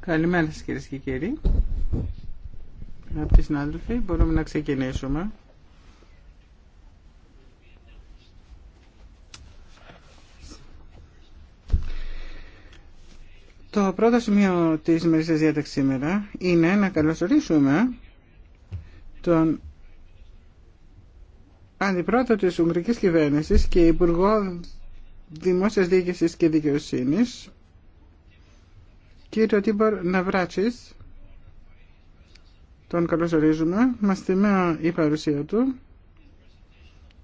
Καλημέρα σας κυρίες και κύριοι. Αγαπητοί συνάδελφοι, μπορούμε να ξεκινήσουμε. Το πρώτο σημείο της μερικής διάταξης σήμερα είναι να καλωσορίσουμε τον αντιπρόεδρο της Ουγγρικής Κυβέρνησης και Υπουργό Δημόσιας Διοίκησης και Δικαιοσύνης Κύριο Τίμπορ Ναβράτσης, τον καλωσορίζουμε, μας τιμά η παρουσία του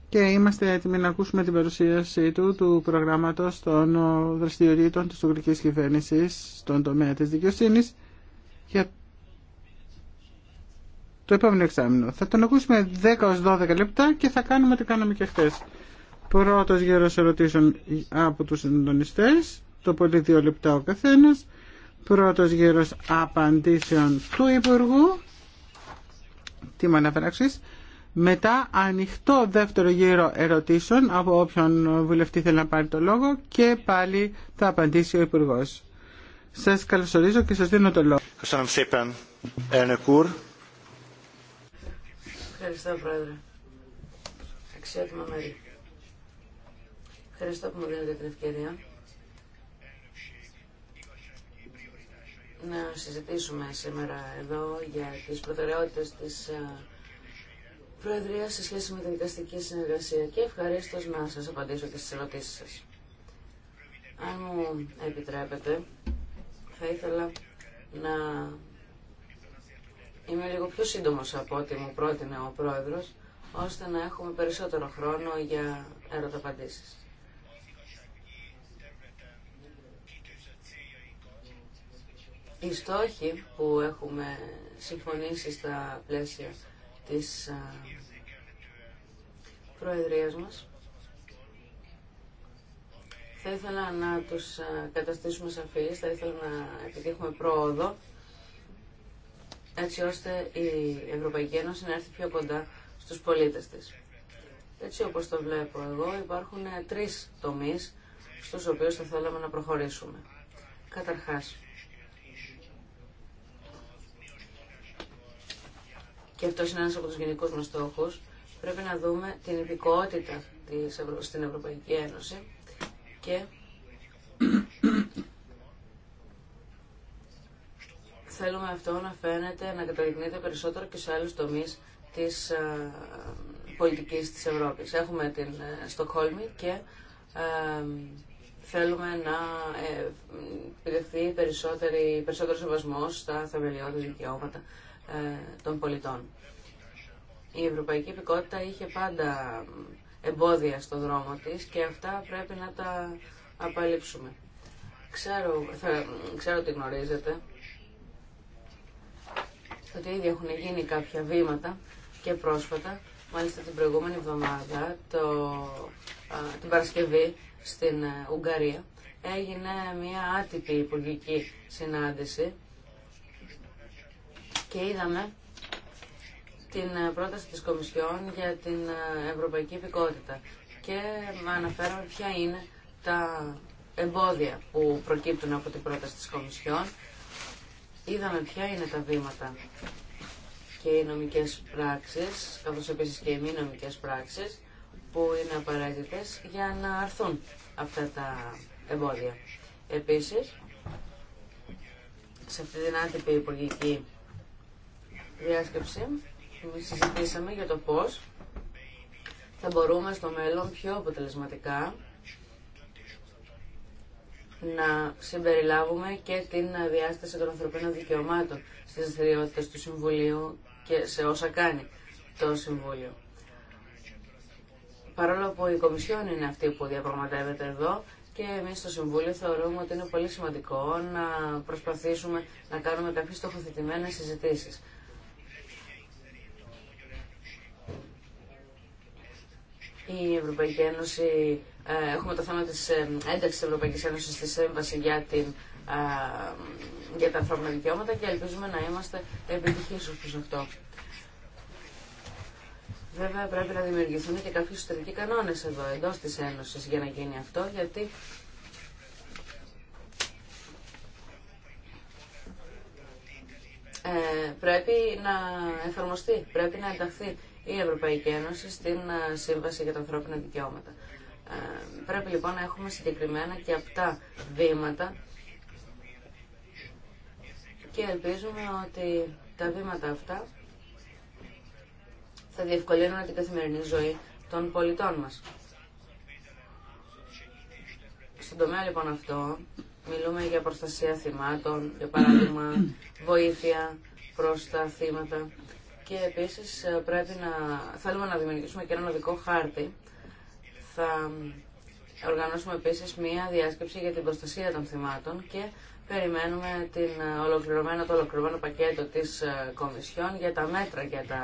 και είμαστε έτοιμοι να ακούσουμε την παρουσίαση του του προγράμματος των δραστηριοτήτων της Ουγγρικής Κυβέρνησης στον τομέα της δικαιοσύνης για το επόμενο εξάμεινο. Θα τον ακούσουμε 10-12 λεπτά και θα κάνουμε ό,τι κάναμε και χθες. Πρώτος γύρος ερωτήσεων από τους συντονιστές, το πολύ δύο λεπτά ο καθένας πρώτος γύρος απαντήσεων του Υπουργού τι αναφράξεις μετά ανοιχτό δεύτερο γύρο ερωτήσεων από όποιον βουλευτή θέλει να πάρει το λόγο και πάλι θα απαντήσει ο υπουργό. Σας καλωσορίζω και σας δίνω το λόγο. Ευχαριστώ Πρόεδρε. Ευχαριστώ που μου δίνετε την ευκαιρία να συζητήσουμε σήμερα εδώ για τις προτεραιότητες της ε, Προεδρίας σε σχέση με την δικαστική συνεργασία και ευχαρίστως να σας απαντήσω και στις ερωτήσεις σας. Αν μου επιτρέπετε, θα ήθελα να είμαι λίγο πιο σύντομος από ό,τι μου πρότεινε ο Πρόεδρος, ώστε να έχουμε περισσότερο χρόνο για ερωταπαντήσεις. Οι στόχοι που έχουμε συμφωνήσει στα πλαίσια της Προεδρίας μας θα ήθελα να τους καταστήσουμε σαφείς, θα ήθελα να επιτύχουμε πρόοδο έτσι ώστε η Ευρωπαϊκή Ένωση να έρθει πιο κοντά στους πολίτες της. Έτσι όπως το βλέπω εγώ υπάρχουν τρεις τομείς στους οποίους θα θέλαμε να προχωρήσουμε. Καταρχάς, και αυτό είναι ένας από τους γενικού μας στόχου. πρέπει να δούμε την υπηκότητα της στην Ευρωπαϊκή Ένωση και θέλουμε αυτό να φαίνεται, να καταδεικνύεται περισσότερο και σε άλλους τομείς της ε, πολιτικής της Ευρώπης. Έχουμε την ε, Στοκχόλμη και ε, θέλουμε να επιδεχθεί περισσότερο σεβασμό στα θεμελιώδη δικαιώματα ε, των πολιτών. Η ευρωπαϊκή υπηκότητα είχε πάντα εμπόδια στο δρόμο της και αυτά πρέπει να τα απαλείψουμε. Ξέρω, θα, ξέρω ότι γνωρίζετε ότι ήδη έχουν γίνει κάποια βήματα και πρόσφατα, μάλιστα την προηγούμενη εβδομάδα, το, την Παρασκευή στην ε, Ουγγαρία, έγινε μια άτυπη υπουργική συνάντηση και είδαμε την ε, πρόταση της Κομισιόν για την ε, ευρωπαϊκή υπηκότητα και αναφέραμε ποια είναι τα εμπόδια που προκύπτουν από την πρόταση της Κομισιόν. Είδαμε ποια είναι τα βήματα και οι νομικές πράξεις, καθώς επίσης και οι μη νομικές πράξεις, που είναι απαραίτητες για να αρθούν αυτά τα εμπόδια. Επίσης, σε αυτή την άτυπη υπουργική διάσκεψη συζητήσαμε για το πώς θα μπορούμε στο μέλλον πιο αποτελεσματικά να συμπεριλάβουμε και την διάσταση των ανθρωπίνων δικαιωμάτων στις δραστηριότητε του Συμβουλίου και σε όσα κάνει το Συμβούλιο. Παρόλο που η Κομισιόν είναι αυτή που διαπραγματεύεται εδώ και εμείς στο Συμβούλιο θεωρούμε ότι είναι πολύ σημαντικό να προσπαθήσουμε να κάνουμε κάποιες στοχοθετημένες συζητήσεις. η Ευρωπαϊκή Ένωση, ε, έχουμε το θέμα της ε, ένταξης της Ευρωπαϊκής Ένωσης στη Σύμβαση για, την, ε, για τα ανθρώπινα δικαιώματα και ελπίζουμε να είμαστε επιτυχείς ως προς αυτό. Βέβαια πρέπει να δημιουργηθούν και κάποιοι εσωτερικοί κανόνες εδώ, εντός της Ένωσης, για να γίνει αυτό, γιατί πρέπει να εφαρμοστεί, πρέπει να ενταχθεί η Ευρωπαϊκή Ένωση στην ε, Σύμβαση για τα Ανθρώπινα Δικαιώματα. Ε, πρέπει λοιπόν να έχουμε συγκεκριμένα και αυτά βήματα και ελπίζουμε ότι τα βήματα αυτά θα διευκολύνουν την καθημερινή ζωή των πολιτών μας. Στον τομέα λοιπόν αυτό μιλούμε για προστασία θυμάτων, για παράδειγμα βοήθεια προς τα θύματα και επίσης ε, πρέπει να, θέλουμε να δημιουργήσουμε και έναν οδικό χάρτη. Θα οργανώσουμε επίσης μία διάσκεψη για την προστασία των θυμάτων και περιμένουμε την ε, ολοκληρωμένο, το ολοκληρωμένο πακέτο της ε, Κομισιόν για τα μέτρα για τα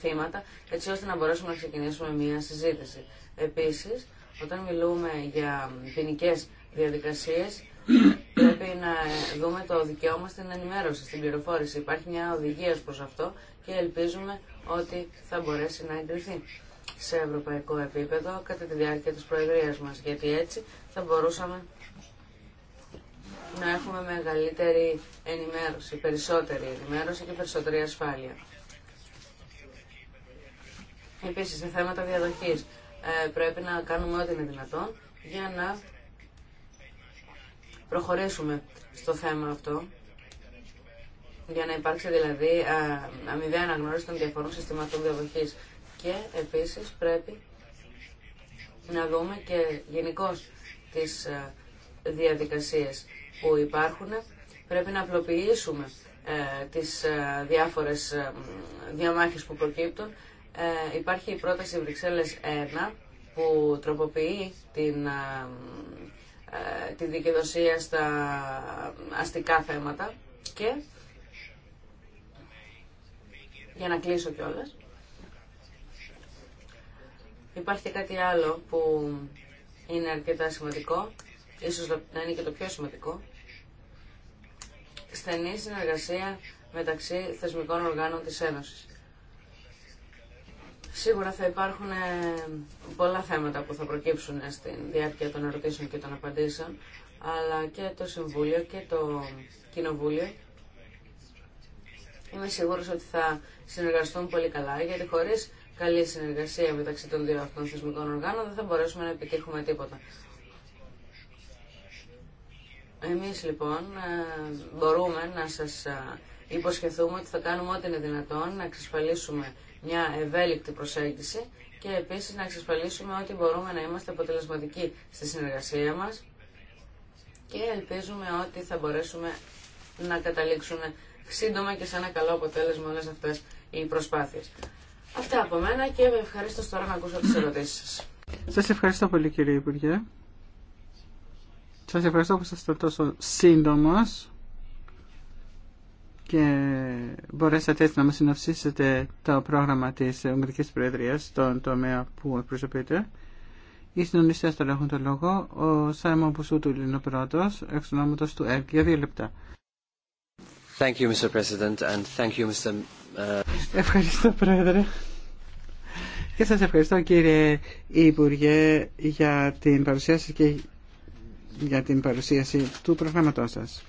θύματα, έτσι ώστε να μπορέσουμε να ξεκινήσουμε μία συζήτηση. Επίσης, όταν μιλούμε για ποινικέ διαδικασίες, πρέπει να δούμε το δικαίωμα στην ενημέρωση, στην πληροφόρηση. Υπάρχει μια οδηγία προς αυτό και ελπίζουμε ότι θα μπορέσει να εγκριθεί σε ευρωπαϊκό επίπεδο κατά τη διάρκεια της προεδρίας μας, γιατί έτσι θα μπορούσαμε να έχουμε μεγαλύτερη ενημέρωση, περισσότερη ενημέρωση και περισσότερη ασφάλεια. Επίσης, σε θέματα διαδοχής ε, πρέπει να κάνουμε ό,τι είναι δυνατόν για να προχωρήσουμε στο θέμα αυτό για να υπάρξει δηλαδή αμοιβαία αναγνώριση των διαφορών συστημάτων διαδοχή. Και επίσης πρέπει να δούμε και γενικώ τι διαδικασίε που υπάρχουν. Πρέπει να απλοποιήσουμε ε, τις διάφορες διαμάχες που προκύπτουν. Ε, υπάρχει η πρόταση Βρυξέλλες 1 που τροποποιεί την, ε, τη δικαιοδοσία στα αστικά θέματα και για να κλείσω κιόλα. Υπάρχει κάτι άλλο που είναι αρκετά σημαντικό, ίσως να είναι και το πιο σημαντικό. Στενή συνεργασία μεταξύ θεσμικών οργάνων της Ένωσης. Σίγουρα θα υπάρχουν ε, πολλά θέματα που θα προκύψουν ε, στην διάρκεια των ερωτήσεων και των απαντήσεων, αλλά και το Συμβούλιο και το Κοινοβούλιο Είμαι σίγουρος ότι θα συνεργαστούν πολύ καλά, γιατί χωρίς καλή συνεργασία μεταξύ των δύο αυτών θεσμικών οργάνων δεν θα μπορέσουμε να επιτύχουμε τίποτα. Εμείς λοιπόν ε, μπορούμε να σας ε, υποσχεθούμε ότι θα κάνουμε ό,τι είναι δυνατόν να εξασφαλίσουμε μια ευέλικτη προσέγγιση και επίσης να εξασφαλίσουμε ότι μπορούμε να είμαστε αποτελεσματικοί στη συνεργασία μας και ελπίζουμε ότι θα μπορέσουμε να καταλήξουμε σύντομα και σε ένα καλό αποτέλεσμα όλε αυτέ οι προσπάθειε. Αυτά από μένα και με ευχαρίστω τώρα να ακούσω τι ερωτήσει Σα Σα ευχαριστώ πολύ κύριε Υπουργέ. Σα ευχαριστώ που ήσασταν τόσο σύντομο, και μπορέσατε έτσι να μας συνοψίσετε το πρόγραμμα της Ουγγρικής Προεδρίας στον τομέα που εκπροσωπείτε. Οι συντονιστέ τώρα έχουν το λόγο. Ο Σάιμον Μπουσούτου είναι ο πρώτο, εξ του ΕΡΚ. Για δύο λεπτά. Uh, ευχαριστώ, Πρόεδρε. Και σας ευχαριστώ, κύριε Υπουργέ, για την παρουσίαση και για την παρουσίαση του προγράμματός σας.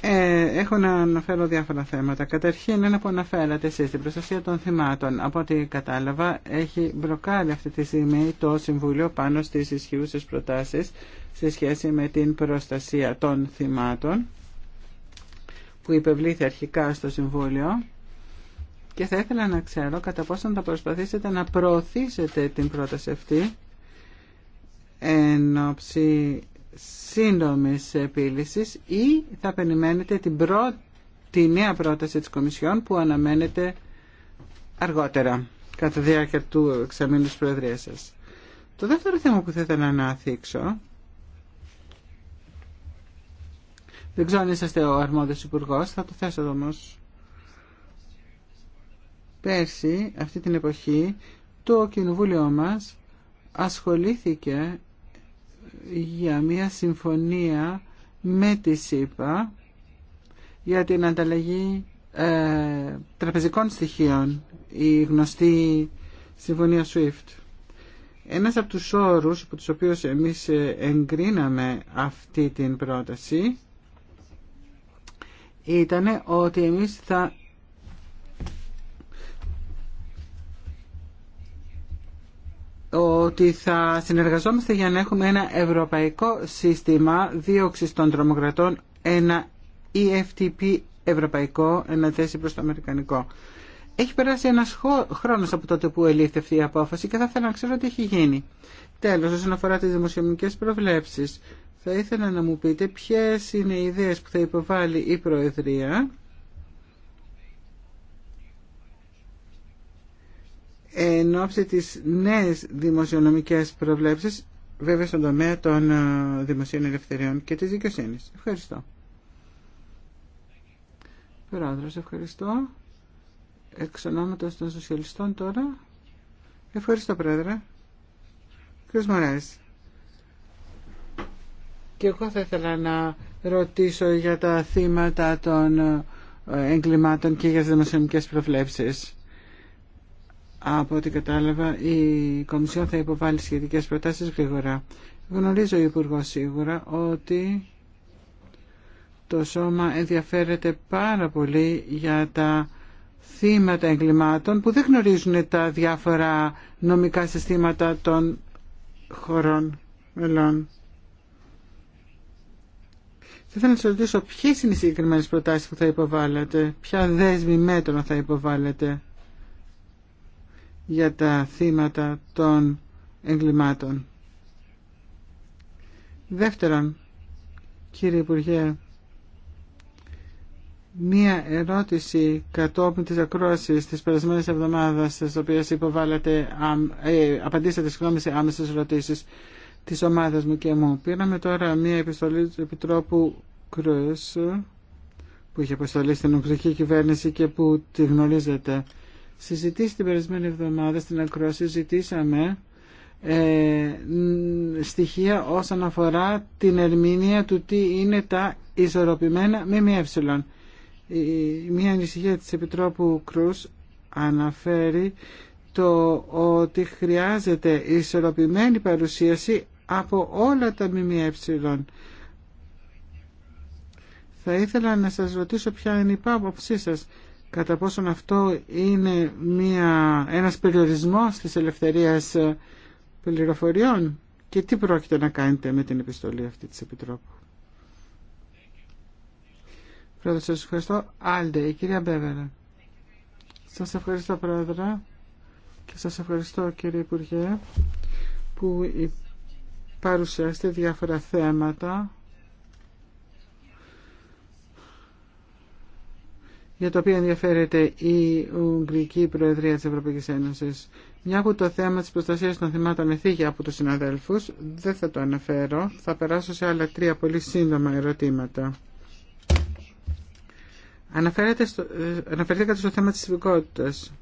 Ε, έχω να αναφέρω διάφορα θέματα. Καταρχήν, ένα που αναφέρατε εσείς, την προστασία των θυμάτων. Από ό,τι κατάλαβα, έχει μπλοκάρει αυτή τη στιγμή το Συμβούλιο πάνω στις ισχυρούσες προτάσεις σε σχέση με την προστασία των θυμάτων που υπευλήθη αρχικά στο Συμβούλιο και θα ήθελα να ξέρω κατά πόσον θα προσπαθήσετε να προωθήσετε την πρόταση αυτή εν ώψη σύντομης επίλυσης ή θα περιμένετε την προ... τη νέα πρόταση της Κομισιόν που αναμένεται αργότερα κατά διάρκεια του εξαμήνου της Προεδρίας σας. Το δεύτερο θέμα που θα ήθελα να αθίξω Δεν ξέρω αν είσαστε ο αρμόδιος υπουργό, θα το θέσω εδώ όμως. Πέρσι, αυτή την εποχή, το κοινοβούλιο μας ασχολήθηκε για μια συμφωνία με τη ΣΥΠΑ για την ανταλλαγή ε, τραπεζικών στοιχείων, η γνωστή συμφωνία SWIFT. Ένας από τους όρους από τους οποίους εμείς ε, εγκρίναμε αυτή την πρόταση ήταν ότι εμείς θα ότι θα συνεργαζόμαστε για να έχουμε ένα ευρωπαϊκό σύστημα δίωξης των τρομοκρατών, ένα EFTP ευρωπαϊκό, ένα θέση προς το αμερικανικό. Έχει περάσει ένας χρόνος από τότε που ελήφθη αυτή η απόφαση και θα ήθελα να ξέρω τι έχει γίνει. Τέλος, όσον αφορά τις δημοσιονομικές προβλέψεις, θα ήθελα να μου πείτε ποιες είναι οι ιδέες που θα υποβάλει η Προεδρία εν ώψη της νέες δημοσιονομικές προβλέψεις βέβαια στον τομέα των ε, δημοσίων ελευθεριών και της δικαιοσύνης. Ευχαριστώ. Πρόεδρος, ευχαριστώ. Εξ ονόματος των σοσιαλιστών τώρα. Ευχαριστώ, Πρόεδρε. Κύριος Μωράης. Και εγώ θα ήθελα να ρωτήσω για τα θύματα των ε, εγκλημάτων και για τις δημοσιονομικές προβλέψεις. Από ό,τι κατάλαβα, η Κομισιόν θα υποβάλει σχετικές προτάσεις γρήγορα. Γνωρίζω, Υπουργό, σίγουρα ότι το σώμα ενδιαφέρεται πάρα πολύ για τα θύματα εγκλημάτων που δεν γνωρίζουν τα διάφορα νομικά συστήματα των χωρών μελών. Θα ήθελα να σα ρωτήσω ποιε είναι οι συγκεκριμένε προτάσει που θα υποβάλλετε, ποια δέσμη μέτρων θα υποβάλλετε για τα θύματα των εγκλημάτων. Δεύτερον, κύριε Υπουργέ, μία ερώτηση κατόπιν της ακρόασης της περασμένης εβδομάδας στις οποίες υποβάλλατε, ε, απαντήσατε συγγνώμη σε άμεσες ερωτήσεις. Τη ομάδα μου και μου. Πήραμε τώρα μία επιστολή του Επιτρόπου Κρούς που είχε αποστολή στην Ουγγρική κυβέρνηση και που τη γνωρίζετε. Συζητήσει την περασμένη εβδομάδα στην Ακρόαση ζητήσαμε ε, στοιχεία όσον αφορά την ερμηνεία του τι είναι τα ισορροπημένα ΜΜΕ. Μία ανησυχία της Επιτρόπου Κρούς αναφέρει το ότι χρειάζεται ισορροπημένη παρουσίαση από όλα τα ΜΜΕ. Θα ήθελα να σας ρωτήσω ποια είναι η πάποψή σας κατά πόσον αυτό είναι μια, ένας περιορισμός της ελευθερίας πληροφοριών και τι πρόκειται να κάνετε με την επιστολή αυτή της Επιτρόπου. Πρόεδρε, σας ευχαριστώ. Άλντε, η κυρία Μπέβερα. Σας ευχαριστώ πρόεδρε και σας ευχαριστώ κύριε Υπουργέ που παρουσιάσετε διάφορα θέματα για τα οποία ενδιαφέρεται η Ουγγρική Προεδρία της Ευρωπαϊκής Ένωσης. Μια από το θέμα της προστασίας των θυμάτων εθίγει από τους συναδέλφους, δεν θα το αναφέρω, θα περάσω σε άλλα τρία πολύ σύντομα ερωτήματα. Αναφέρετε στο, ε, αναφερθήκατε στο θέμα της υπηκότητας.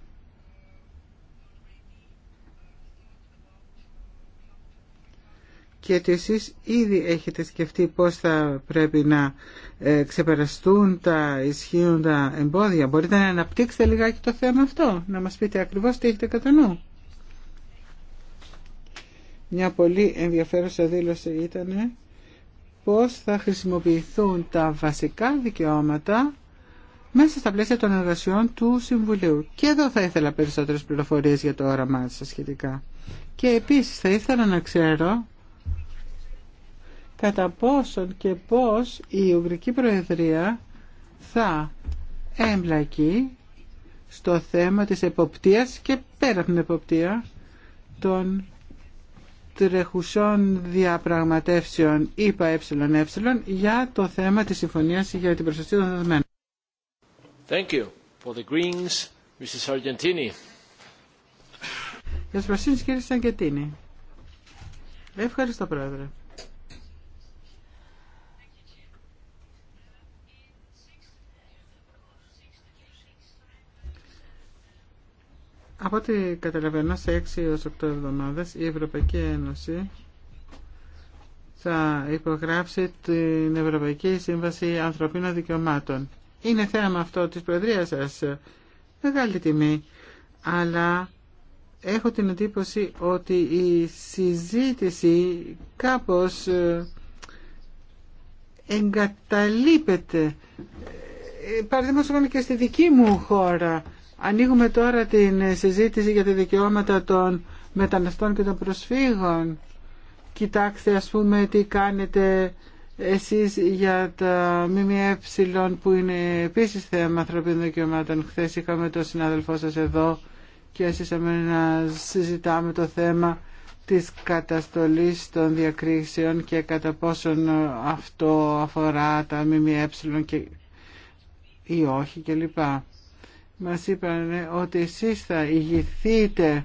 και ότι εσείς ήδη έχετε σκεφτεί πώς θα πρέπει να ε, ξεπεραστούν τα ισχύοντα εμπόδια. Μπορείτε να αναπτύξετε λιγάκι το θέμα αυτό, να μας πείτε ακριβώς τι έχετε κατά νου. Μια πολύ ενδιαφέρουσα δήλωση ήταν πώς θα χρησιμοποιηθούν τα βασικά δικαιώματα μέσα στα πλαίσια των εργασιών του Συμβουλίου. Και εδώ θα ήθελα περισσότερες πληροφορίες για το όραμά σας σχετικά. Και επίσης θα ήθελα να ξέρω κατά πόσον και πώς η Ουγγρική Προεδρία θα έμπλακει στο θέμα της εποπτείας και πέρα από την εποπτεία των τρεχουσών διαπραγματεύσεων ΕΕ για το θέμα της συμφωνίας για την προστασία των δεδομένων. Thank you. For the Greens, Mrs. Argentini. κύριε Σαγκετίνη. Ευχαριστώ πρόεδρε. Από ό,τι καταλαβαίνω, σε 6 έως 8 εβδομάδες η Ευρωπαϊκή Ένωση θα υπογράψει την Ευρωπαϊκή Σύμβαση Ανθρωπίνων Δικαιωμάτων. Είναι θέμα αυτό της Προεδρίας σας. Μεγάλη τιμή. Αλλά έχω την εντύπωση ότι η συζήτηση κάπως ε, εγκαταλείπεται. Ε, παραδείγματος και στη δική μου χώρα Ανοίγουμε τώρα την συζήτηση για τα δικαιώματα των μεταναστών και των προσφύγων. Κοιτάξτε ας πούμε τι κάνετε εσείς για τα ΜΜΕ που είναι επίσης θέμα ανθρωπίνων δικαιωμάτων. Χθε είχαμε τον συνάδελφό σας εδώ και έσυσαμε να συζητάμε το θέμα της καταστολής των διακρίσεων και κατά πόσον αυτό αφορά τα ΜΜΕ και ή όχι κλπ μας είπαν ότι εσείς θα ηγηθείτε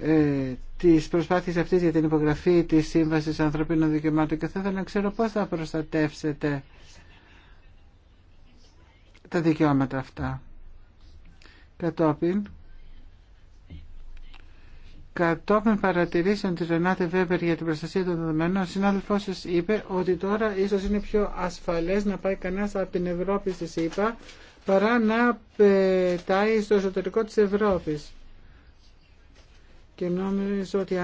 ε, τις προσπάθειες αυτής για την υπογραφή της Σύμβασης Ανθρωπίνων Δικαιωμάτων και θα ήθελα να ξέρω πώς θα προστατεύσετε τα δικαιώματα αυτά. Κατόπιν, κατόπιν παρατηρήσεων της Ρενάτε Βέμπερ για την προστασία των δεδομένων, ο συνάδελφός σας είπε ότι τώρα ίσως είναι πιο ασφαλές να πάει κανένας από την Ευρώπη στη ΣΥΠΑ παρά να πετάει στο εσωτερικό της Ευρώπης. Και νόμιζω ότι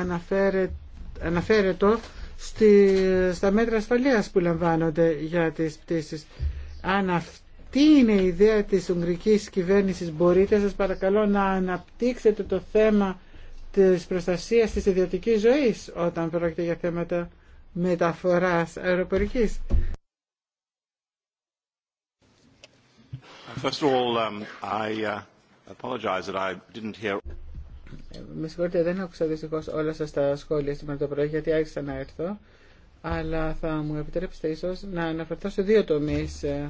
αναφέρεται, το στη, στα μέτρα ασφαλείας που λαμβάνονται για τις πτήσεις. Αν αυτή είναι η ιδέα της Ουγγρικής κυβέρνησης, μπορείτε σας παρακαλώ να αναπτύξετε το θέμα της προστασίας της ιδιωτικής ζωής όταν πρόκειται για θέματα μεταφοράς αεροπορικής. First of all, um, I uh, Με συγχωρείτε, δεν άκουσα δυστυχώ όλα σα τα σχόλια σήμερα το πρωί, γιατί άρχισα να έρθω. Αλλά θα μου επιτρέψετε ίσω να αναφερθώ σε δύο τομεί ε,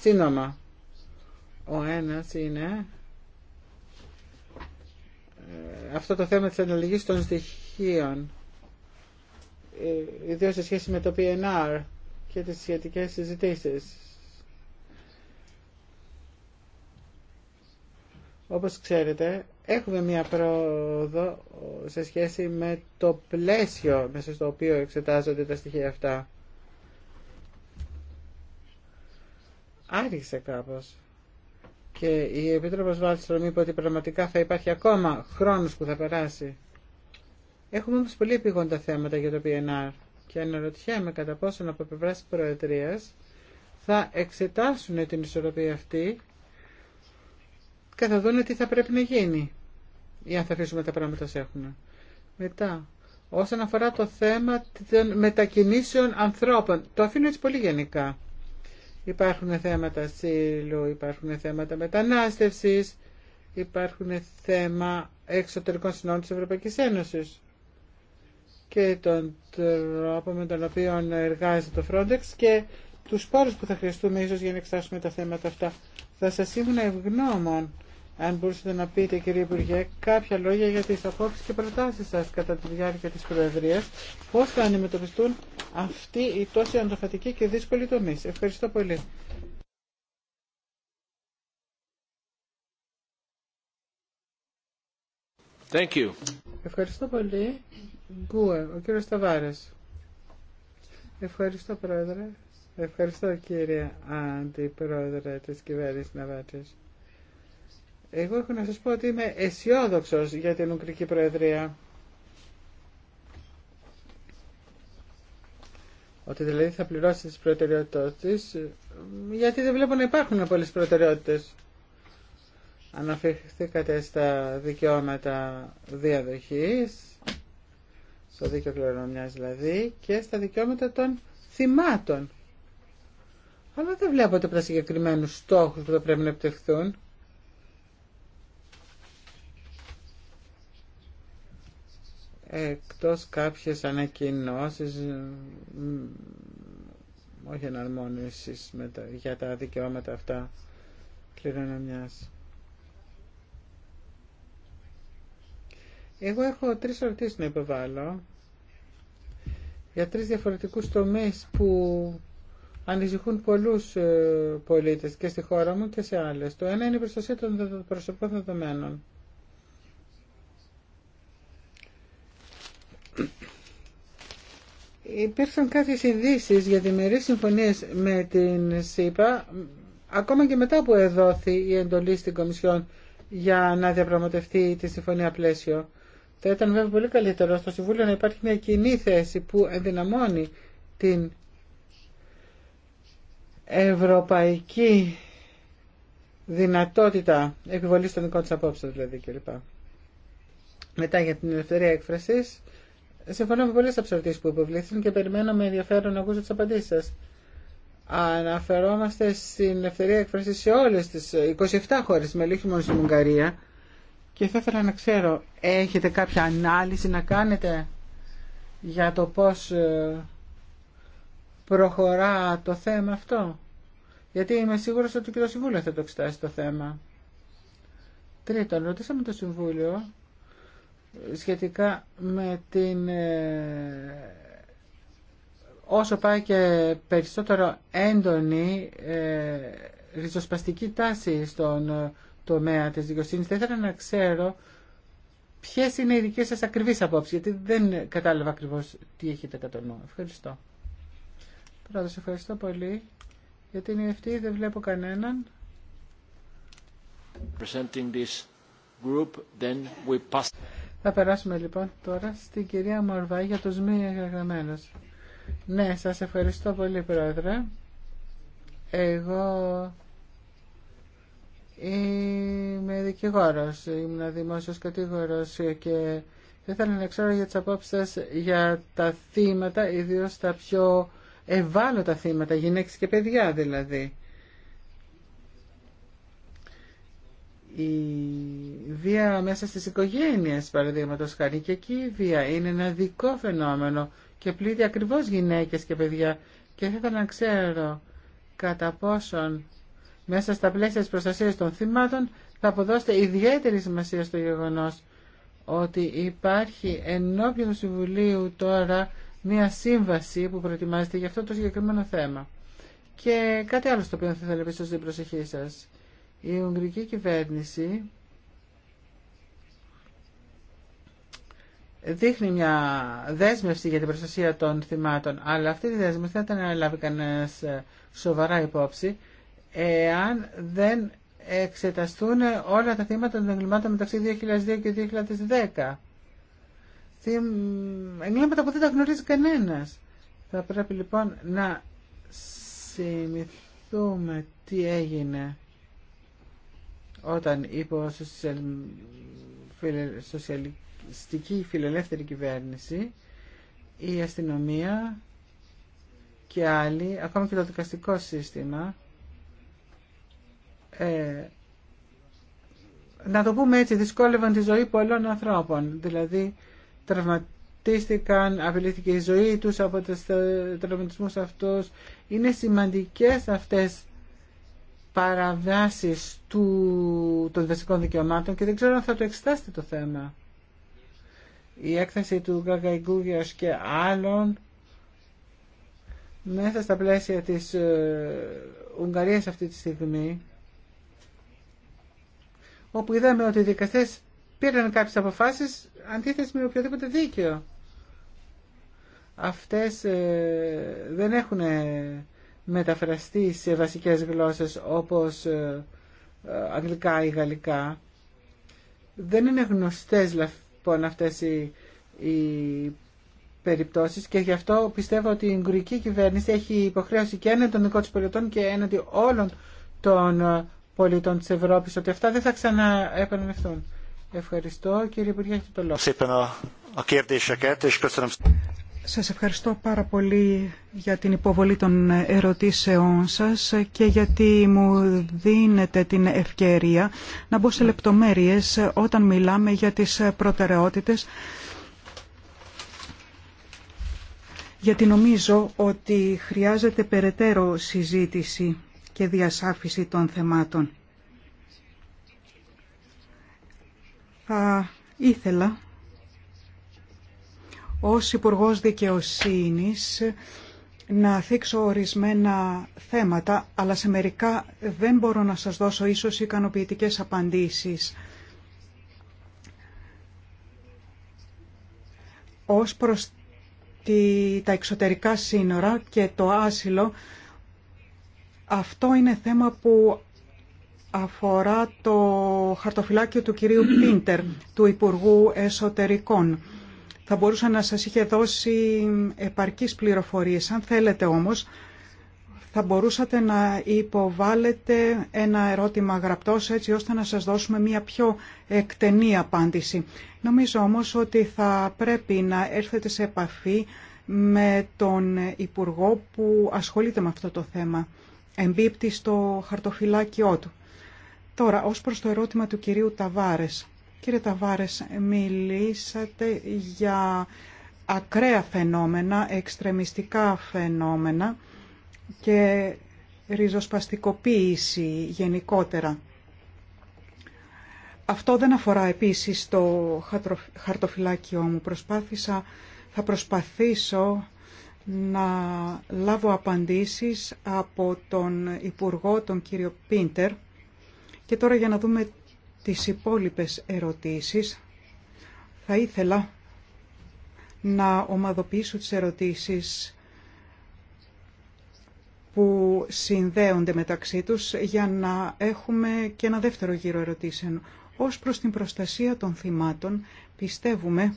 σύντομα. Ο ένα είναι ε, αυτό το θέμα τη αναλυγή των στοιχείων, ε, ιδίω σε σχέση με το PNR και τι σχετικέ συζητήσει. Όπως ξέρετε, έχουμε μία πρόοδο σε σχέση με το πλαίσιο μέσα στο οποίο εξετάζονται τα στοιχεία αυτά. Άρχισε κάπως. Και η Επίτροπος Βάλτστρομ είπε ότι πραγματικά θα υπάρχει ακόμα χρόνος που θα περάσει. Έχουμε όμως πολύ επίγοντα θέματα για το PNR και αναρωτιέμαι κατά πόσον από πλευράς Προεδρίας θα εξετάσουν την ισορροπία αυτή και θα τι θα πρέπει να γίνει ή αν θα αφήσουμε τα πράγματα όσο έχουν. Μετά, όσον αφορά το θέμα των μετακινήσεων ανθρώπων, το αφήνω έτσι πολύ γενικά. Υπάρχουν θέματα σύλλου, υπάρχουν θέματα μετανάστευσης, υπάρχουν θέμα εξωτερικών συνόντων της Ευρωπαϊκής Ένωσης και τον τρόπο με τον οποίο εργάζεται το Frontex και τους πόρους που θα χρειαστούμε ίσως για να εξετάσουμε τα θέματα αυτά. Θα σας ήμουν ευγνώμων αν μπορούσατε να πείτε κύριε Υπουργέ κάποια λόγια για τις απόψεις και προτάσεις σας κατά τη διάρκεια της Προεδρίας πώς θα αντιμετωπιστούν αυτοί οι τόσοι αντοφατικοί και δύσκολοι τομείς. Ευχαριστώ πολύ. Thank you. Ευχαριστώ πολύ. Γκουε, ο κύριος Ευχαριστώ πρόεδρε. Ευχαριστώ κύριε Αντιπρόεδρε της κυβέρνησης Ναβάτσης. Εγώ έχω να σας πω ότι είμαι αισιόδοξο για την Ουγγρική Προεδρία. Ότι δηλαδή θα πληρώσει τις προτεραιότητες της, γιατί δεν βλέπω να υπάρχουν πολλές προτεραιότητες. Αναφερθήκατε στα δικαιώματα διαδοχής, στο δίκαιο κληρονομιάς δηλαδή, και στα δικαιώματα των θυμάτων. Αλλά δεν βλέπω τα συγκεκριμένου στόχου που θα πρέπει να επιτευχθούν. Εκτός κάποιες ανακοινώσεις, όχι εναρμόνισης με για τα δικαιώματα αυτά κληρονομιάς. Εγώ έχω τρεις ερωτήσεις να υποβάλω για τρεις διαφορετικούς τομείς που ανησυχούν πολλούς ε, πολίτες και στη χώρα μου και σε άλλες. Το ένα είναι η προστασία των προσωπικών δεδομένων. Υπήρξαν κάποιε ειδήσει για τη μερή συμφωνίες με την ΣΥΠΑ ακόμα και μετά που εδόθη η εντολή στην Κομισιόν για να διαπραγματευτεί τη συμφωνία πλαίσιο. Θα ήταν βέβαια πολύ καλύτερο στο Συμβούλιο να υπάρχει μια κοινή θέση που ενδυναμώνει την ευρωπαϊκή δυνατότητα επιβολή των δικών της απόψεων δηλαδή κλπ. Μετά για την ελευθερία έκφρασης, συμφωνώ με πολλές αψαρτήσεις που υποβλήθηκαν και περιμένω με ενδιαφέρον να ακούσω τις απαντήσεις σας. Αναφερόμαστε στην ελευθερία έκφραση σε όλες τις 27 ε, χώρες, με λίγη μόνο στην Ουγγαρία. Και θα ήθελα να ξέρω, έχετε κάποια ανάλυση να κάνετε για το πώς ε, προχωρά το θέμα αυτό. Γιατί είμαι σίγουρο ότι και το Συμβούλιο θα το εξετάσει το θέμα. Τρίτον, ρωτήσαμε το Συμβούλιο σχετικά με την... Ε, όσο πάει και περισσότερο έντονη ε, ριζοσπαστική τάση στον ε, τομέα της δικαιοσύνης, θα ήθελα να ξέρω ποιες είναι οι δικές σας ακριβείς απόψεις, γιατί δεν κατάλαβα ακριβώς τι έχετε κατά νου. Ευχαριστώ. Πρώτα, ευχαριστώ πολύ. Για την EFT δεν βλέπω κανέναν. This group, then we pass... Θα περάσουμε λοιπόν τώρα στην κυρία Μορβάη για τους μη εγγραμμένους. Ναι, σας ευχαριστώ πολύ πρόεδρε. Εγώ είμαι δικηγόρος, ήμουν δημόσιος κατηγορός και ήθελα να ξέρω για τις απόψεις για τα θύματα, ιδίως τα πιο ευάλωτα θύματα, γυναίκες και παιδιά δηλαδή. Η βία μέσα στις οικογένειες, παραδείγματος χάρη, και εκεί η βία είναι ένα δικό φαινόμενο και πλήττει ακριβώς γυναίκες και παιδιά. Και θα ήθελα να ξέρω κατά πόσον μέσα στα πλαίσια της προστασίας των θυμάτων θα αποδώσετε ιδιαίτερη σημασία στο γεγονός ότι υπάρχει ενώπιον του Συμβουλίου τώρα μια σύμβαση που προετοιμάζεται για αυτό το συγκεκριμένο θέμα. Και κάτι άλλο στο οποίο θα ήθελα να στην προσοχή σας. Η Ουγγρική κυβέρνηση δείχνει μια δέσμευση για την προστασία των θυμάτων, αλλά αυτή τη δέσμευση δεν θα λάβει κανένα ε, σοβαρά υπόψη εάν δεν εξεταστούν όλα τα θύματα των εγκλημάτων μεταξύ 2002 και 2010 εγκλήματα που δεν τα γνωρίζει κανένας. Θα πρέπει λοιπόν να συνηθούμε τι έγινε όταν είπε ο σοσιαλιστική φιλελεύθερη κυβέρνηση η αστυνομία και άλλοι, ακόμα και το δικαστικό σύστημα ε, να το πούμε έτσι, δυσκόλευαν τη ζωή πολλών ανθρώπων. Δηλαδή, τραυματίστηκαν, απειλήθηκε η ζωή τους από τους τραυματισμούς αυτούς. Είναι σημαντικές αυτές παραβάσεις του, των δασικών δικαιωμάτων και δεν ξέρω αν θα το εξετάσετε το θέμα. Η έκθεση του Γκαγκαϊγκούγιος και άλλων μέσα στα πλαίσια της ε, Ουγγαρίας αυτή τη στιγμή όπου είδαμε ότι οι δικαστές πήραν κάποιες αποφάσεις αντίθεση με οποιοδήποτε δίκαιο. Αυτές ε, δεν έχουν ε, μεταφραστεί σε βασικές γλώσσες όπως ε, αγγλικά ή γαλλικά. Δεν είναι γνωστές λοιπόν αυτές οι, οι περιπτώσεις και γι' αυτό πιστεύω ότι η εγκουρική κυβέρνηση έχει υποχρέωση και έναντι των δικών της πολιτών και έναντι όλων των πολιτών της Ευρώπης ότι αυτά δεν θα ξαναεπαναληφθούν. Ευχαριστώ. Κύριε Υπουργέ, Σας ευχαριστώ πάρα πολύ για την υποβολή των ερωτήσεών σας και γιατί μου δίνετε την ευκαιρία να μπω σε λεπτομέρειες όταν μιλάμε για τις προτεραιότητες γιατί νομίζω ότι χρειάζεται περαιτέρω συζήτηση και διασάφηση των θεμάτων. Θα ήθελα ως υπουργό Δικαιοσύνης να θίξω ορισμένα θέματα, αλλά σε μερικά δεν μπορώ να σας δώσω ίσως ικανοποιητικές απαντήσεις. Ως προς τη, τα εξωτερικά σύνορα και το άσυλο, αυτό είναι θέμα που αφορά το χαρτοφυλάκιο του κυρίου Πίντερ, του Υπουργού Εσωτερικών. Θα μπορούσα να σας είχε δώσει επαρκείς πληροφορίες. Αν θέλετε όμως, θα μπορούσατε να υποβάλλετε ένα ερώτημα γραπτός έτσι ώστε να σας δώσουμε μια πιο εκτενή απάντηση. Νομίζω όμως ότι θα πρέπει να έρθετε σε επαφή με τον Υπουργό που ασχολείται με αυτό το θέμα. Εμπίπτει στο χαρτοφυλάκιό του. Τώρα, ως προς το ερώτημα του κυρίου Ταβάρες. Κύριε Ταβάρες, μιλήσατε για ακραία φαινόμενα, εξτρεμιστικά φαινόμενα και ριζοσπαστικοποίηση γενικότερα. Αυτό δεν αφορά επίσης το χαρτοφυλάκιό μου. Προσπάθησα, θα προσπαθήσω να λάβω απαντήσεις από τον Υπουργό, τον κύριο Πίντερ, και τώρα για να δούμε τις υπόλοιπες ερωτήσεις, θα ήθελα να ομαδοποιήσω τις ερωτήσεις που συνδέονται μεταξύ τους για να έχουμε και ένα δεύτερο γύρο ερωτήσεων. Ως προς την προστασία των θυμάτων πιστεύουμε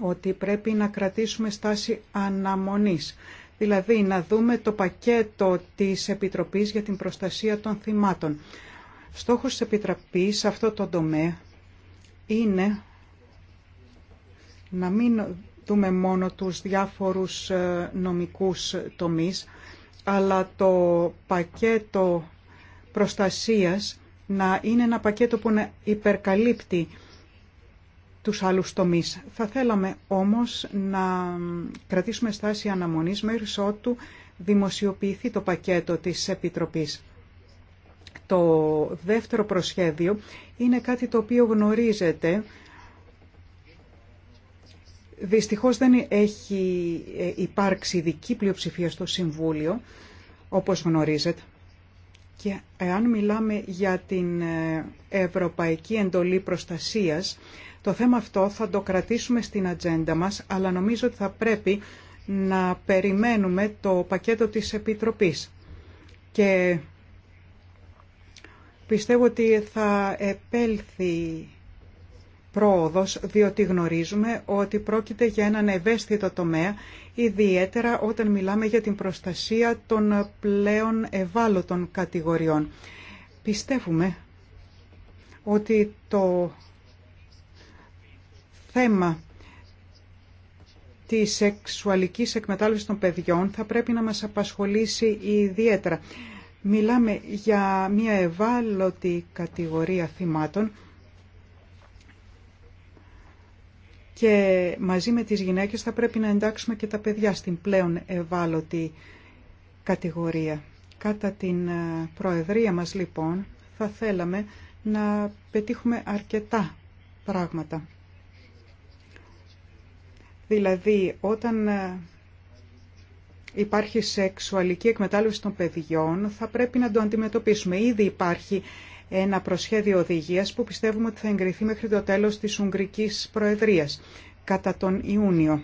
ότι πρέπει να κρατήσουμε στάση αναμονής. Δηλαδή να δούμε το πακέτο της Επιτροπής για την προστασία των θυμάτων. Στόχος της Επιτραπής σε αυτό το τομέα είναι να μην δούμε μόνο τους διάφορους ε, νομικούς τομείς, αλλά το πακέτο προστασίας να είναι ένα πακέτο που να υπερκαλύπτει τους άλλους τομείς. Θα θέλαμε όμως να κρατήσουμε στάση αναμονής μέχρι ότου δημοσιοποιηθεί το πακέτο της Επιτροπής. Το δεύτερο προσχέδιο είναι κάτι το οποίο γνωρίζετε. Δυστυχώς δεν έχει ε, υπάρξει δική πλειοψηφία στο Συμβούλιο, όπως γνωρίζετε. Και εάν μιλάμε για την ε, Ευρωπαϊκή Εντολή Προστασίας, το θέμα αυτό θα το κρατήσουμε στην ατζέντα μας, αλλά νομίζω ότι θα πρέπει να περιμένουμε το πακέτο της Επιτροπής. Και Πιστεύω ότι θα επέλθει πρόοδος, διότι γνωρίζουμε ότι πρόκειται για έναν ευαίσθητο τομέα, ιδιαίτερα όταν μιλάμε για την προστασία των πλέον ευάλωτων κατηγοριών. Πιστεύουμε ότι το θέμα της σεξουαλικής εκμετάλλευσης των παιδιών θα πρέπει να μας απασχολήσει ιδιαίτερα Μιλάμε για μια ευάλωτη κατηγορία θυμάτων και μαζί με τις γυναίκες θα πρέπει να εντάξουμε και τα παιδιά στην πλέον ευάλωτη κατηγορία. Κατά την ε, προεδρία μας λοιπόν θα θέλαμε να πετύχουμε αρκετά πράγματα. Δηλαδή όταν ε, υπάρχει σεξουαλική εκμετάλλευση των παιδιών θα πρέπει να το αντιμετωπίσουμε. Ήδη υπάρχει ένα προσχέδιο οδηγίας που πιστεύουμε ότι θα εγκριθεί μέχρι το τέλος της Ουγγρικής Προεδρίας κατά τον Ιούνιο.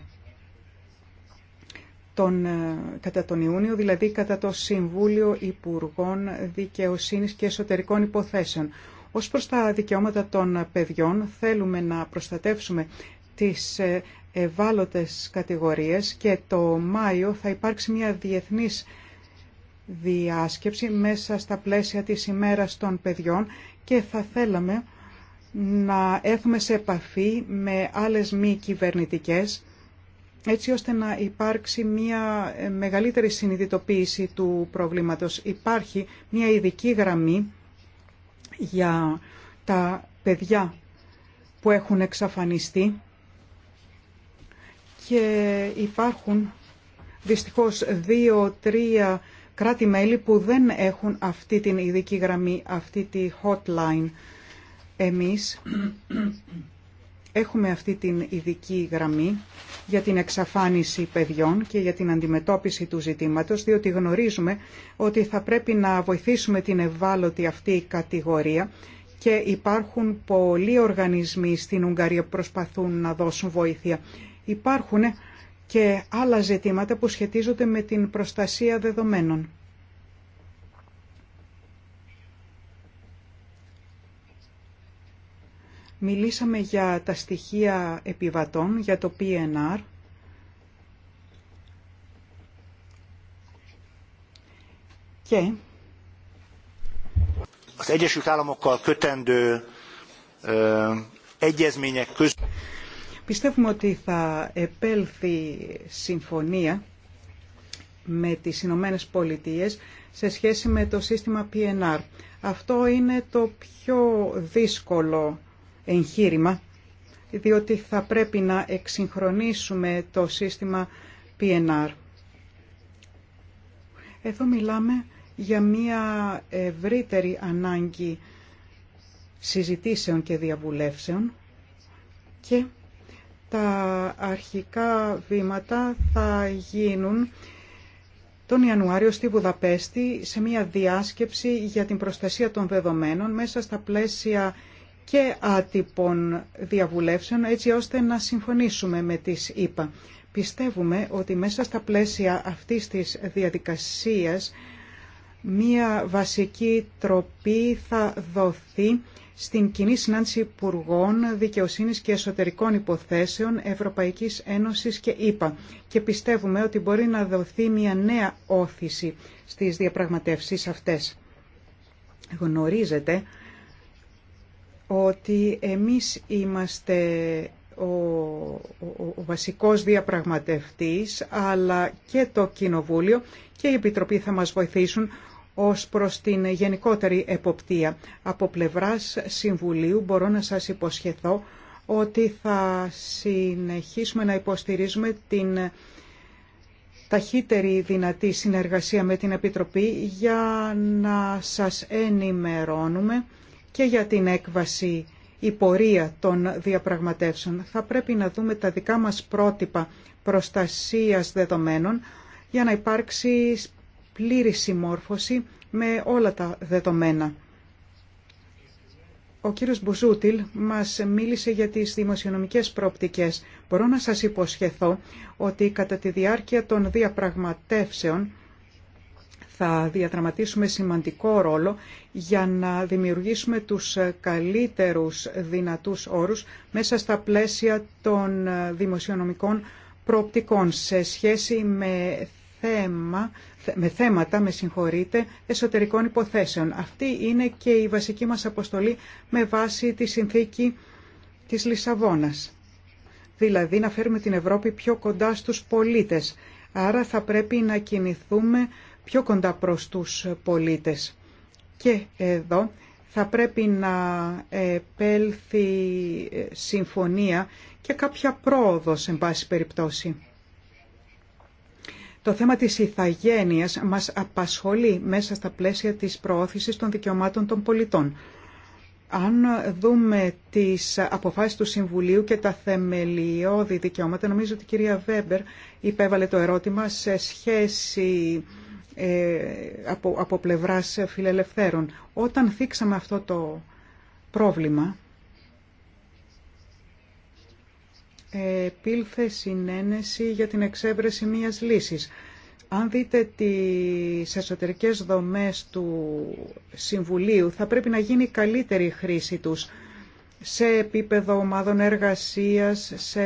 Τον, ε, κατά τον Ιούνιο, δηλαδή κατά το Συμβούλιο Υπουργών Δικαιοσύνης και Εσωτερικών Υποθέσεων. Ως προς τα δικαιώματα των παιδιών θέλουμε να προστατεύσουμε τις ε, ευάλωτες κατηγορίες και το Μάιο θα υπάρξει μια διεθνής διάσκεψη μέσα στα πλαίσια της ημέρας των παιδιών και θα θέλαμε να έρθουμε σε επαφή με άλλες μη κυβερνητικές έτσι ώστε να υπάρξει μια μεγαλύτερη συνειδητοποίηση του προβλήματος. Υπάρχει μια ειδική γραμμή για τα παιδιά που έχουν εξαφανιστεί και υπάρχουν δυστυχώς δύο-τρία κράτη-μέλη που δεν έχουν αυτή την ειδική γραμμή, αυτή τη hotline. Εμείς έχουμε αυτή την ειδική γραμμή για την εξαφάνιση παιδιών και για την αντιμετώπιση του ζητήματος, διότι γνωρίζουμε ότι θα πρέπει να βοηθήσουμε την ευάλωτη αυτή κατηγορία και υπάρχουν πολλοί οργανισμοί στην Ουγγαρία που προσπαθούν να δώσουν βοήθεια. Υπάρχουν και άλλα ζητήματα που σχετίζονται με την προστασία δεδομένων. Μιλήσαμε για τα στοιχεία επιβατών, για το PNR. Και... Πιστεύουμε ότι θα επέλθει συμφωνία με τις Ηνωμένε Πολιτείε σε σχέση με το σύστημα PNR. Αυτό είναι το πιο δύσκολο εγχείρημα, διότι θα πρέπει να εξυγχρονίσουμε το σύστημα PNR. Εδώ μιλάμε για μια ευρύτερη ανάγκη συζητήσεων και διαβουλεύσεων και τα αρχικά βήματα θα γίνουν τον Ιανουάριο στη Βουδαπέστη σε μια διάσκεψη για την προστασία των δεδομένων μέσα στα πλαίσια και άτυπων διαβουλεύσεων έτσι ώστε να συμφωνήσουμε με τις ΗΠΑ. Πιστεύουμε ότι μέσα στα πλαίσια αυτής της διαδικασίας μία βασική τροπή θα δοθεί στην κοινή συνάντηση Υπουργών Δικαιοσύνης και Εσωτερικών Υποθέσεων Ευρωπαϊκής Ένωσης και ΕΠΑ και πιστεύουμε ότι μπορεί να δοθεί μια νέα όθηση στις διαπραγματεύσεις αυτές. Γνωρίζετε ότι εμείς είμαστε ο, ο, ο βασικός διαπραγματευτής αλλά και το Κοινοβούλιο και η Επιτροπή θα μας βοηθήσουν ως προς την γενικότερη εποπτεία. Από πλευράς Συμβουλίου μπορώ να σας υποσχεθώ ότι θα συνεχίσουμε να υποστηρίζουμε την ταχύτερη δυνατή συνεργασία με την Επιτροπή για να σας ενημερώνουμε και για την έκβαση η πορεία των διαπραγματεύσεων. Θα πρέπει να δούμε τα δικά μας πρότυπα προστασίας δεδομένων για να υπάρξει πλήρη συμμόρφωση με όλα τα δεδομένα. Ο κύριος Μπουζούτιλ μας μίλησε για τις δημοσιονομικές πρόπτικες. Μπορώ να σας υποσχεθώ ότι κατά τη διάρκεια των διαπραγματεύσεων θα διαδραματίσουμε σημαντικό ρόλο για να δημιουργήσουμε τους καλύτερους δυνατούς όρους μέσα στα πλαίσια των δημοσιονομικών προοπτικών σε σχέση με θέμα με θέματα, με συγχωρείτε, εσωτερικών υποθέσεων. Αυτή είναι και η βασική μας αποστολή με βάση τη συνθήκη της Λισαβόνας. Δηλαδή να φέρουμε την Ευρώπη πιο κοντά στους πολίτες. Άρα θα πρέπει να κινηθούμε πιο κοντά προς τους πολίτες. Και εδώ θα πρέπει να επέλθει ε, συμφωνία και κάποια πρόοδος, εν πάση περιπτώσει. Το θέμα της ηθαγένειας μας απασχολεί μέσα στα πλαίσια της προώθησης των δικαιωμάτων των πολιτών. Αν δούμε τις αποφάσεις του Συμβουλίου και τα θεμελιώδη δικαιώματα, νομίζω ότι η κυρία Βέμπερ υπέβαλε το ερώτημα σε σχέση ε, από, από πλευράς φιλελευθέρων. Όταν θίξαμε αυτό το πρόβλημα, επήλθε συνένεση για την εξέβρεση μιας λύσης. Αν δείτε τις εσωτερικές δομές του Συμβουλίου, θα πρέπει να γίνει καλύτερη χρήση τους σε επίπεδο ομάδων εργασίας, σε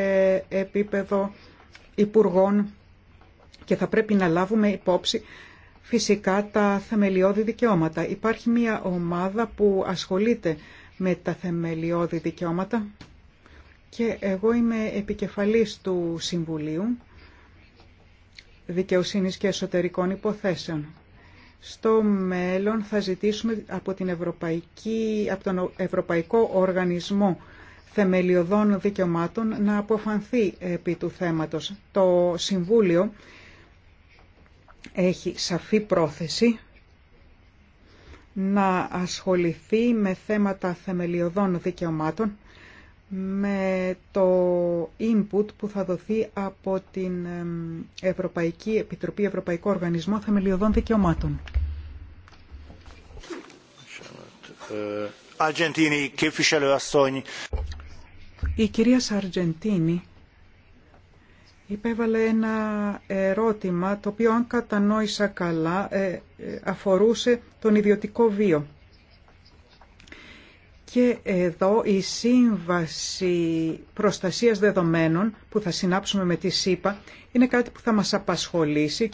επίπεδο υπουργών και θα πρέπει να λάβουμε υπόψη φυσικά τα θεμελιώδη δικαιώματα. Υπάρχει μια ομάδα που ασχολείται με τα θεμελιώδη δικαιώματα και εγώ είμαι επικεφαλής του Συμβουλίου Δικαιοσύνης και Εσωτερικών Υποθέσεων. Στο μέλλον θα ζητήσουμε από, την Ευρωπαϊκή, από τον Ευρωπαϊκό Οργανισμό Θεμελιωδών Δικαιωμάτων να αποφανθεί επί του θέματος. Το Συμβούλιο έχει σαφή πρόθεση να ασχοληθεί με θέματα θεμελιωδών δικαιωμάτων με το input που θα δοθεί από την Ευρωπαϊκή Επιτροπή Ευρωπαϊκό Οργανισμό Θεμελιωδών Δικαιωμάτων. Ε, Η κυρία Σαρτζεντίνη υπέβαλε ένα ερώτημα το οποίο αν κατανόησα καλά ε, ε, αφορούσε τον ιδιωτικό βίο. Και εδώ η σύμβαση προστασίας δεδομένων που θα συνάψουμε με τη ΣΥΠΑ είναι κάτι που θα μας απασχολήσει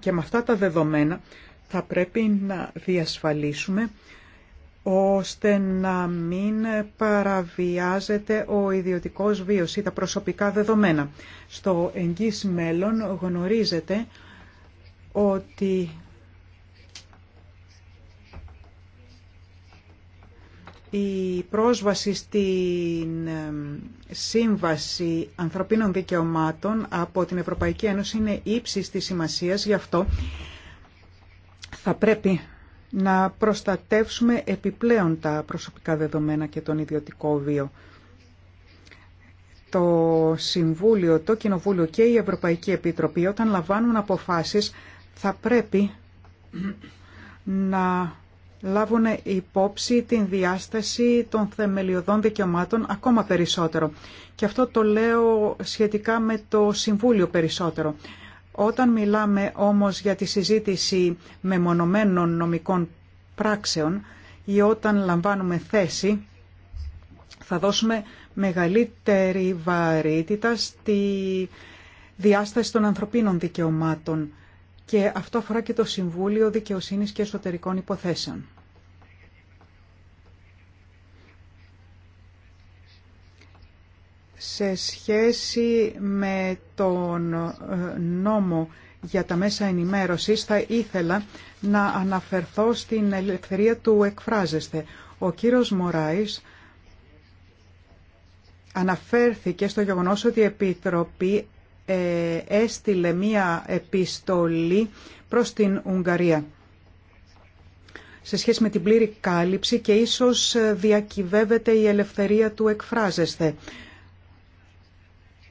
και με αυτά τα δεδομένα θα πρέπει να διασφαλίσουμε ώστε να μην παραβιάζεται ο ιδιωτικός βίος ή τα προσωπικά δεδομένα. Στο εγγύς μέλλον γνωρίζετε ότι η πρόσβαση στην Σύμβαση Ανθρωπίνων Δικαιωμάτων από την Ευρωπαϊκή Ένωση είναι ύψης της σημασίας, γι' αυτό θα πρέπει να προστατεύσουμε επιπλέον τα προσωπικά δεδομένα και τον ιδιωτικό βίο. Το Συμβούλιο, το Κοινοβούλιο και η Ευρωπαϊκή Επιτροπή όταν λαμβάνουν αποφάσεις θα πρέπει να λάβουν υπόψη την διάσταση των θεμελιωδών δικαιωμάτων ακόμα περισσότερο. Και αυτό το λέω σχετικά με το Συμβούλιο περισσότερο. Όταν μιλάμε όμως για τη συζήτηση μεμονωμένων νομικών πράξεων ή όταν λαμβάνουμε θέση, θα δώσουμε μεγαλύτερη βαρύτητα στη διάσταση των ανθρωπίνων δικαιωμάτων και αυτό αφορά και το Συμβούλιο Δικαιοσύνης και Εσωτερικών Υποθέσεων. Σε σχέση με τον ε, νόμο για τα μέσα ενημέρωσης θα ήθελα να αναφερθώ στην ελευθερία του εκφράζεστε. Ο κύριος Μωράης αναφέρθηκε στο γεγονός ότι η Επιτροπή ε, έστειλε μία επιστολή προς την Ουγγαρία σε σχέση με την πλήρη κάλυψη και ίσως διακυβεύεται η ελευθερία του εκφράζεσθε.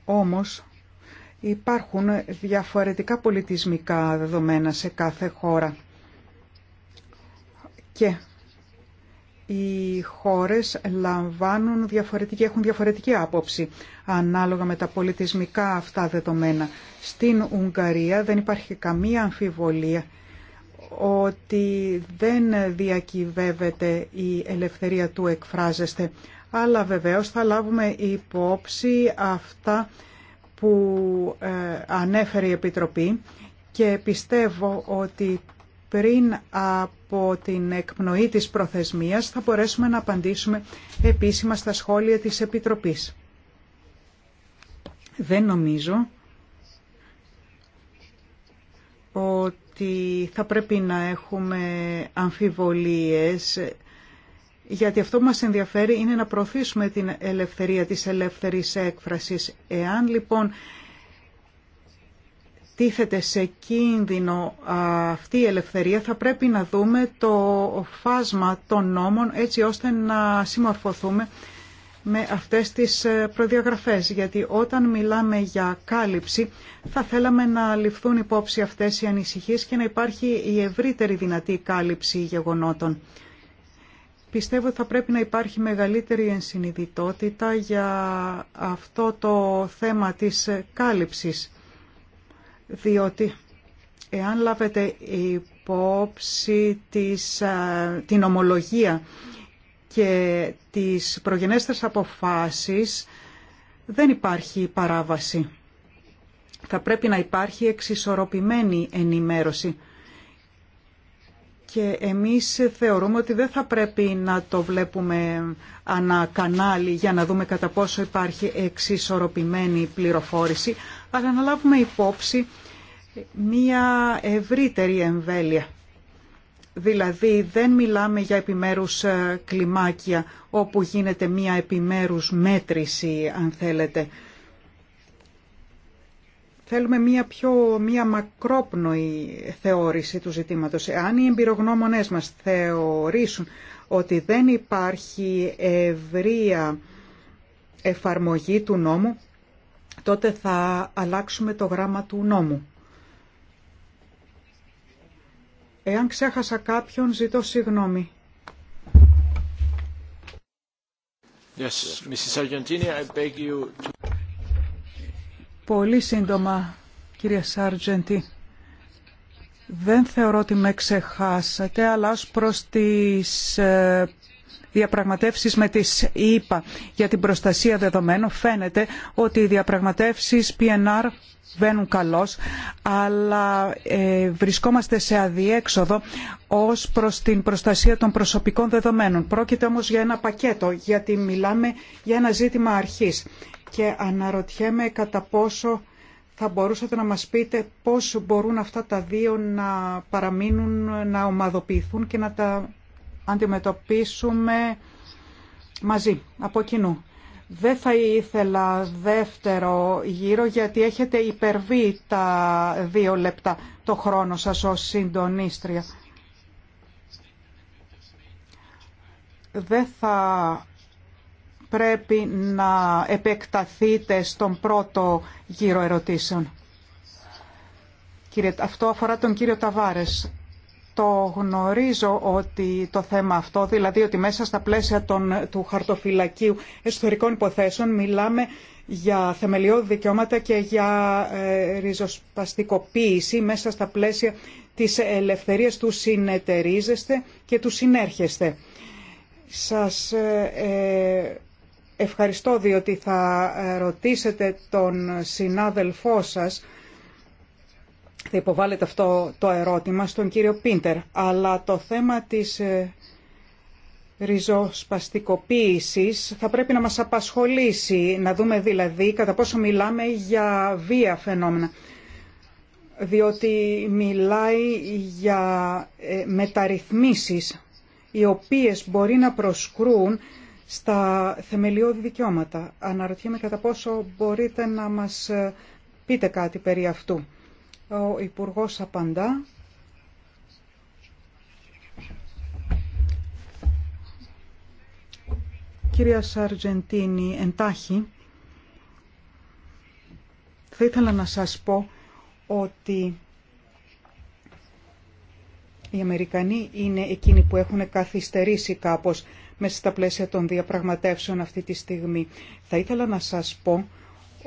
Όμως υπάρχουν διαφορετικά πολιτισμικά δεδομένα σε κάθε χώρα και οι χώρες λαμβάνουν διαφορετική, έχουν διαφορετική άποψη ανάλογα με τα πολιτισμικά αυτά δεδομένα. Στην Ουγγαρία δεν υπάρχει καμία αμφιβολία ότι δεν διακυβεύεται η ελευθερία του εκφράζεστε. Αλλά βεβαίως θα λάβουμε υπόψη αυτά που ε, ανέφερε η Επιτροπή και πιστεύω ότι πριν από την εκπνοή της προθεσμίας θα μπορέσουμε να απαντήσουμε επίσημα στα σχόλια της Επιτροπής. Δεν νομίζω ότι θα πρέπει να έχουμε αμφιβολίες γιατί αυτό που μας ενδιαφέρει είναι να προωθήσουμε την ελευθερία της ελεύθερης έκφρασης. Εάν λοιπόν τίθεται σε κίνδυνο αυτή η ελευθερία θα πρέπει να δούμε το φάσμα των νόμων έτσι ώστε να συμμορφωθούμε με αυτές τις προδιαγραφές γιατί όταν μιλάμε για κάλυψη θα θέλαμε να ληφθούν υπόψη αυτές οι ανησυχίες και να υπάρχει η ευρύτερη δυνατή κάλυψη γεγονότων. Πιστεύω ότι θα πρέπει να υπάρχει μεγαλύτερη ενσυνειδητότητα για αυτό το θέμα της κάλυψης διότι εάν λάβετε υπόψη της, την ομολογία και τις προγενέστερες αποφάσεις δεν υπάρχει παράβαση. Θα πρέπει να υπάρχει εξισορροπημένη ενημέρωση. Και εμείς θεωρούμε ότι δεν θα πρέπει να το βλέπουμε ανακανάλι για να δούμε κατά πόσο υπάρχει εξισορροπημένη πληροφόρηση, αλλά να λάβουμε υπόψη μία ευρύτερη εμβέλεια. Δηλαδή δεν μιλάμε για επιμέρους ε, κλιμάκια όπου γίνεται μία επιμέρους μέτρηση αν θέλετε. Θέλουμε μία πιο μία μακρόπνοη θεώρηση του ζητήματος. Αν οι εμπειρογνώμονές μας θεωρήσουν ότι δεν υπάρχει ευρεία εφαρμογή του νόμου, τότε θα αλλάξουμε το γράμμα του νόμου. Εάν ξέχασα κάποιον, ζητώ συγγνώμη. Yes, Mrs. Argentini, I beg you Πολύ σύντομα, κυρία Σάρτζεντι. Δεν θεωρώ ότι με ξεχάσατε, αλλά ως προς τις ε, διαπραγματεύσεις με τις ηπα για την προστασία δεδομένων φαίνεται ότι οι διαπραγματεύσεις pnr βαίνουν καλώς αλλά ε, βρισκόμαστε σε αδιέξοδο ως προς την προστασία των προσωπικών δεδομένων. Πρόκειται όμως για ένα πακέτο γιατί μιλάμε για ένα ζήτημα αρχής και αναρωτιέμαι κατά πόσο θα μπορούσατε να μας πείτε πώς μπορούν αυτά τα δύο να παραμείνουν, να ομαδοποιηθούν και να τα αντιμετωπίσουμε μαζί, από κοινού. Δεν θα ήθελα δεύτερο γύρο γιατί έχετε υπερβεί τα δύο λεπτά το χρόνο σας ως συντονίστρια. Δεν θα πρέπει να επεκταθείτε στον πρώτο γύρο ερωτήσεων. Αυτό αφορά τον κύριο Ταβάρες το γνωρίζω ότι το θέμα αυτό, δηλαδή ότι μέσα στα πλαίσια των, του χαρτοφυλακίου εσωτερικών υποθέσεων μιλάμε για θεμελιώδη δικαιώματα και για ε, ριζοσπαστικοποίηση μέσα στα πλαίσια της ελευθερίας του συνεταιρίζεστε και του συνέρχεστε. Σας ε, ε ευχαριστώ διότι θα ε, ρωτήσετε τον συνάδελφό σας θα υποβάλλεται αυτό το ερώτημα στον κύριο Πίντερ, αλλά το θέμα της ε, ριζοσπαστικοποίησης θα πρέπει να μας απασχολήσει, να δούμε δηλαδή κατά πόσο μιλάμε για βία φαινόμενα. Διότι μιλάει για ε, μεταρρυθμίσεις οι οποίες μπορεί να προσκρούν στα θεμελιώδη δικαιώματα. Αναρωτιέμαι κατά πόσο μπορείτε να μας ε, πείτε κάτι περί αυτού. Ο Υπουργός απαντά. Κυρία Σαρτζεντίνη, εντάχει, θα ήθελα να σας πω ότι οι Αμερικανοί είναι εκείνοι που έχουν καθυστερήσει κάπως μέσα στα πλαίσια των διαπραγματεύσεων αυτή τη στιγμή. Θα ήθελα να σας πω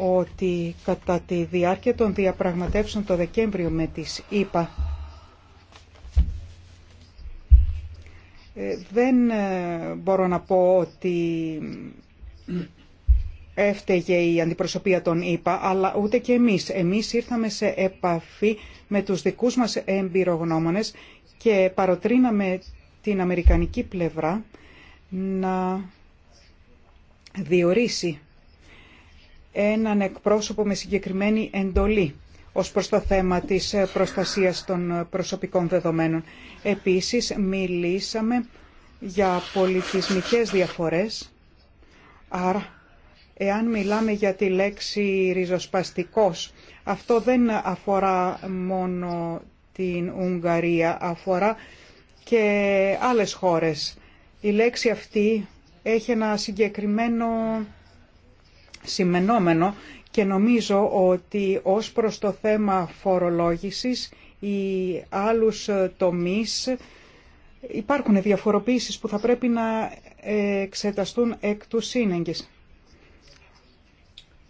ότι κατά τη διάρκεια των διαπραγματεύσεων το Δεκέμβριο με τις ΗΠΑ ε, δεν ε, μπορώ να πω ότι έφταιγε η αντιπροσωπεία των ΗΠΑ, αλλά ούτε και εμείς. Εμείς ήρθαμε σε επαφή με τους δικούς μας εμπειρογνώμονες και παροτρύναμε την αμερικανική πλευρά να διορίσει έναν εκπρόσωπο με συγκεκριμένη εντολή ως προς το θέμα της ε, προστασίας των ε, προσωπικών δεδομένων. Επίσης, μιλήσαμε για πολιτισμικές διαφορές, άρα εάν μιλάμε για τη λέξη ριζοσπαστικός, αυτό δεν αφορά μόνο την Ουγγαρία, αφορά και άλλες χώρες. Η λέξη αυτή έχει ένα συγκεκριμένο σημενόμενο και νομίζω ότι ως προς το θέμα φορολόγησης ή άλλους ε, τομείς υπάρχουν διαφοροποίησεις που θα πρέπει να ε, εξεταστούν εκ του σύνεγγυς.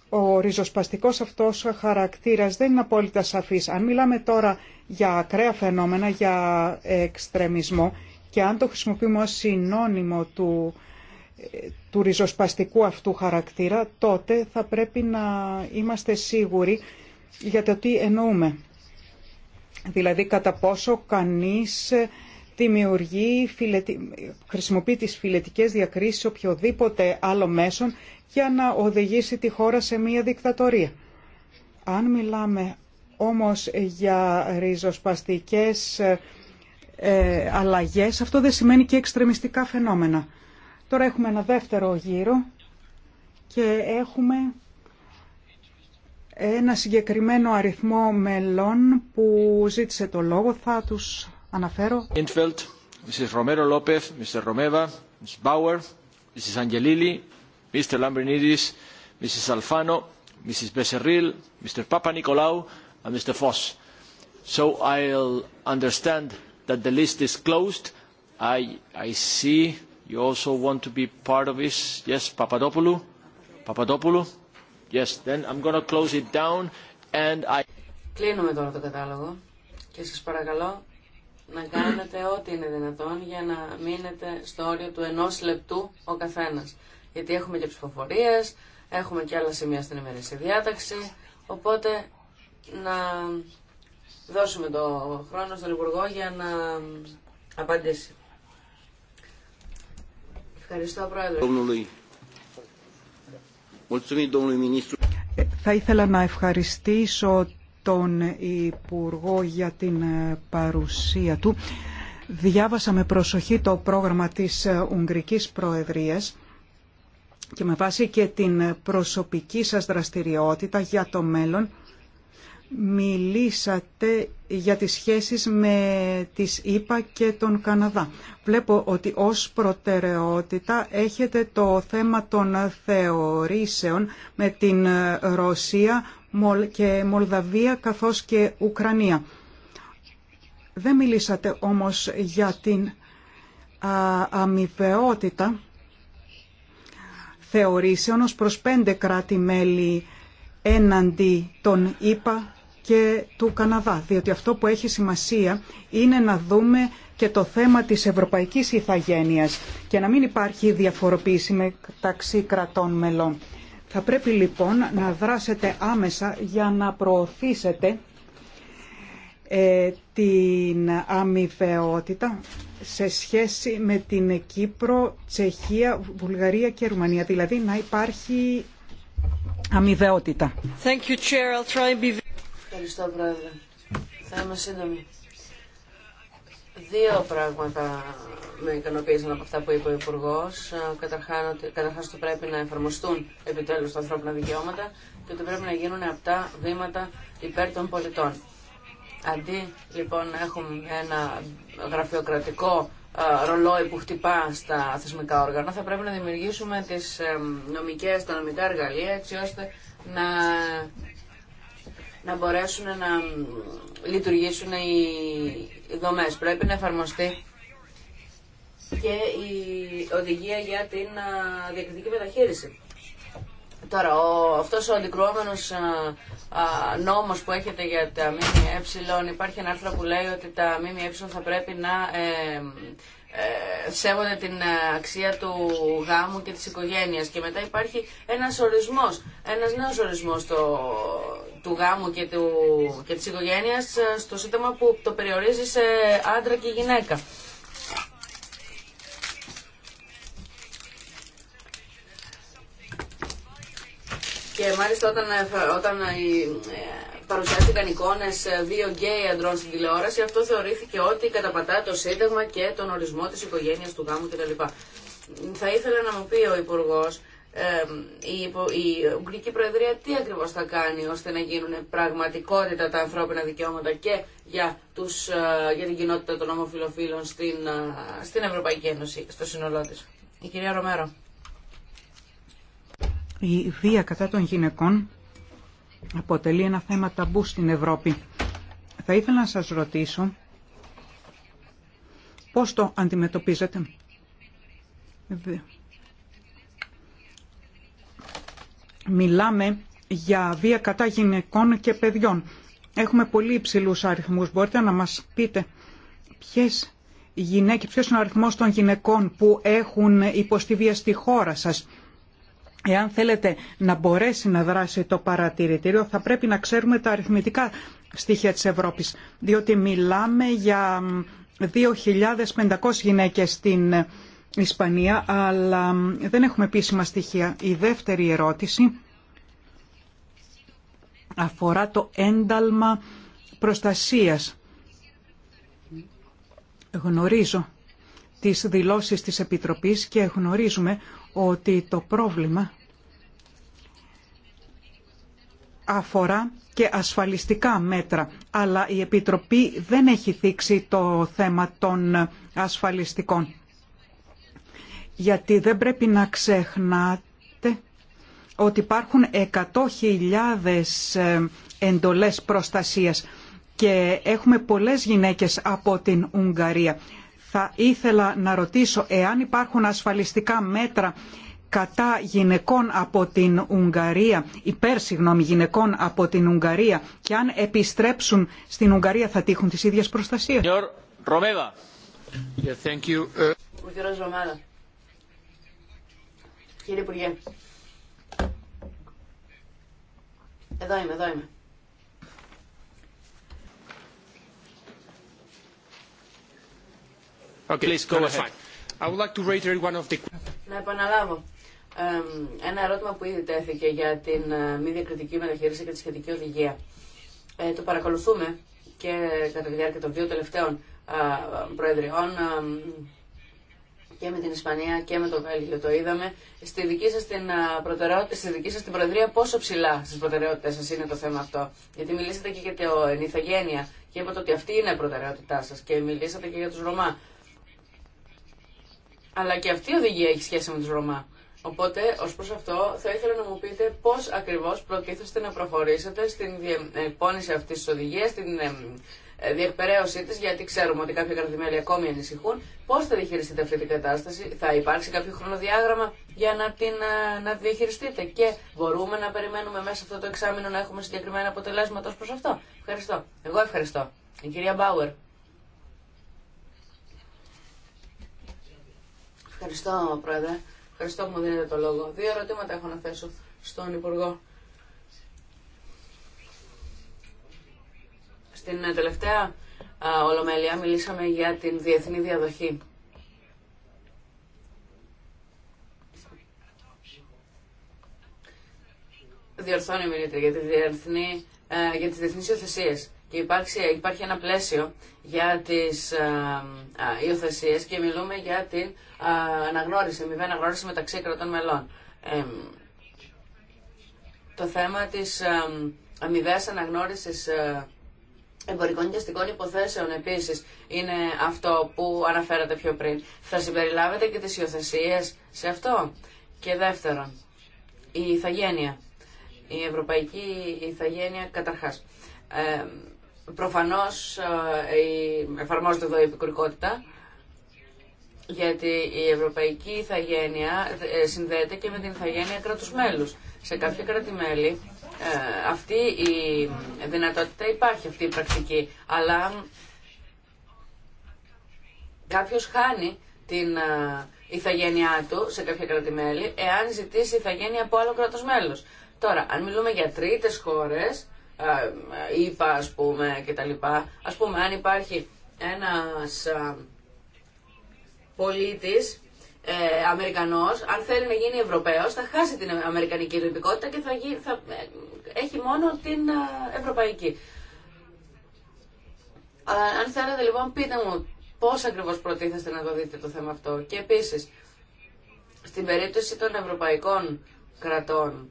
Ο ριζοσπαστικός αυτός χαρακτήρας δεν είναι απόλυτα σαφής. Αν μιλάμε τώρα για ακραία φαινόμενα, για ε, εξτρεμισμό και αν το χρησιμοποιούμε ως συνώνυμο του του ριζοσπαστικού αυτού χαρακτήρα, τότε θα πρέπει να είμαστε σίγουροι για το τι εννοούμε. Δηλαδή κατά πόσο κανείς δημιουργεί, χρησιμοποιεί τις φιλετικές διακρίσεις οποιοδήποτε άλλο μέσον για να οδηγήσει τη χώρα σε μία δικτατορία. Αν μιλάμε όμως για ριζοσπαστικές ε, αλλαγές, αυτό δεν σημαίνει και εξτρεμιστικά φαινόμενα. Τώρα έχουμε ένα δεύτερο γύρο και έχουμε ένα συγκεκριμένο αριθμό μελών που ζήτησε το λόγο. Θα τους αναφέρω. Infeld, Mrs. Romero Lopez, Mr. Romeva, Mrs. Bauer, Mrs. Angelilli, Mr. Lambrinidis, Mrs. Alfano, Mrs. Becerril, Mr. Papa Nicolau and Mr. Foss. So I'll understand that the list is closed. I, I see You also want to be part of this? Yes, Papadopoulou? Papadopoulou? Yes, then I'm going to close it down and I... Κλείνουμε τώρα το κατάλογο και σας παρακαλώ να κάνετε ό,τι είναι δυνατόν για να μείνετε στο όριο του ενός λεπτού ο καθένας. Γιατί έχουμε και ψηφοφορίες, έχουμε και άλλα σημεία στην ημερήσια διάταξη, οπότε να δώσουμε το χρόνο στον Υπουργό για να απαντήσει. Ε, θα ήθελα να ευχαριστήσω τον Υπουργό για την ε, παρουσία του. Διάβασα με προσοχή το πρόγραμμα της ε, Ουγγρικής Προεδρίας και με βάση και την προσωπική σας δραστηριότητα για το μέλλον μιλήσατε για τις σχέσεις με τις ΗΠΑ και τον Καναδά. Βλέπω ότι ως προτεραιότητα έχετε το θέμα των θεωρήσεων με την Ρωσία και Μολδαβία καθώς και Ουκρανία. Δεν μιλήσατε όμως για την αμοιβαιότητα θεωρήσεων ως προς πέντε κράτη-μέλη έναντι των ΗΠΑ και του Καναδά, διότι αυτό που έχει σημασία είναι να δούμε και το θέμα της ευρωπαϊκής ηθαγένειας και να μην υπάρχει διαφοροποίηση μεταξύ κρατών μελών. Θα πρέπει λοιπόν να δράσετε άμεσα για να προωθήσετε ε, την αμοιβαιότητα σε σχέση με την Κύπρο, Τσεχία, Βουλγαρία και Ρουμανία. Δηλαδή να υπάρχει αμοιβαιότητα. Thank you, Ευχαριστώ, Πρόεδρε. Θα είμαι σύντομη. Δύο πράγματα με ικανοποίησαν από αυτά που είπε ο Υπουργό. Καταρχά ότι πρέπει να εφαρμοστούν επιτέλου τα ανθρώπινα δικαιώματα και ότι πρέπει να γίνουν αυτά βήματα υπέρ των πολιτών. Αντί λοιπόν να έχουμε ένα γραφειοκρατικό ρολόι που χτυπά στα θεσμικά όργανα, θα πρέπει να δημιουργήσουμε τι νομικέ τα νομικά εργαλεία έτσι ώστε να να μπορέσουν να λειτουργήσουν οι δομές. Πρέπει να εφαρμοστεί και η οδηγία για την διακριτική μεταχείριση. Τώρα, ο, αυτός ο αντικρουόμενος α, νόμος που έχετε για τα ΜΜΕ, υπάρχει ένα άρθρο που λέει ότι τα ΜΜΕ θα πρέπει να ε, ε, σέβονται την ε, αξία του γάμου και της οικογένειας και μετά υπάρχει ένας ορισμός, ένας νέος ορισμός το, του γάμου και, του, και της οικογένειας ε, στο σύντομα που το περιορίζει σε άντρα και γυναίκα. Και μάλιστα όταν, όταν παρουσιάστηκαν εικόνε δύο ε, γκέι αντρών στην τηλεόραση, αυτό θεωρήθηκε ότι καταπατά το Σύνταγμα και τον ορισμό της οικογένειας του γάμου κτλ. Θα ήθελα να μου πει ο Υπουργό. Ε, η, η Ουγγρική Προεδρία τι ακριβώς θα κάνει ώστε να γίνουν πραγματικότητα τα ανθρώπινα δικαιώματα και για, τους, ε, για την κοινότητα των ομοφιλοφίλων στην, ε, στην Ευρωπαϊκή Ένωση, στο σύνολό τη. Η κυρία Ρομέρο. Η βία κατά των γυναικών αποτελεί ένα θέμα ταμπού στην Ευρώπη. Θα ήθελα να σας ρωτήσω πώς το αντιμετωπίζετε. Μιλάμε για βία κατά γυναικών και παιδιών. Έχουμε πολύ υψηλούς αριθμούς. Μπορείτε να μας πείτε ποιες γυναίκες, ποιος είναι ο αριθμός των γυναικών που έχουν υποστεί βία στη χώρα σας Εάν θέλετε να μπορέσει να δράσει το παρατηρητήριο, θα πρέπει να ξέρουμε τα αριθμητικά στοιχεία της Ευρώπης, διότι μιλάμε για 2.500 γυναίκες στην Ισπανία, αλλά δεν έχουμε επίσημα στοιχεία. Η δεύτερη ερώτηση αφορά το ένταλμα προστασίας. Γνωρίζω τις δηλώσεις της Επιτροπής και γνωρίζουμε ότι το πρόβλημα αφορά και ασφαλιστικά μέτρα, αλλά η Επιτροπή δεν έχει θίξει το θέμα των ασφαλιστικών. Γιατί δεν πρέπει να ξεχνάτε ότι υπάρχουν 100.000 ε, εντολές προστασίας και έχουμε πολλές γυναίκες από την Ουγγαρία θα ήθελα να ρωτήσω εάν υπάρχουν ασφαλιστικά μέτρα κατά γυναικών από την Ουγγαρία, υπέρ συγγνώμη γυναικών από την Ουγγαρία και αν επιστρέψουν στην Ουγγαρία θα τύχουν τις ίδιες προστασίες. Ε, Κύριε Υπουργέ, εδώ είμαι, εδώ είμαι. Να επαναλάβω ένα ερώτημα που ήδη τέθηκε για την ε, μη διακριτική μεταχείριση και τη σχετική οδηγία. Ε, το παρακολουθούμε και κατά τη διάρκεια των δύο τελευταίων προεδριών και με την Ισπανία και με το Βέλγιο το είδαμε. Στη δική σας την, στη δική την Προεδρία πόσο ψηλά στις προτεραιότητες σας είναι το θέμα αυτό. Γιατί μιλήσατε και για την ηθαγένεια και είπατε ότι αυτή είναι η προτεραιότητά σας και μιλήσατε και για τους Ρωμά αλλά και αυτή η οδηγία έχει σχέση με του Ρωμά. Οπότε, ω προ αυτό, θα ήθελα να μου πείτε πώ ακριβώ προτίθεστε να προχωρήσετε στην εκπόνηση ε, αυτή τη οδηγία, στην ε, ε, διεκπαιρέωσή τη, γιατί ξέρουμε ότι κάποια κρατημέλη ακόμη ανησυχούν. Πώ θα διαχειριστείτε αυτή την κατάσταση, θα υπάρξει κάποιο χρονοδιάγραμμα για να την να διαχειριστείτε και μπορούμε να περιμένουμε μέσα αυτό το εξάμεινο να έχουμε συγκεκριμένα αποτελέσματα ω προ αυτό. Ευχαριστώ. Εγώ ευχαριστώ. Η κυρία Μπάουερ. Ευχαριστώ, Πρόεδρε. Ευχαριστώ που μου δίνετε το λόγο. Δύο ερωτήματα έχω να θέσω στον Υπουργό. Στην τελευταία ολομέλεια μιλήσαμε για την διεθνή διαδοχή. Διορθώνει η μιλήτρια για, τη διεθνή, για τις διεθνείς υιοθεσίες και υπάρχει ένα πλαίσιο για τις ε, ε, υιοθεσίε και μιλούμε για την α, ε, αναγνώριση, μη αναγνώριση μεταξύ κρατών μελών. το θέμα της αμοιβαίας αναγνώρισης εμπορικών και αστικών υποθέσεων επίσης είναι αυτό που αναφέρατε πιο πριν. Θα συμπεριλάβετε και τις υιοθεσίε σε αυτό. Και δεύτερον, η ηθαγένεια. Η ευρωπαϊκή ηθαγένεια καταρχάς. Προφανώς ε, εφαρμόζεται εδώ η επικουρικότητα, γιατί η ευρωπαϊκή ηθαγένεια ε, συνδέεται και με την ηθαγένεια κράτους μέλους. Σε κάποια κράτη-μέλη ε, αυτή η δυνατότητα υπάρχει, αυτή η πρακτική, αλλά κάποιος χάνει την ηθαγένειά του σε κάποια κράτη-μέλη εάν ζητήσει ηθαγένεια από άλλο κράτος μέλος. Τώρα, αν μιλούμε για τρίτες χώρες, είπα ας πούμε και τα λοιπά. Ας πούμε αν υπάρχει ένας ε, πολίτης ε, Αμερικανός, αν θέλει να γίνει Ευρωπαίος θα χάσει την Αμερικανική ειδικότητα και θα, ε, έχει μόνο την ε, Ευρωπαϊκή. Αν θέλετε λοιπόν πείτε μου πώς ακριβώς προτίθεστε να το δείτε το θέμα αυτό. Και επίσης, στην περίπτωση των ευρωπαϊκών κρατών,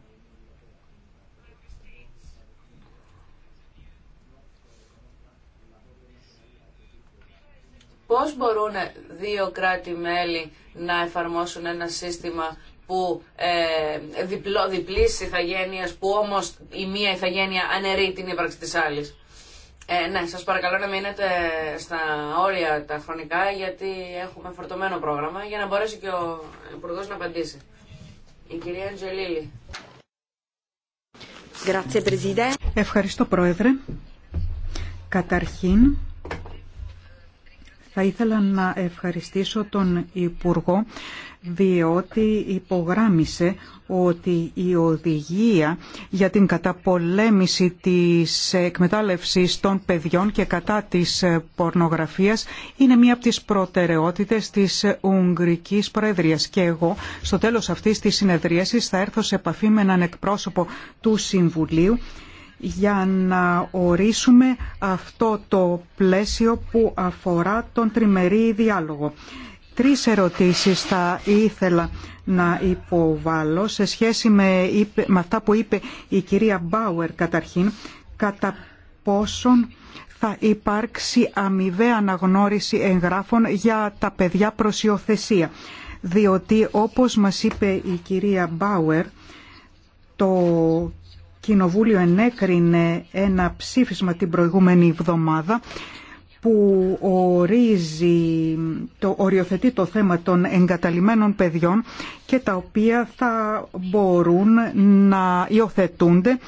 Πώς μπορούν δύο κράτη-μέλη να εφαρμόσουν ένα σύστημα που ε, διπλό, διπλής ηθαγένειας που όμως η μία ηθαγένεια αναιρεί την ύπαρξη της άλλης. Ε, ναι, σας παρακαλώ να μείνετε στα όρια τα χρονικά γιατί έχουμε φορτωμένο πρόγραμμα για να μπορέσει και ο υπουργό να απαντήσει. Η κυρία Αντζελίλη. Ευχαριστώ Πρόεδρε. Καταρχήν θα ήθελα να ευχαριστήσω τον Υπουργό διότι υπογράμμισε ότι η οδηγία για την καταπολέμηση της εκμετάλλευσης των παιδιών και κατά της πορνογραφίας είναι μία από τις προτεραιότητες της Ουγγρικής Προεδρίας. Και εγώ στο τέλος αυτής της συνεδρίασης θα έρθω σε επαφή με έναν εκπρόσωπο του Συμβουλίου για να ορίσουμε αυτό το πλαίσιο που αφορά τον τριμερή διάλογο. Τρεις ερωτήσεις θα ήθελα να υποβάλω σε σχέση με, αυτά που είπε η κυρία Μπάουερ καταρχήν, κατά πόσον θα υπάρξει αμοιβαία αναγνώριση εγγράφων για τα παιδιά προσιοθεσία. Διότι όπως μας είπε η κυρία Μπάουερ, το Κοινοβούλιο ενέκρινε ένα ψήφισμα την προηγούμενη εβδομάδα που ορίζει, το, οριοθετεί το θέμα των εγκαταλειμμένων παιδιών και τα οποία θα μπορούν να υιοθετούνται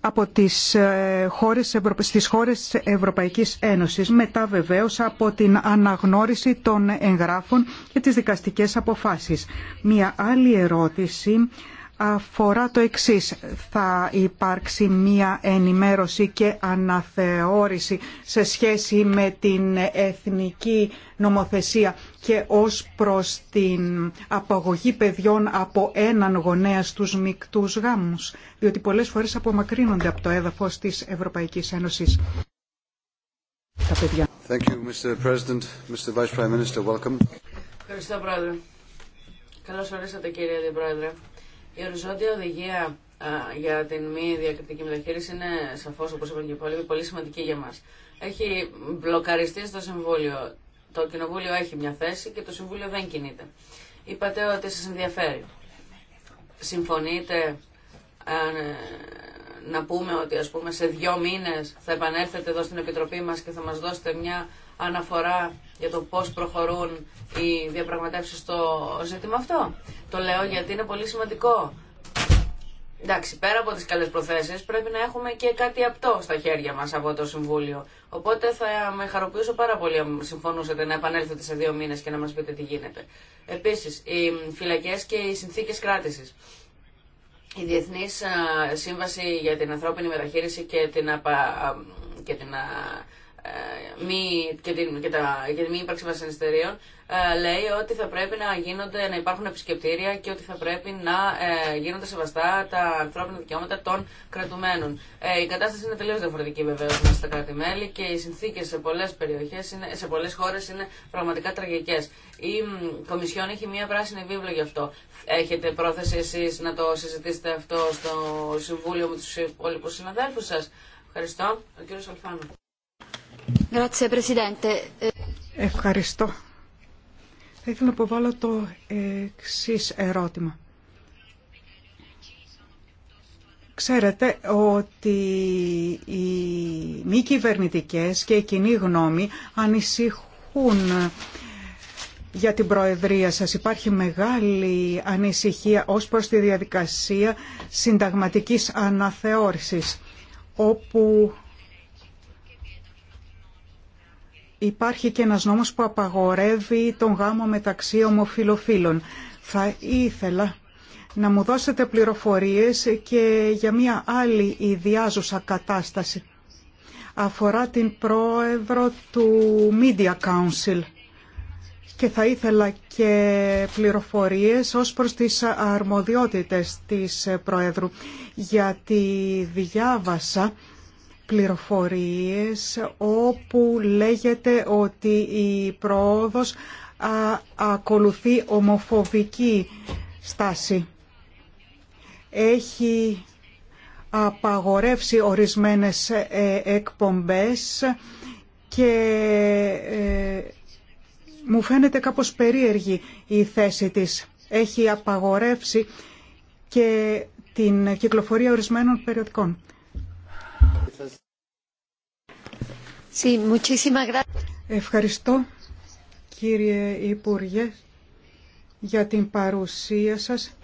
από τις ε, χώρες, στις χώρες Ευρωπαϊκής Ένωσης, μετά βεβαίως από την αναγνώριση των εγγράφων και τις δικαστικές αποφάσεις. Μία άλλη ερώτηση αφορά το εξή Θα υπάρξει μία ενημέρωση και αναθεώρηση σε σχέση με την εθνική νομοθεσία και ως προς την απαγωγή παιδιών από έναν γονέα στους μικτούς γάμους, διότι πολλές φορές απομακρύνονται από το έδαφος της Ευρωπαϊκής Ένωσης. Τα παιδιά. Thank you, Mr. President. Mr. Vice Prime Minister, welcome. Ευχαριστώ, Πρόεδρε. Καλώς ορίσατε, κύριε πρόεδρε. Η οριζόντια οδηγία για την μη διακριτική μεταχείριση είναι σαφώ, όπω είπαμε και οι πολύ σημαντική για μα. Έχει μπλοκαριστεί στο Συμβούλιο. Το Κοινοβούλιο έχει μια θέση και το Συμβούλιο δεν κινείται. Είπατε ότι σα ενδιαφέρει. Συμφωνείτε να πούμε ότι ας πούμε σε δύο μήνες θα επανέλθετε εδώ στην Επιτροπή μας και θα μας δώσετε μια αναφορά για το πώς προχωρούν οι διαπραγματεύσεις στο ζήτημα αυτό. Το λέω γιατί είναι πολύ σημαντικό. Εντάξει, πέρα από τις καλές προθέσεις πρέπει να έχουμε και κάτι απτό στα χέρια μας από το Συμβούλιο. Οπότε θα με χαροποιήσω πάρα πολύ αν συμφωνούσατε να επανέλθετε σε δύο μήνες και να μας πείτε τι γίνεται. Επίσης, οι φυλακές και οι συνθήκες κράτησης. Η Διεθνής ε, Σύμβαση για την Ανθρώπινη Μεταχείριση και την, απα... και την ε, ε, μη, και, την, και, τα, και μη ύπαρξη βασανιστήριων ε, λέει ότι θα πρέπει να, γίνονται, να υπάρχουν επισκεπτήρια και ότι θα πρέπει να ε, γίνονται σεβαστά τα ανθρώπινα δικαιώματα των κρατουμένων. η κατάσταση είναι τελείως διαφορετική βεβαίως μέσα στα κράτη-μέλη και οι συνθήκες σε πολλέ είναι, σε πολλές χώρε είναι πραγματικά τραγικές. Η Κομισιόν έχει μία πράσινη βίβλο γι' αυτό. Έχετε πρόθεση εσείς να το συζητήσετε αυτό στο Συμβούλιο με του υπόλοιπου συναδέλφου σα. Ευχαριστώ. Ο κύριος Αλφάνου. Ευχαριστώ. Θα ήθελα να αποβάλω το εξή ερώτημα. Ξέρετε ότι οι μη κυβερνητικέ και οι κοινοί γνώμοι ανησυχούν για την Προεδρία σας. Υπάρχει μεγάλη ανησυχία ως προς τη διαδικασία συνταγματικής αναθεώρησης, όπου υπάρχει και ένας νόμος που απαγορεύει τον γάμο μεταξύ ομοφιλοφίλων. Θα ήθελα να μου δώσετε πληροφορίες και για μια άλλη ιδιάζουσα κατάσταση. Αφορά την πρόεδρο του Media Council και θα ήθελα και πληροφορίες ως προς τις αρμοδιότητες της Προέδρου γιατί διάβασα πληροφορίες όπου λέγεται ότι η πρόοδος ακολουθεί ομοφοβική στάση. Έχει απαγορεύσει ορισμένες ε, εκπομπές και ε, μου φαίνεται κάπως περίεργη η θέση της. Έχει απαγορεύσει και την κυκλοφορία ορισμένων περιοδικών. Ευχαριστώ κύριε Υπουργέ για την παρουσία σας.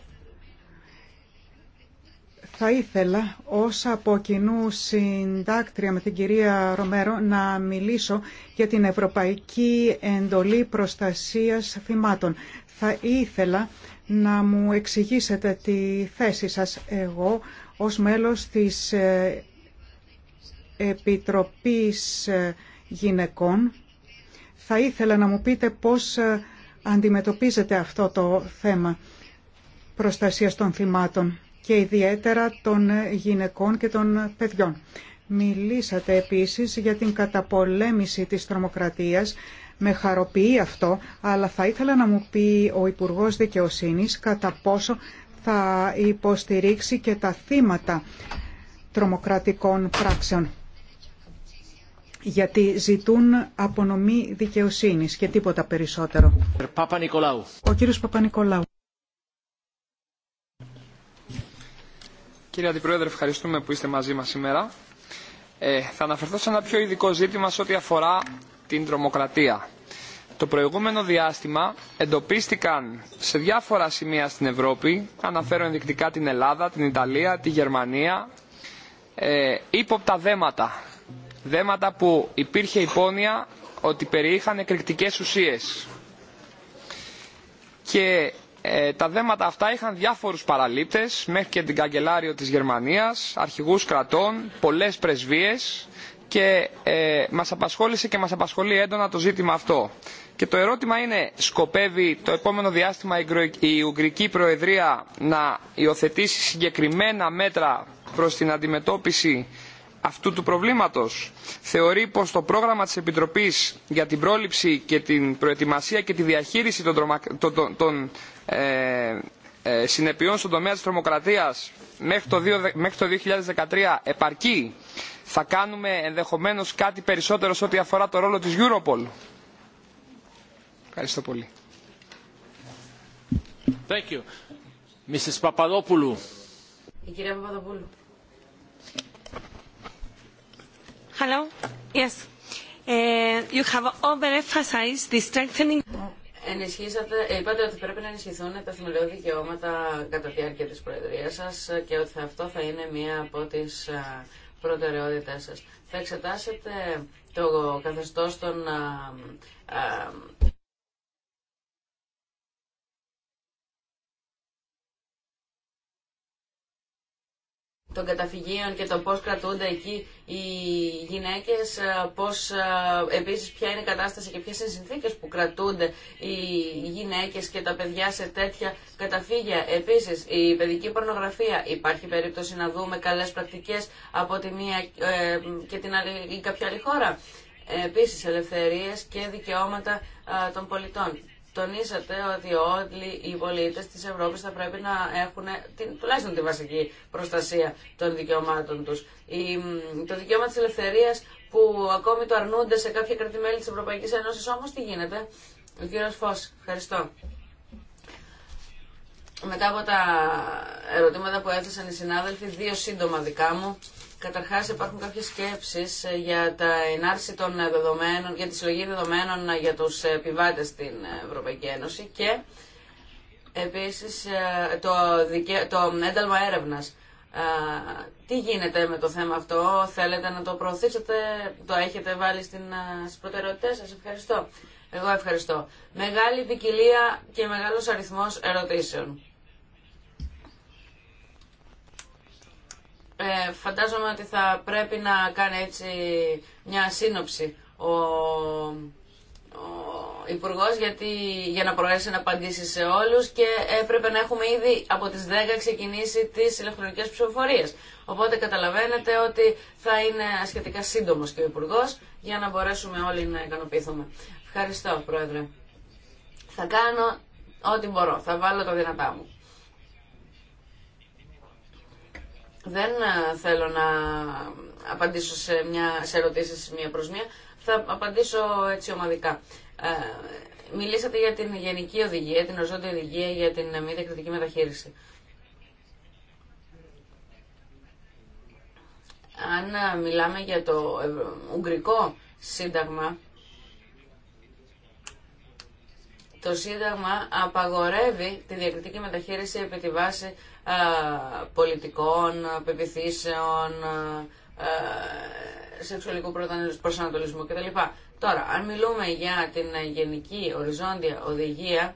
Θα ήθελα ως από κοινού συντάκτρια με την κυρία Ρομέρο να μιλήσω για την Ευρωπαϊκή Εντολή Προστασίας Θυμάτων. Θα ήθελα να μου εξηγήσετε τη θέση σας εγώ ως μέλος της ε, Επιτροπής ε, Γυναικών. Θα ήθελα να μου πείτε πώς ε, αντιμετωπίζετε αυτό το θέμα προστασίας των θυμάτων και ιδιαίτερα των γυναικών και των παιδιών. Μιλήσατε επίσης για την καταπολέμηση της τρομοκρατίας. Με χαροποιεί αυτό, αλλά θα ήθελα να μου πει ο Υπουργός Δικαιοσύνης κατά πόσο θα υποστηρίξει και τα θύματα τρομοκρατικών πράξεων γιατί ζητούν απονομή δικαιοσύνης και τίποτα περισσότερο. Παπα Ο κύριος Κύριε Αντιπρόεδρε, ευχαριστούμε που είστε μαζί μας σήμερα. Ε, θα αναφερθώ σε ένα πιο ειδικό ζήτημα σε ό,τι αφορά την τρομοκρατία. Το προηγούμενο διάστημα εντοπίστηκαν σε διάφορα σημεία στην Ευρώπη, αναφέρω ενδεικτικά την Ελλάδα, την Ιταλία, τη Γερμανία, ε, ύποπτα δέματα δέματα που υπήρχε υπόνοια ότι περιείχαν εκρηκτικές ουσίες. Και ε, τα δέματα αυτά είχαν διάφορους παραλήπτες, μέχρι και την καγκελάριο της Γερμανίας, αρχηγούς κρατών, πολλές πρεσβείες και ε, μας απασχόλησε και μας απασχολεί έντονα το ζήτημα αυτό. Και το ερώτημα είναι, σκοπεύει το επόμενο διάστημα η Ουγγρική Προεδρία να υιοθετήσει συγκεκριμένα μέτρα προς την αντιμετώπιση αυτού του προβλήματος. Θεωρεί πως το πρόγραμμα της Επιτροπής για την πρόληψη και την προετοιμασία και τη διαχείριση των, ε, ε, συνεπειών στον τομέα της τρομοκρατίας μέχρι το, 2013 επαρκεί. Θα κάνουμε ενδεχομένως κάτι περισσότερο σε ό,τι αφορά το ρόλο της Europol. Ευχαριστώ πολύ. Hello. Yes. Uh, you have overemphasized the strengthening. Ενισχύσατε, είπατε ότι πρέπει να ενισχυθούν τα θεμελιώδη δικαιώματα κατά τη διάρκεια της Προεδρίας σας και ότι αυτό θα είναι μία από τις ε, προτεραιότητές σας. Θα εξετάσετε το καθεστώς των ε, ε, των καταφυγίων και το πώς κρατούνται εκεί οι γυναίκες, ε, πώς, ε, επίσης ποια είναι η κατάσταση και ποιες είναι οι συνθήκες που κρατούνται οι γυναίκες και τα παιδιά σε τέτοια καταφύγια. Επίσης η παιδική πορνογραφία, υπάρχει περίπτωση να δούμε καλές πρακτικές από τη μία ε, και την άλλη, ή κάποια άλλη χώρα. Επίσης ελευθερίες και δικαιώματα των πολιτών τονίσατε ότι όλοι οι πολίτε τη Ευρώπη θα πρέπει να έχουν την, τουλάχιστον τη βασική προστασία των δικαιωμάτων του. Το δικαίωμα τη ελευθερία που ακόμη το αρνούνται σε κάποια κρατημέλη τη Ευρωπαϊκή Ένωση όμω τι γίνεται. Ο κύριο Φω, ευχαριστώ. Μετά από τα ερωτήματα που έθεσαν οι συνάδελφοι, δύο σύντομα δικά μου. Καταρχά υπάρχουν κάποιες σκέψεις ε, για τα ενάρξη των δεδομένων, για τη συλλογή δεδομένων ε, για τους ε, επιβάτε στην Ευρωπαϊκή Ένωση και επίσης το, το ένταλμα έρευνας. Τι γίνεται με το θέμα αυτό, θέλετε να το προωθήσετε, το έχετε βάλει στην, στις σα. ευχαριστώ. Εγώ ευχαριστώ. Μεγάλη ποικιλία και μεγάλο αριθμό ερωτήσεων. Ε, φαντάζομαι ότι θα πρέπει να κάνει έτσι μια σύνοψη ο, ο υπουργό για να μπορέσει να απαντήσει σε όλους και έπρεπε να έχουμε ήδη από τις 10 ξεκινήσει τις ηλεκτρονικές ψηφοφορίες. Οπότε καταλαβαίνετε ότι θα είναι σχετικά σύντομο και ο υπουργό για να μπορέσουμε όλοι να ικανοποιηθούμε. Ευχαριστώ, Πρόεδρε. Θα κάνω ό,τι μπορώ. Θα βάλω τα δυνατά μου. Δεν ε, θέλω να απαντήσω σε, μια, σε ερωτήσεις μία προς μία. Θα απαντήσω έτσι ομαδικά. Ε, μιλήσατε για την γενική οδηγία, την οριζόντια οδηγία για την μη διακριτική μεταχείριση. Αν ε, μιλάμε για το Ουγγρικό Σύνταγμα, το Σύνταγμα απαγορεύει τη διακριτική μεταχείριση επί τη βάση ε, πολιτικών, πεπιθήσεων, ε, ε, σεξουαλικού προσανατολισμού κτλ. Τώρα, αν μιλούμε για την γενική οριζόντια οδηγία,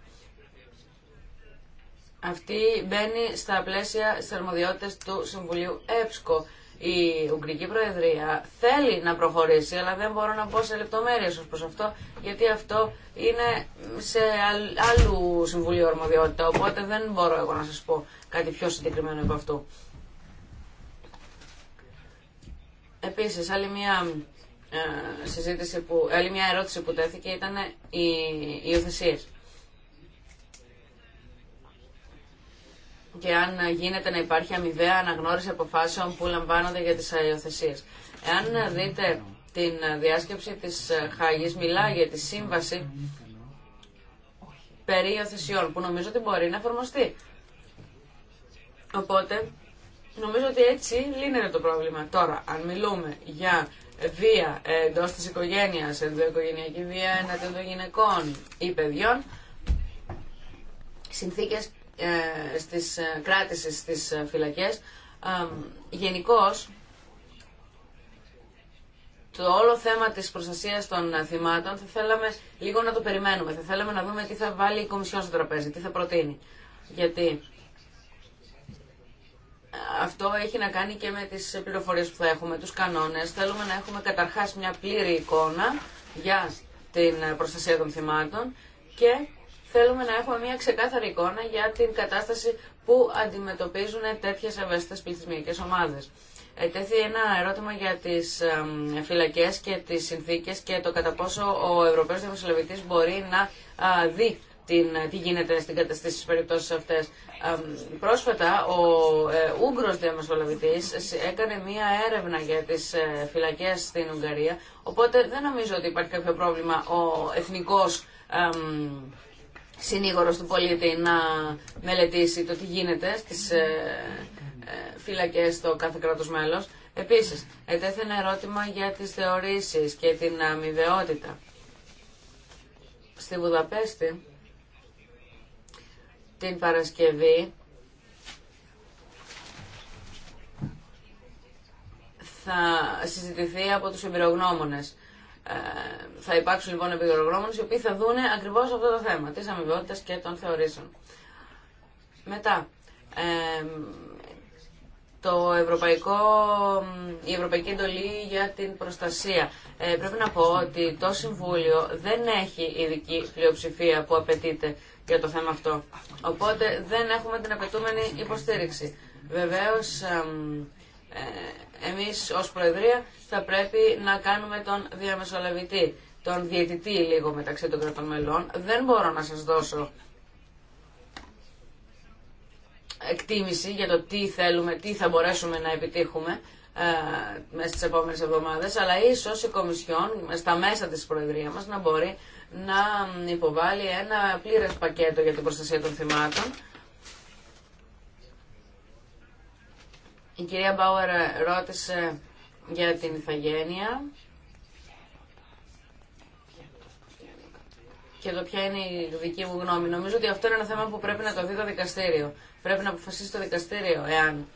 αυτή μπαίνει στα πλαίσια στις του Συμβουλίου ΕΠΣΚΟ η Ουγγρική Προεδρία θέλει να προχωρήσει, αλλά δεν μπορώ να πω σε λεπτομέρειες ω προς αυτό, γιατί αυτό είναι σε άλλου Συμβουλίου Ορμοδιότητα, οπότε δεν μπορώ εγώ να σας πω κάτι πιο συγκεκριμένο από αυτού. Επίσης, άλλη μια, ε, συζήτηση που, άλλη μια ερώτηση που τέθηκε ήταν οι υιοθεσίες. και αν γίνεται να υπάρχει αμοιβαία αναγνώριση αποφάσεων που λαμβάνονται για τις αεροθεσίες. Εάν δείτε την διάσκεψη της Χάγης, μιλάει για τη σύμβαση περί υιοθεσιών, που νομίζω ότι μπορεί να εφαρμοστεί. Οπότε, νομίζω ότι έτσι λύνεται το πρόβλημα. Τώρα, αν μιλούμε για βία εντό τη οικογένεια, ενδοοικογενειακή βία εναντίον των γυναικών ή παιδιών, συνθήκε ε, στις ε, κράτησης στις ε, φυλακές. Γενικώ, το όλο θέμα της προστασίας των θυμάτων θα θέλαμε λίγο να το περιμένουμε. Θα θέλαμε να δούμε τι θα βάλει η Κομισιόν στο τραπέζι, τι θα προτείνει. Γιατί αυτό έχει να κάνει και με τις πληροφορίες που θα έχουμε, τους κανόνες. Θέλουμε να έχουμε καταρχάς μια πλήρη εικόνα για την προστασία των θυμάτων και θέλουμε να έχουμε μια ξεκάθαρη εικόνα για την κατάσταση που αντιμετωπίζουν τέτοιες ευαίσθητες πληθυσμιακές ομάδες. Τέθη ένα ερώτημα για τις φυλακές και τις συνθήκες και το κατά πόσο ο Ευρωπαίος Δημοσιολογητής μπορεί να δει τι γίνεται στην καταστήση στις περιπτώσεις αυτές. Πρόσφατα ο ε, Ούγγρος διαμεσολαβητής έκανε μία έρευνα για τις ε, φυλακές στην Ουγγαρία, οπότε δεν νομίζω ότι υπάρχει κάποιο πρόβλημα ο εθνικός συνήγορος του πολίτη να μελετήσει το τι γίνεται στις ε, ε, φυλακές στο κάθε κράτος μέλος. Επίσης, ετέθη ένα ερώτημα για τις θεωρήσεις και την αμοιβαιότητα. Στη Βουδαπέστη, την Παρασκευή, θα συζητηθεί από τους εμπειρογνώμονες. Ε, θα υπάρξουν λοιπόν επιδρογνώμονες οι οποίοι θα δούνε ακριβώ αυτό το θέμα τη αμοιβαιότητα και των θεωρήσεων. Μετά, το ευρωπαϊκό, η Ευρωπαϊκή Εντολή για την Προστασία. Ε, πρέπει να πω ότι το Συμβούλιο δεν έχει ειδική πλειοψηφία που απαιτείται για το θέμα αυτό. Οπότε δεν έχουμε την απαιτούμενη υποστήριξη. Βεβαίως, ε, εμείς ως Προεδρία θα πρέπει να κάνουμε τον διαμεσολαβητή, τον διαιτητή λίγο μεταξύ των κρατών μελών. Δεν μπορώ να σας δώσω εκτίμηση για το τι θέλουμε, τι θα μπορέσουμε να επιτύχουμε ε, μέσα στις επόμενες εβδομάδες, αλλά ίσως η Κομισιόν στα μέσα της Προεδρία μας να μπορεί να υποβάλει ένα πλήρες πακέτο για την προστασία των θυμάτων Η κυρία Μπάουερ ρώτησε για την ηθαγένεια και το ποια είναι η δική μου γνώμη. Νομίζω ότι αυτό είναι ένα θέμα που πρέπει να το δει το δικαστήριο. Πρέπει να αποφασίσει το δικαστήριο εάν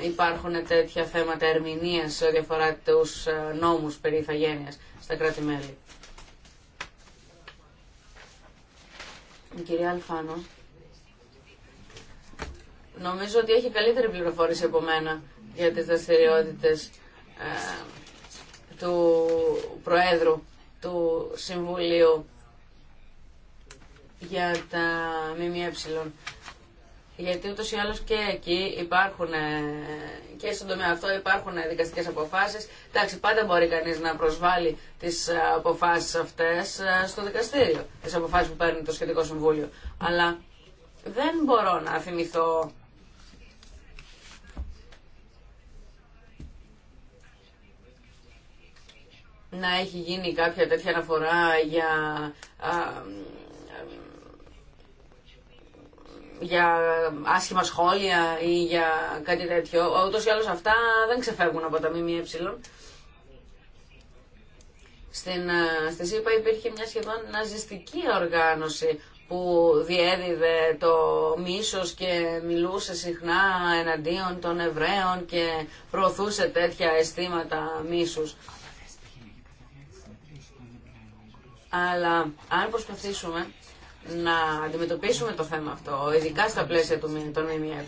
ε, υπάρχουν τέτοια θέματα ερμηνεία σε ό,τι αφορά τους ε, νόμους περί ηθαγένεια στα κράτη-μέλη. Η κυρία Αλφάνο. Νομίζω ότι έχει καλύτερη πληροφόρηση από μένα για τις δραστηριότητε ε, του Προέδρου του Συμβουλίου για τα ΜΜΕ. Γιατί ούτω ή άλλω και εκεί υπάρχουν, ε, και στον τομέα αυτό υπάρχουν δικαστικέ αποφάσει. Εντάξει, πάντα μπορεί κανεί να προσβάλλει τι αποφάσει αυτέ ε, στο δικαστήριο, τι αποφάσει που παίρνει το σχετικό συμβούλιο. Αλλά δεν μπορώ να θυμηθώ να έχει γίνει κάποια τέτοια αναφορά για, για άσχημα σχόλια ή για κάτι τέτοιο. Ούτως ή άλλως αυτά δεν ξεφεύγουν από τα ΜΜΕ. Στην, ΣΥΠΑ υπήρχε μια σχεδόν ναζιστική οργάνωση που διέδιδε το μίσος και μιλούσε συχνά εναντίον των Εβραίων και προωθούσε τέτοια αισθήματα μίσους αλλά αν προσπαθήσουμε να αντιμετωπίσουμε το θέμα αυτό, ειδικά στα πλαίσια του, των ΜΜΕ,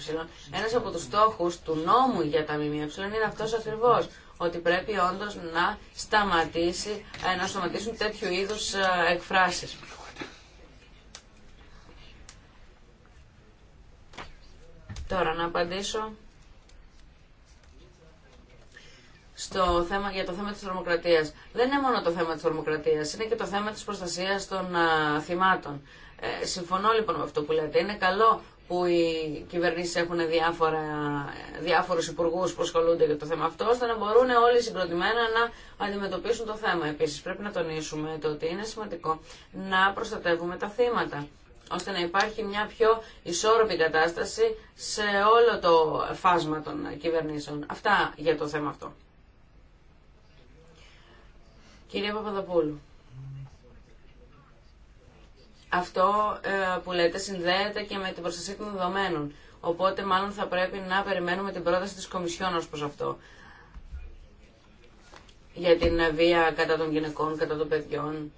ένας από τους στόχου του νόμου για τα ΜΜΕ είναι αυτός ακριβώ. ότι πρέπει όντως να, σταματήσει, ε, να σταματήσουν τέτοιου είδους ε, εκφράσει. Τώρα να απαντήσω στο θέμα, για το θέμα της θερμοκρατίας. Δεν είναι μόνο το θέμα της θερμοκρατίας, είναι και το θέμα της προστασίας των α, θυμάτων. Ε, συμφωνώ λοιπόν με αυτό που λέτε. Είναι καλό που οι κυβερνήσεις έχουν διάφορα, διάφορους υπουργούς που ασχολούνται για το θέμα αυτό, ώστε να μπορούν όλοι συγκροτημένα να αντιμετωπίσουν το θέμα. Επίσης πρέπει να τονίσουμε το ότι είναι σημαντικό να προστατεύουμε τα θύματα ώστε να υπάρχει μια πιο ισόρροπη κατάσταση σε όλο το φάσμα των κυβερνήσεων. Αυτά για το θέμα αυτό. Κυρία Παπαδοπούλου, αυτό ε, που λέτε συνδέεται και με την προστασία των δεδομένων. Οπότε μάλλον θα πρέπει να περιμένουμε την πρόταση της Κομισιόν ως προς αυτό. Για την βία κατά των γυναικών, κατά των παιδιών.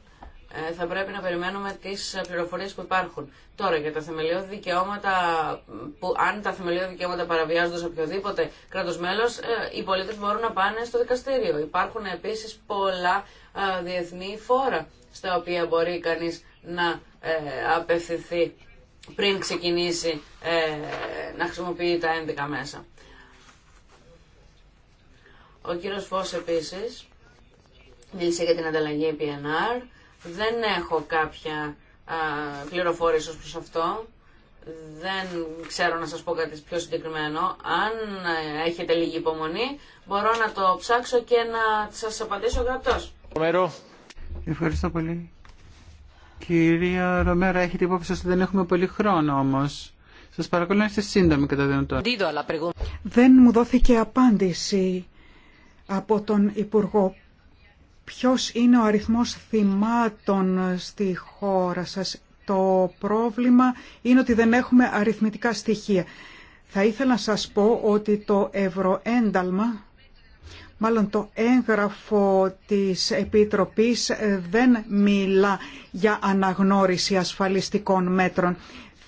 Ε, θα πρέπει να περιμένουμε τις πληροφορίες που υπάρχουν. Τώρα για τα θεμελιώδη δικαιώματα, που αν τα θεμελιώδη δικαιώματα παραβιάζονται σε οποιοδήποτε κράτος μέλος, ε, οι πολίτες μπορούν να πάνε στο δικαστήριο. Υπάρχουν επίσης πολλά διεθνή φόρα στα οποία μπορεί κανείς να ε, απευθυνθεί πριν ξεκινήσει ε, να χρησιμοποιεί τα ένδικα μέσα. Ο κύριος Φως επίσης μίλησε για την ανταλλαγή PNR. Δεν έχω κάποια α, πληροφόρηση ως προς αυτό. Δεν ξέρω να σας πω κάτι πιο συγκεκριμένο. Αν ε, έχετε λίγη υπομονή, μπορώ να το ψάξω και να σας απαντήσω γραπτός. Ευχαριστώ πολύ. Κυρία Ρομέρα, έχετε υπόψη ότι δεν έχουμε πολύ χρόνο όμω. Σα παρακαλώ να είστε σύντομοι κατά δυνατόν. Δεν μου δόθηκε απάντηση από τον Υπουργό. Ποιος είναι ο αριθμός θυμάτων στη χώρα σας. Το πρόβλημα είναι ότι δεν έχουμε αριθμητικά στοιχεία. Θα ήθελα να σας πω ότι το ευρωένταλμα Μάλλον το έγγραφο της Επιτροπής δεν μιλά για αναγνώριση ασφαλιστικών μέτρων.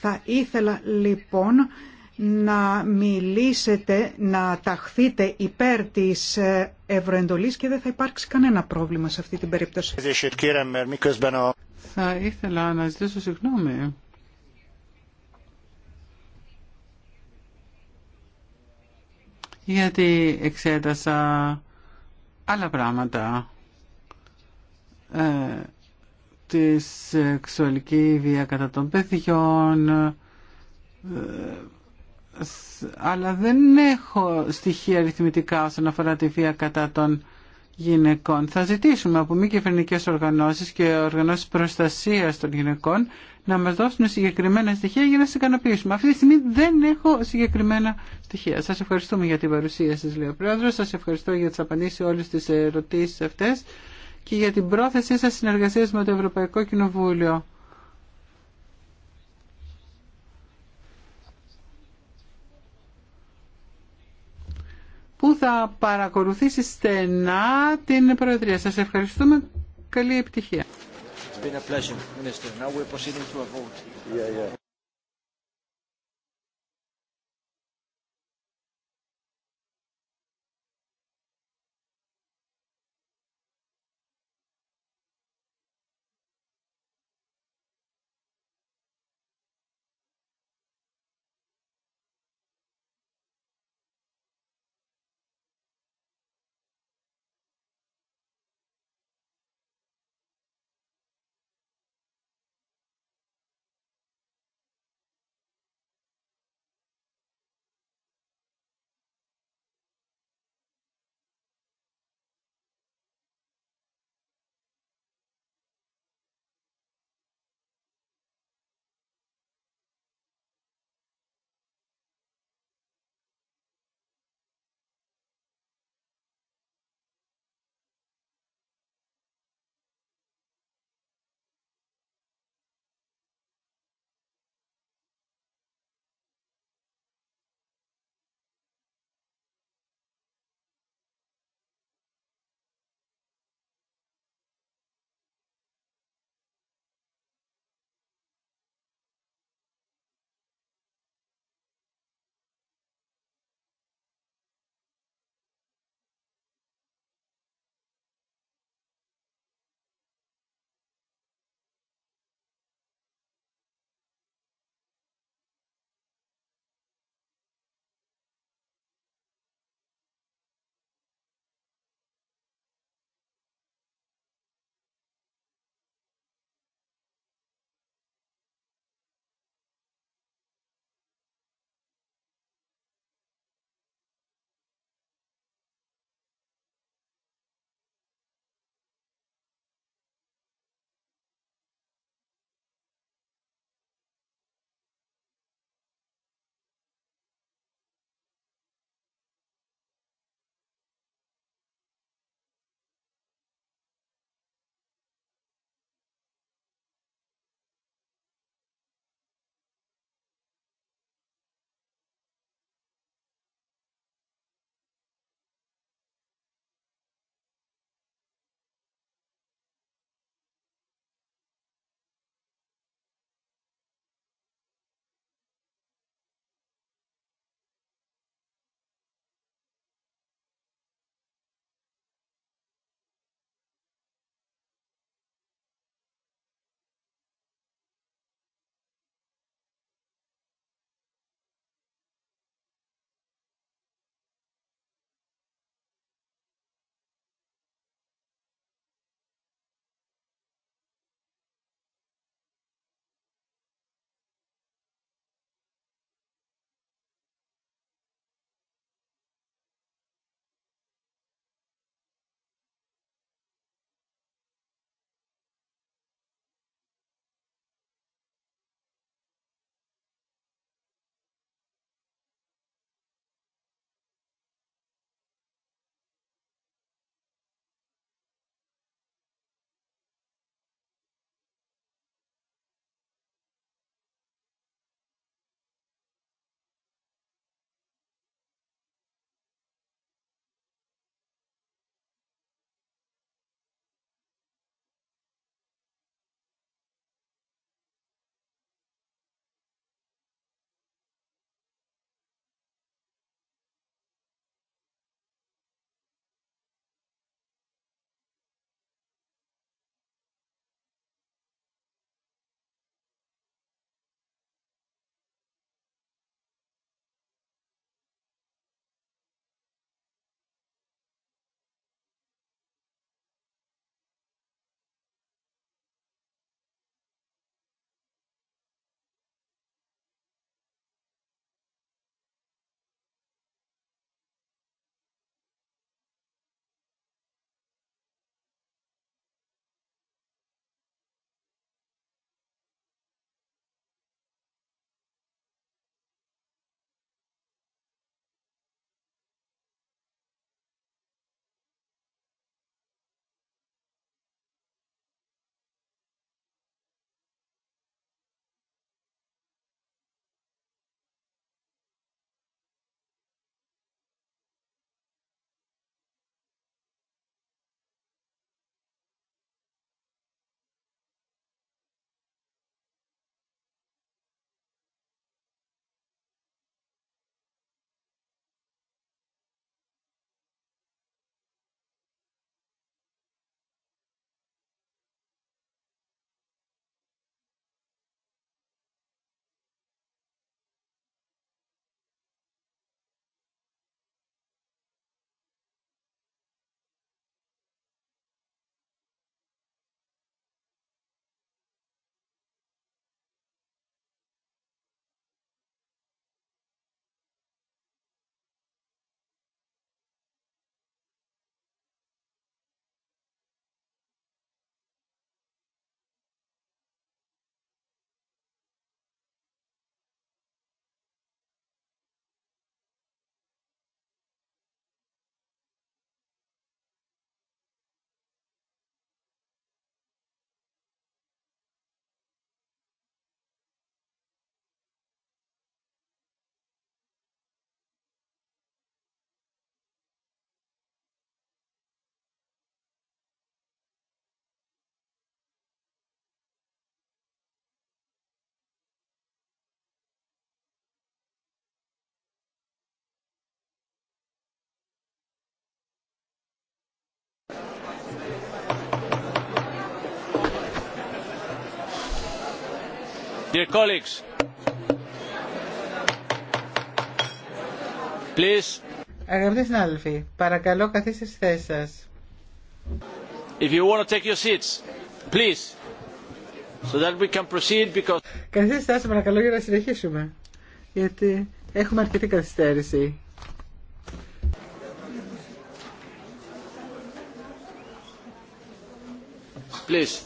Θα ήθελα λοιπόν να μιλήσετε, να ταχθείτε υπέρ της ευρωεντολής και δεν θα υπάρξει κανένα πρόβλημα σε αυτή την περίπτωση. Θα ήθελα να ζητήσω συγγνώμη γιατί εξέτασα άλλα πράγματα ε, τη σεξουαλική βία κατά των παιδιών ε, αλλά δεν έχω στοιχεία αριθμητικά όσον αφορά τη βία κατά των γυναικών. Θα ζητήσουμε από μη κυβερνικέ οργανώσεις και οργανώσεις προστασίας των γυναικών να μας δώσουν συγκεκριμένα στοιχεία για να σας ικανοποιήσουμε. Αυτή τη στιγμή δεν έχω συγκεκριμένα στοιχεία. Σας ευχαριστούμε για την παρουσία σας, λέει ο Σας ευχαριστώ για τις απαντήσεις όλες τις ερωτήσεις αυτές και για την πρόθεσή σας συνεργασίας με το Ευρωπαϊκό Κοινοβούλιο. θα παρακολουθήσει στενά την Προεδρία. Σας ευχαριστούμε. Καλή επιτυχία. Dear colleagues, please. Αγαπητοί συνάδελφοι, παρακαλώ καθίστε στις θέσεις σας. If you want to take your seats, please. So that we can proceed because... Καθίστε σας παρακαλώ για να συνεχίσουμε. Γιατί έχουμε αρκετή καθυστέρηση. Please.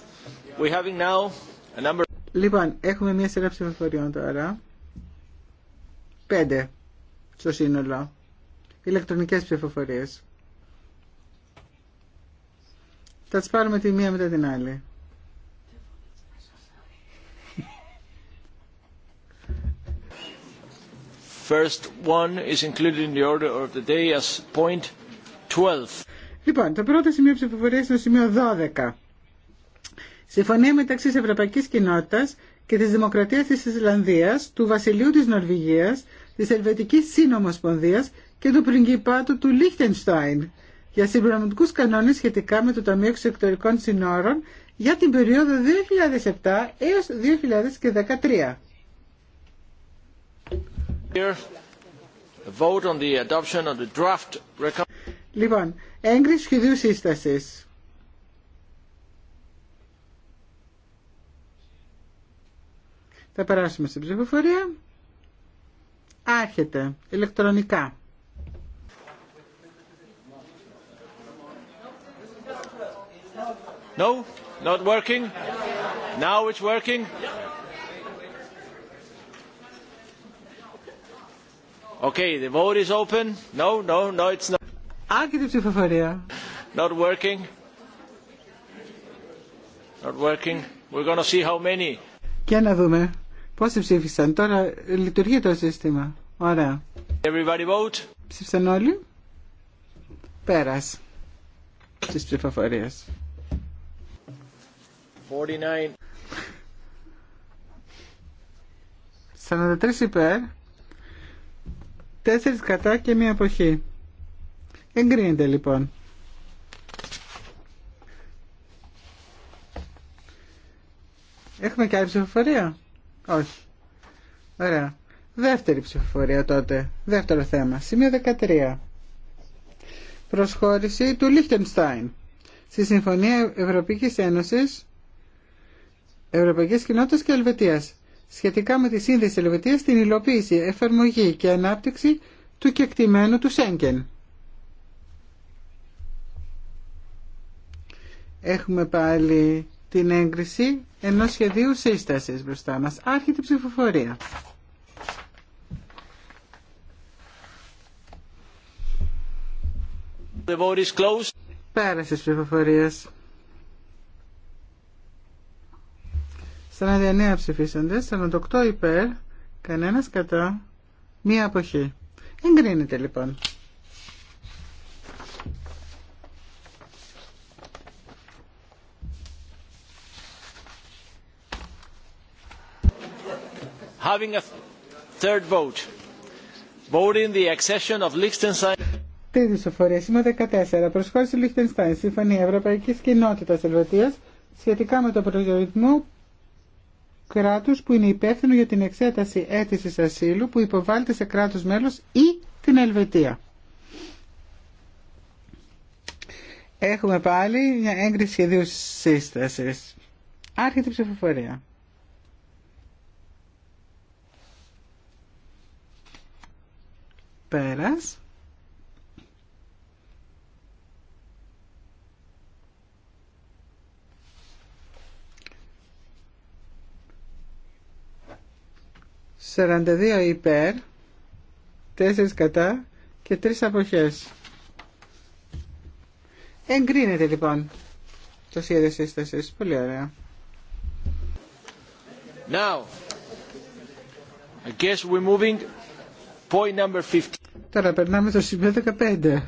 We're having now a number... Λοιπόν, έχουμε μία σειρά ψηφοφοριών τώρα. Πέντε στο σύνολο. Ηλεκτρονικές ψηφοφορίες. Θα τις πάρουμε τη μία μετά την άλλη. First one is included in the order of the day as point 12. Λοιπόν, το πρώτο σημείο ψηφοφορίας είναι το σημείο 12. Συμφωνία μεταξύ της Ευρωπαϊκής Κοινότητας και της Δημοκρατίας της Ισλανδίας, του Βασιλείου της Νορβηγίας, της Ελβετικής Σύνομοσπονδίας και του Πριγκιπάτου του Λίχτενστάιν για συμπληρωματικούς κανόνες σχετικά με το Ταμείο Εξωτερικών Συνόρων για την περίοδο 2007 έως 2013. Λοιπόν, έγκριση σχεδίου σύστασης. Θα περάσουμε στην ψηφοφορία. Άρχεται ηλεκτρονικά. No, not working. Now it's working. Okay, the vote is open. No, no, no, it's not. Άρχεται η ψηφοφορία. Not working. Not working. We're going to see how many. Για να δούμε. Πόσοι ψήφισαν. Τώρα λειτουργεί το σύστημα. Ωραία. Ψήφισαν όλοι. Πέρας της ψηφοφορίας. 49. 43 υπέρ, 4 κατά και μία αποχή. Εγκρίνεται λοιπόν. Έχουμε και άλλη ψηφοφορία. Όχι. Ωραία. Δεύτερη ψηφοφορία τότε. Δεύτερο θέμα. Σημείο 13. Προσχώρηση του Λίχτενστάιν στη Συμφωνία Ευρωπαϊκής Ένωσης Ευρωπαϊκή Κοινότητα και Ελβετίας σχετικά με τη σύνδεση Ελβετίας στην υλοποίηση, εφαρμογή και ανάπτυξη του κεκτημένου του Σέγγεν. Έχουμε πάλι την έγκριση ενός σχεδίου σύστασης μπροστά μας. Άρχεται η ψηφοφορία. The vote is closed. Πέρασε της ψηφοφορίας. Στα νέα ψηφίσαντες, 48 υπέρ, κανένας κατά, μία αποχή. Εγκρίνεται λοιπόν. having a third vote. Voting the Τρίτη ψηφοφορία, σήμα 14. Προσχώρηση Λίχτενστάιν, Συμφωνία Ευρωπαϊκή Κοινότητα Ελβετία σχετικά με το προσδιορισμό κράτου που είναι υπεύθυνο για την εξέταση αίτηση ασύλου που υποβάλλεται σε κράτο μέλο ή την Ελβετία. Έχουμε πάλι μια έγκριση σχεδίου σύσταση. Άρχεται η ψηφοφορία. πέρας. Σαράντα δύο υπέρ, τέσσερις κατά και τρεις αποχές. Εγκρίνεται λοιπόν το σχέδιο σύστασης. Πολύ ωραία. Now, I guess we're moving Point number 15. Τώρα περνάμε στο σημείο 15.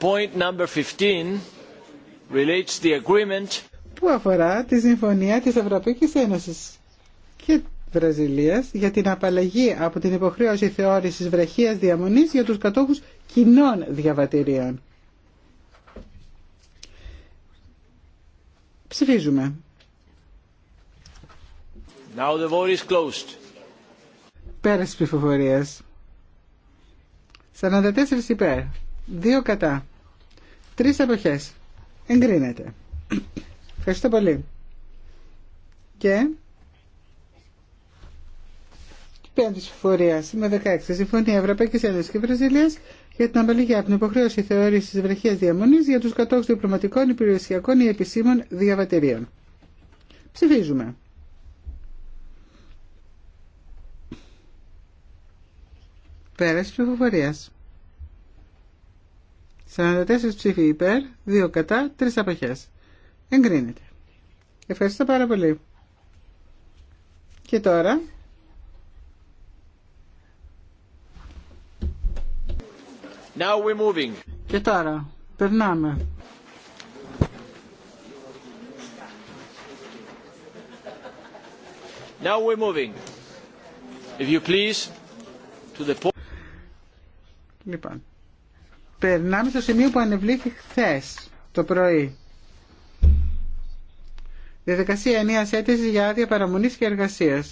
Point number 15 relates the agreement που αφορά τη Συμφωνία της Ευρωπαϊκής Ένωσης και Βραζιλίας για την απαλλαγή από την υποχρέωση θεώρησης βραχίας διαμονής για τους κατόχους κοινών διαβατηρίων. Ψηφίζουμε. Now the vote is closed. Πέραση ψηφοφορία. 44 υπέρ. 2 κατά. 3 αποχέ. Εγκρίνεται. Ευχαριστώ πολύ. Και. Πέραση ψηφοφορία. Με 16. Συμφωνία Ευρωπαϊκή Ένωση και Βραζιλία για την απαλλαγή από την υποχρέωση θεώρηση βραχία διαμονή για του κατόχου διπλωματικών, υπηρεσιακών ή επισήμων διαβατηρίων. Ψηφίζουμε. Πέρας ψηφοφορίας. 44 ψήφοι υπέρ, 2 κατά, 3 απαχές. Εγκρίνεται. Ευχαριστώ πάρα πολύ. Και τώρα... Now we're moving. Και τώρα, περνάμε. Now we're moving. If you please, to the Λοιπόν, περνάμε στο σημείο που ανεβλήθη χθε το πρωί. Διαδικασία ενία αίτηση για άδεια παραμονή και εργασία.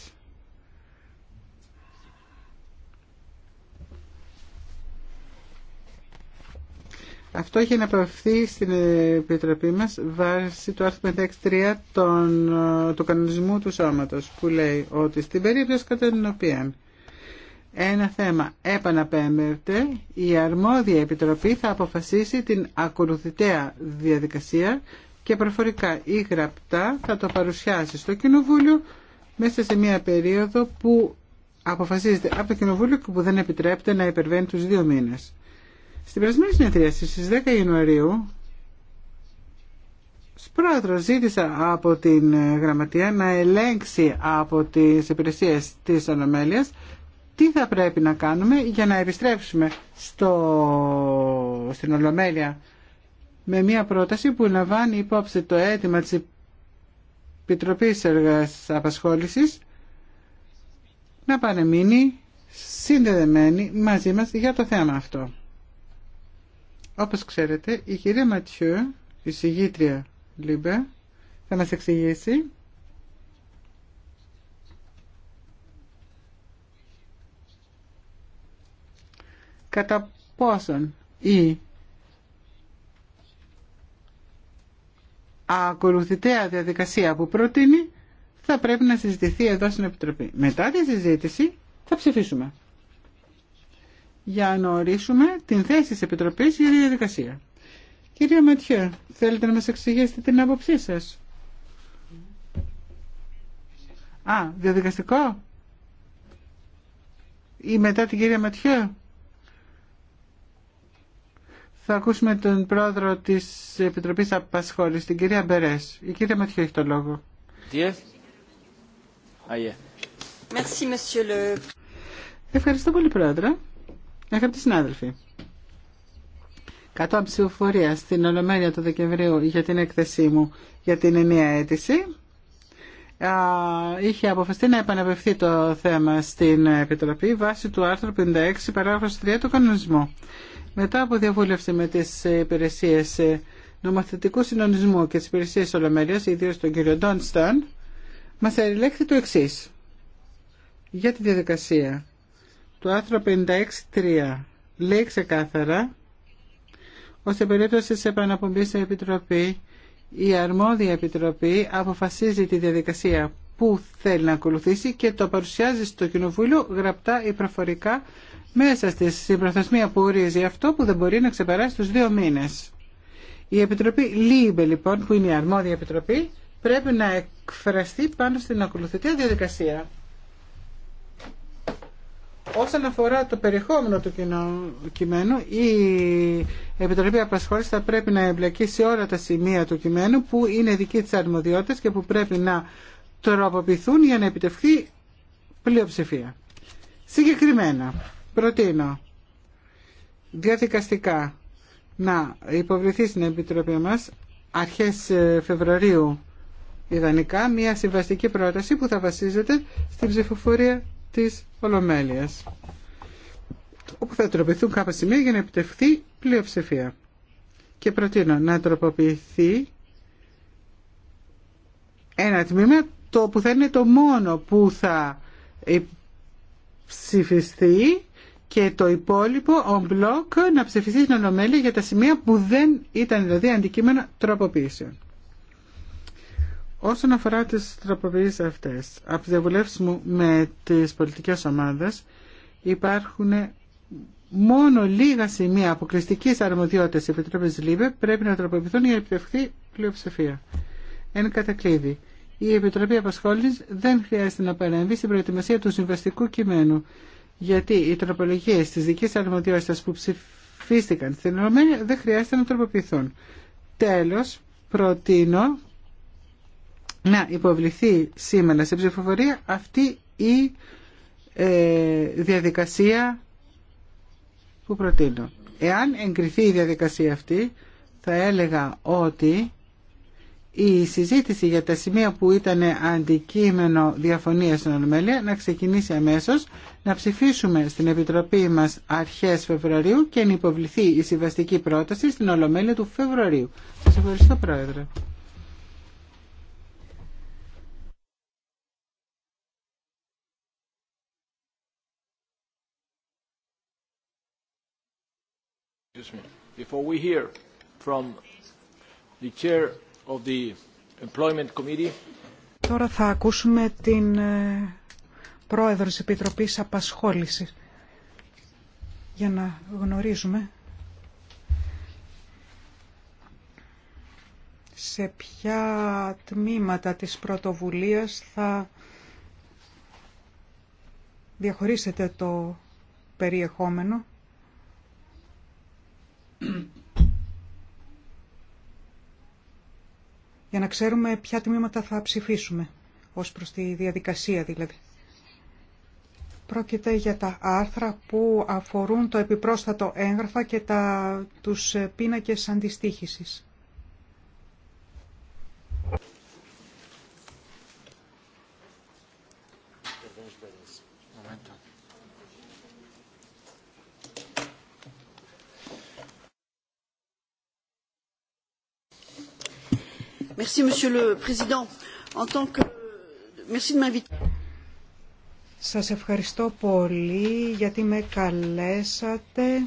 Αυτό έχει αναπαυθεί στην Επιτροπή μας βάσει του άρθρου 563 ε, του κανονισμού του σώματος που λέει ότι στην περίπτωση κατά την οποία ένα θέμα επαναπέμπεται, η αρμόδια επιτροπή θα αποφασίσει την ακολουθητέα διαδικασία και προφορικά ή γραπτά θα το παρουσιάσει στο Κοινοβούλιο μέσα σε μια περίοδο που αποφασίζεται από το Κοινοβούλιο και που δεν επιτρέπεται να υπερβαίνει τους δύο μήνες. Στην περασμένη συνεδρία στις 10 Ιανουαρίου Πρόεδρο ζήτησα από την Γραμματεία να ελέγξει από τις υπηρεσίες της Ανομέλειας τι θα πρέπει να κάνουμε για να επιστρέψουμε στο, στην Ολομέλεια με μια πρόταση που λαμβάνει υπόψη το αίτημα της Επιτροπής Εργασίας Απασχόλησης να παραμείνει συνδεδεμένη μαζί μας για το θέμα αυτό. Όπως ξέρετε, η κυρία Ματιού, η συγγήτρια Λίμπε, θα μας εξηγήσει κατά πόσον η ακολουθητέα διαδικασία που προτείνει θα πρέπει να συζητηθεί εδώ στην Επιτροπή. Μετά τη συζήτηση θα ψηφίσουμε για να ορίσουμε την θέση της Επιτροπής για τη διαδικασία. Κυρία Ματιέ, θέλετε να μας εξηγήσετε την άποψή σας. Α, διαδικαστικό. Ή μετά την κυρία Ματιέ. Θα ακούσουμε τον πρόεδρο τη Επιτροπή Απασχόληση, την κυρία Μπερέ. Η κυρία Ματιού έχει το λόγο. Ah, Ευχαριστώ πολύ, πρόεδρε. Αγαπητοί συνάδελφοι. Κατώ ψηφοφορία στην Ολομέλεια του Δεκεμβρίου για την έκθεσή μου για την ενιαία αίτηση, είχε αποφασιστεί να επαναπευθεί το θέμα στην Επιτροπή βάσει του άρθρου 56 παράγραφος 3 του κανονισμού. Μετά από διαβούλευση με τι ε, υπηρεσίε, ε, νομοθετικού συνονισμού και τι υπηρεσίε Ολομέλεια, ιδίω τον κύριο Ντόνσταν, μας ελέγχθη το εξή για τη διαδικασία. Το άρθρο 56.3 λέει ξεκάθαρα ω σε περίπτωση της επαναπομπή Επιτροπή η αρμόδια Επιτροπή αποφασίζει τη διαδικασία που θέλει να ακολουθήσει και το παρουσιάζει στο Κοινοβούλιο γραπτά ή προφορικά μέσα στη προθεσμία που ορίζει αυτό που δεν μπορεί να ξεπεράσει τους δύο μήνες. Η Επιτροπή ΛΥΜΠΕ λοιπόν, που είναι η αρμόδια Επιτροπή, πρέπει να εκφραστεί πάνω στην ακολουθητή διαδικασία. Όσον αφορά το περιεχόμενο του κειμένου, η Επιτροπή Απασχόληση θα πρέπει να εμπλακεί σε όλα τα σημεία του κειμένου που είναι δική της αρμοδιότητας και που πρέπει να τροποποιηθούν για να επιτευχθεί πλειοψηφία. Συγκεκριμένα, Προτείνω διαδικαστικά να υποβληθεί στην Επιτροπή μας αρχές ε, Φεβρουαρίου ιδανικά μια συμβαστική πρόταση που θα βασίζεται στην ψηφοφορία της Ολομέλειας όπου θα τροπηθούν κάποια σημεία για να επιτευχθεί πλειοψηφία. Και προτείνω να τροποποιηθεί ένα τμήμα το που θα είναι το μόνο που θα ψηφιστεί και το υπόλοιπο ο μπλοκ να ψηφιστεί στην Ολομέλεια για τα σημεία που δεν ήταν δηλαδή αντικείμενα τροποποίησεων. Όσον αφορά τις τροποποιήσεις αυτές, από τις διαβουλεύσεις μου με τις πολιτικές ομάδες υπάρχουν μόνο λίγα σημεία αποκλειστική αρμοδιότητα τη Επιτροπή ΛΥΒΕ πρέπει να τροποποιηθούν για να επιτευχθεί πλειοψηφία. Εν κατακλείδη, η Επιτροπή Απασχόληση δεν χρειάζεται να παρέμβει στην προετοιμασία του συμβαστικού κειμένου. Γιατί οι τροπολογίε τη δική αρμοδιότητα που ψηφίστηκαν στην δεν χρειάζεται να τροποποιηθούν. Τέλο, προτείνω να υποβληθεί σήμερα σε ψηφοφορία αυτή η ε, διαδικασία που προτείνω. Εάν εγκριθεί η διαδικασία αυτή, θα έλεγα ότι η συζήτηση για τα σημεία που ήταν αντικείμενο διαφωνίας στην Ολομέλεια να ξεκινήσει αμέσως, να ψηφίσουμε στην Επιτροπή μας αρχές Φεβρουαρίου και να υποβληθεί η συμβαστική πρόταση στην Ολομέλεια του Φεβρουαρίου. Σας ευχαριστώ Πρόεδρε. Before we hear from the chair Τώρα θα ακούσουμε την ε, πρόεδρο της Επιτροπής Απασχόλησης για να γνωρίζουμε σε ποια τμήματα της πρωτοβουλίας θα διαχωρίσετε το περιεχόμενο για να ξέρουμε ποια τμήματα θα ψηφίσουμε, ως προς τη διαδικασία δηλαδή. Πρόκειται για τα άρθρα που αφορούν το επιπρόστατο έγγραφα και τα, τους πίνακες αντιστοίχησης. Σας ευχαριστώ πολύ γιατί με καλέσατε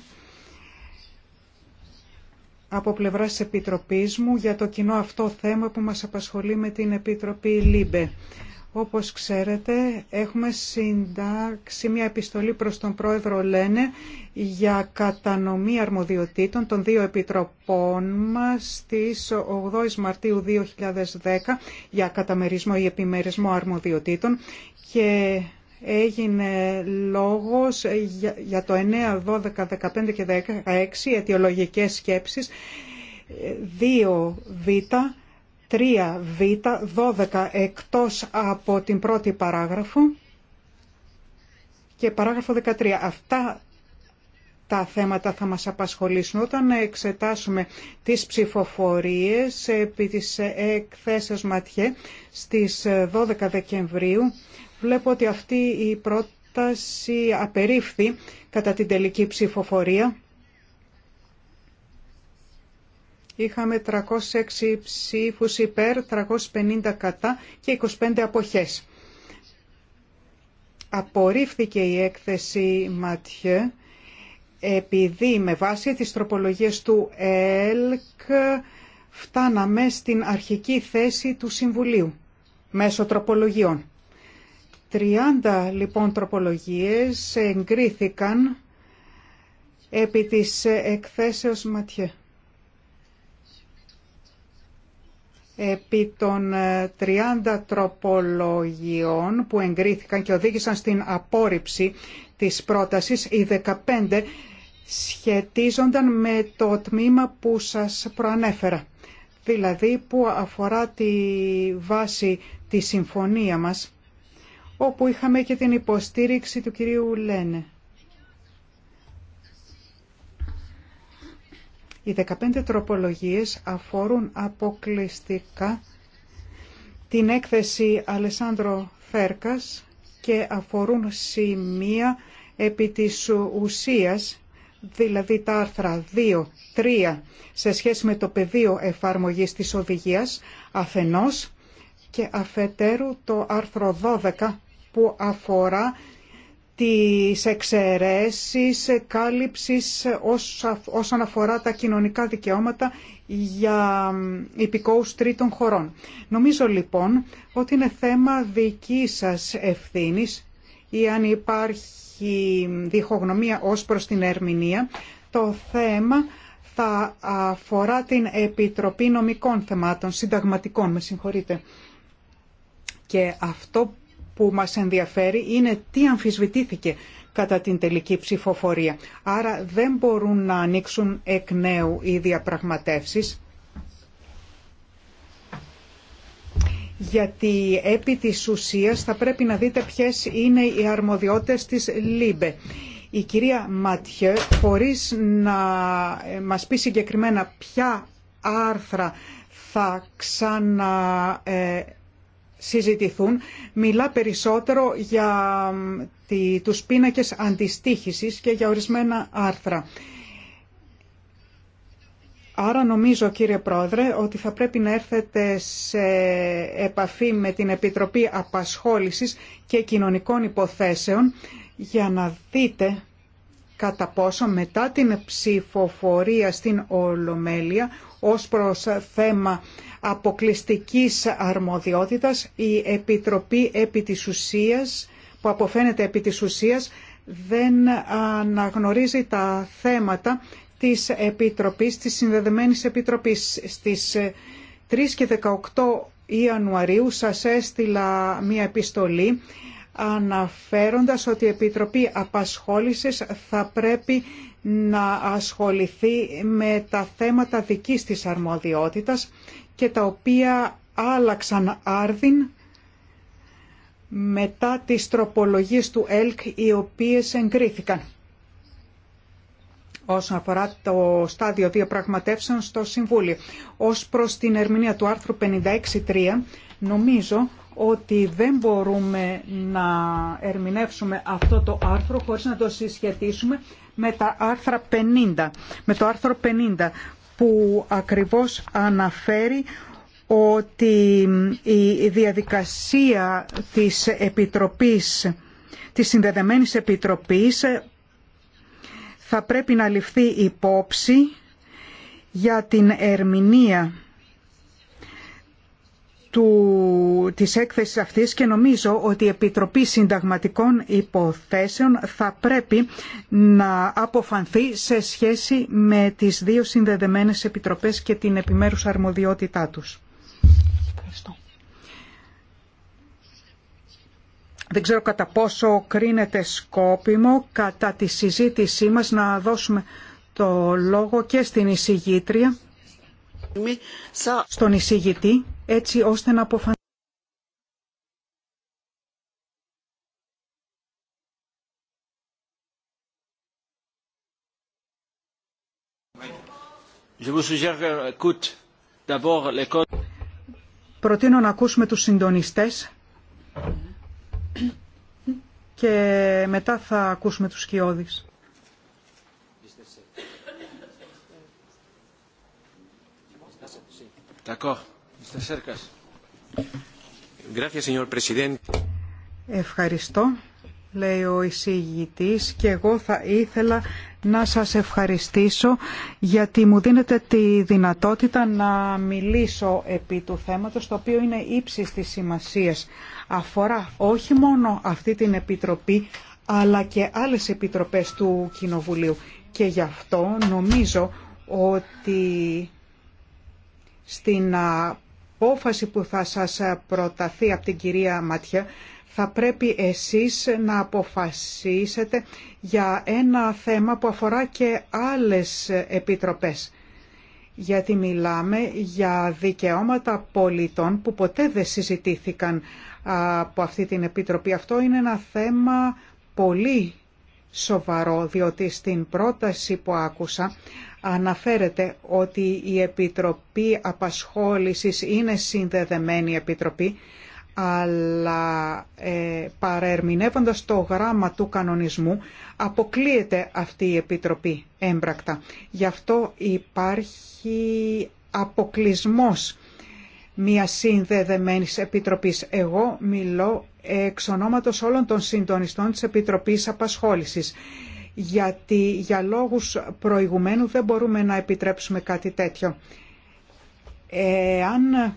από πλευράς τη Επιτροπής μου για το κοινό αυτό θέμα που μας απασχολεί με την Επιτροπή ΛΥΜΠΕ. Όπως ξέρετε, έχουμε συντάξει μια επιστολή προς τον πρόεδρο Λένε για κατανομή αρμοδιοτήτων των δύο επιτροπών μας στις 8 Μαρτίου 2010 για καταμερισμό ή επιμερισμό αρμοδιοτήτων και έγινε λόγος για το 9, 12, 15 και 16 αιτιολογικές σκέψεις 2 β 3β, 12 εκτός από την πρώτη παράγραφο και παράγραφο 13. Αυτά τα θέματα θα μας απασχολήσουν όταν εξετάσουμε τις ψηφοφορίες επί της εκθέσεως Ματιέ στις 12 Δεκεμβρίου. Βλέπω ότι αυτή η πρόταση απερίφθη κατά την τελική ψηφοφορία Είχαμε 306 ψήφους υπέρ, 350 κατά και 25 αποχές. Απορρίφθηκε η έκθεση Ματιέ επειδή με βάση τις τροπολογίες του ΕΛΚ φτάναμε στην αρχική θέση του Συμβουλίου μέσω τροπολογιών. 30 λοιπόν τροπολογίες εγκρίθηκαν επί της εκθέσεως Ματιέ. επί των 30 ε, τροπολογιών που εγκρίθηκαν και οδήγησαν στην απόρριψη της πρότασης, οι 15 σχετίζονταν με το τμήμα που σας προανέφερα, δηλαδή που αφορά τη βάση τη συμφωνία μας, όπου είχαμε και την υποστήριξη του κυρίου Λένε. Οι 15 τροπολογίες αφορούν αποκλειστικά την έκθεση Αλεσάνδρο Φέρκας και αφορούν σημεία επί της ουσίας, δηλαδή τα άρθρα 2, 3, σε σχέση με το πεδίο εφαρμογής της οδηγίας, αφενός και αφετέρου το άρθρο 12 που αφορά τις εξαιρέσεις κάλυψης όσον αφορά τα κοινωνικά δικαιώματα για υπηκόους τρίτων χωρών. Νομίζω λοιπόν ότι είναι θέμα δική σας ευθύνης ή αν υπάρχει διχογνωμία ως προς την ερμηνεία, το θέμα θα αφορά την Επιτροπή Νομικών Θεμάτων, συνταγματικών, με συγχωρείτε. Και αυτό που μας ενδιαφέρει είναι τι αμφισβητήθηκε κατά την τελική ψηφοφορία. Άρα δεν μπορούν να ανοίξουν εκ νέου οι διαπραγματεύσεις γιατί επί της ουσίας θα πρέπει να δείτε ποιες είναι οι αρμοδιότητες της ΛΥΜΠΕ. Η κυρία Ματιέ, χωρίς να ε, μας πει συγκεκριμένα ποια άρθρα θα ξανα ε, συζητηθούν, μιλά περισσότερο για τους πίνακες αντιστήχησης και για ορισμένα άρθρα. Άρα νομίζω κύριε Πρόεδρε ότι θα πρέπει να έρθετε σε επαφή με την Επιτροπή Απασχόλησης και Κοινωνικών Υποθέσεων για να δείτε κατά πόσο μετά την ψηφοφορία στην Ολομέλεια ως προς θέμα αποκλειστικής αρμοδιότητας η Επιτροπή επί που αποφαίνεται επί της ουσίας δεν αναγνωρίζει τα θέματα της Επιτροπής, της Συνδεδεμένης Επιτροπής. Στις 3 ε, και 18 Ιανουαρίου σας έστειλα μία επιστολή αναφέροντας ότι η Επιτροπή Απασχόλησης θα πρέπει να ασχοληθεί με τα θέματα δικής της αρμοδιότητας και τα οποία άλλαξαν άρδιν μετά τις τροπολογίες του ΕΛΚ οι οποίες εγκρίθηκαν όσον αφορά το στάδιο διαπραγματεύσεων στο Συμβούλιο. Ως προς την ερμηνεία του άρθρου 56.3 νομίζω ότι δεν μπορούμε να ερμηνεύσουμε αυτό το άρθρο χωρίς να το συσχετίσουμε με, τα άρθρα 50, με το άρθρο 50 που ακριβώς αναφέρει ότι η διαδικασία της Επιτροπής, της Συνδεδεμένης Επιτροπής θα πρέπει να ληφθεί υπόψη για την ερμηνεία του, της έκθεσης αυτής και νομίζω ότι η Επιτροπή Συνταγματικών Υποθέσεων θα πρέπει να αποφανθεί σε σχέση με τις δύο συνδεδεμένες επιτροπές και την επιμέρους αρμοδιότητά τους. Ευχαριστώ. Δεν ξέρω κατά πόσο κρίνεται σκόπιμο κατά τη συζήτησή μας να δώσουμε το λόγο και στην εισηγήτρια, στον εισηγητή έτσι ώστε να αποφανθεί. Προτείνω να ακούσουμε τους συντονιστές και μετά θα ακούσουμε τους σκιώδεις. D'accord. Ευχαριστώ, λέει ο εισηγητής, και εγώ θα ήθελα να σας ευχαριστήσω γιατί μου δίνετε τη δυνατότητα να μιλήσω επί του θέματος, το οποίο είναι ύψης της σημασίας. Αφορά όχι μόνο αυτή την Επιτροπή, αλλά και άλλες επιτροπές του Κοινοβουλίου. Και γι' αυτό νομίζω ότι στην απόφαση που θα σας ε, προταθεί από την κυρία Ματιά θα πρέπει εσείς να αποφασίσετε για ένα θέμα που αφορά και άλλες επιτροπές. Γιατί μιλάμε για δικαιώματα πολιτών που ποτέ δεν συζητήθηκαν από αυτή την Επιτροπή. Αυτό είναι ένα θέμα πολύ σοβαρό, διότι στην πρόταση που άκουσα αναφέρεται ότι η Επιτροπή Απασχόλησης είναι συνδεδεμένη Επιτροπή, αλλά ε, παρερμηνεύοντας το γράμμα του κανονισμού αποκλείεται αυτή η Επιτροπή έμπρακτα. Γι' αυτό υπάρχει αποκλισμός μια συνδεδεμένης Επιτροπής. Εγώ μιλώ εξ όλων των συντονιστών της Επιτροπής Απασχόλησης γιατί για λόγους προηγουμένου δεν μπορούμε να επιτρέψουμε κάτι τέτοιο. Εάν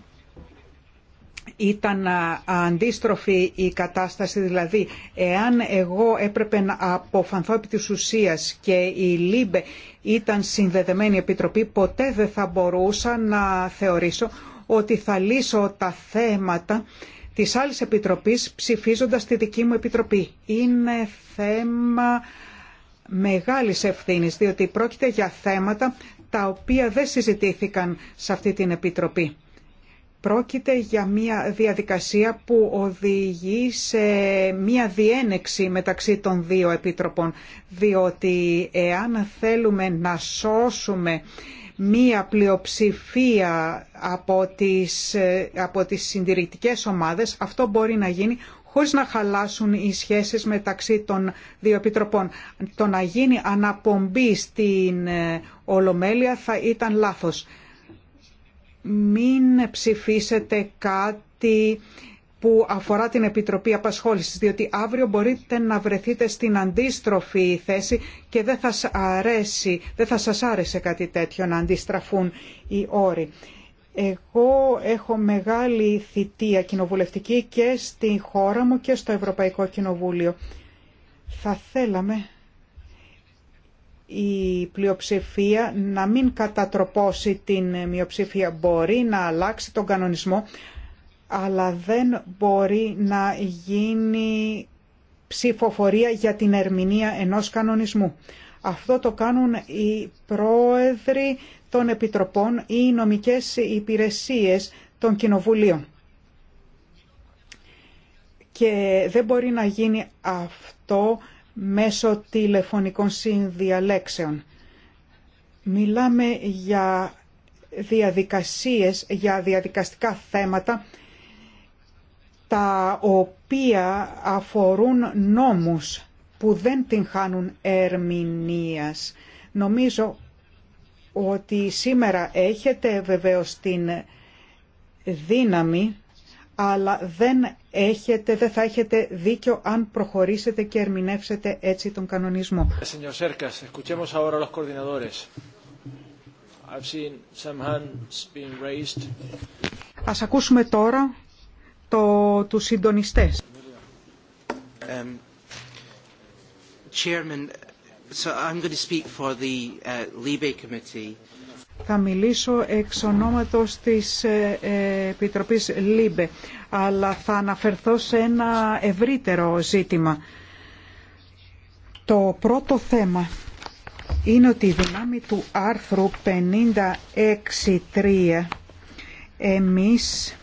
ήταν αντίστροφη η κατάσταση, δηλαδή εάν εγώ έπρεπε να αποφανθώ επί της ουσίας και η ΛΥΜΠΕ ήταν συνδεδεμένη επιτροπή, ποτέ δεν θα μπορούσα να θεωρήσω ότι θα λύσω τα θέματα της άλλης επιτροπής ψηφίζοντας τη δική μου επιτροπή. Είναι θέμα μεγάλης ευθύνης, διότι πρόκειται για θέματα τα οποία δεν συζητήθηκαν σε αυτή την Επιτροπή. Πρόκειται για μια διαδικασία που οδηγεί σε μια διένεξη μεταξύ των δύο Επιτροπών, διότι εάν θέλουμε να σώσουμε μία πλειοψηφία από τις, ε, από τις συντηρητικές ομάδες, αυτό μπορεί να γίνει χωρίς να χαλάσουν οι σχέσεις μεταξύ των δύο επιτροπών. Το να γίνει αναπομπή στην ε, Ολομέλεια θα ήταν λάθος. Μην ψηφίσετε κάτι που αφορά την Επιτροπή Απασχόλησης, διότι αύριο μπορείτε να βρεθείτε στην αντίστροφη θέση και δεν θα, αρέσει, δεν θα σας άρεσε κάτι τέτοιο να αντιστραφούν οι όροι. Εγώ έχω μεγάλη θητεία κοινοβουλευτική και στη χώρα μου και στο Ευρωπαϊκό Κοινοβούλιο. Θα θέλαμε η πλειοψηφία να μην κατατροπώσει την μειοψηφία. Μπορεί να αλλάξει τον κανονισμό, αλλά δεν μπορεί να γίνει ψηφοφορία για την ερμηνεία ενός κανονισμού. Αυτό το κάνουν οι πρόεδροι των επιτροπών ή οι νομικές υπηρεσίες των κοινοβουλίων. Και δεν μπορεί να γίνει αυτό μέσω τηλεφωνικών συνδιαλέξεων. Μιλάμε για διαδικασίες, για διαδικαστικά θέματα τα οποία αφορούν νόμους που δεν την χάνουν ερμηνείας. Νομίζω ότι σήμερα έχετε βεβαίως την δύναμη, αλλά δεν, έχετε, δεν θα έχετε δίκιο αν προχωρήσετε και ερμηνεύσετε έτσι τον κανονισμό. Ας ακούσουμε τώρα το, τους συντονιστές. Uh, θα μιλήσω εξ ονόματος της ε, ε, Επιτροπής ΛΥΜΠΕ, αλλά θα αναφερθώ σε ένα ευρύτερο ζήτημα. Το πρώτο θέμα είναι ότι η δυνάμη του άρθρου 56.3 εμείς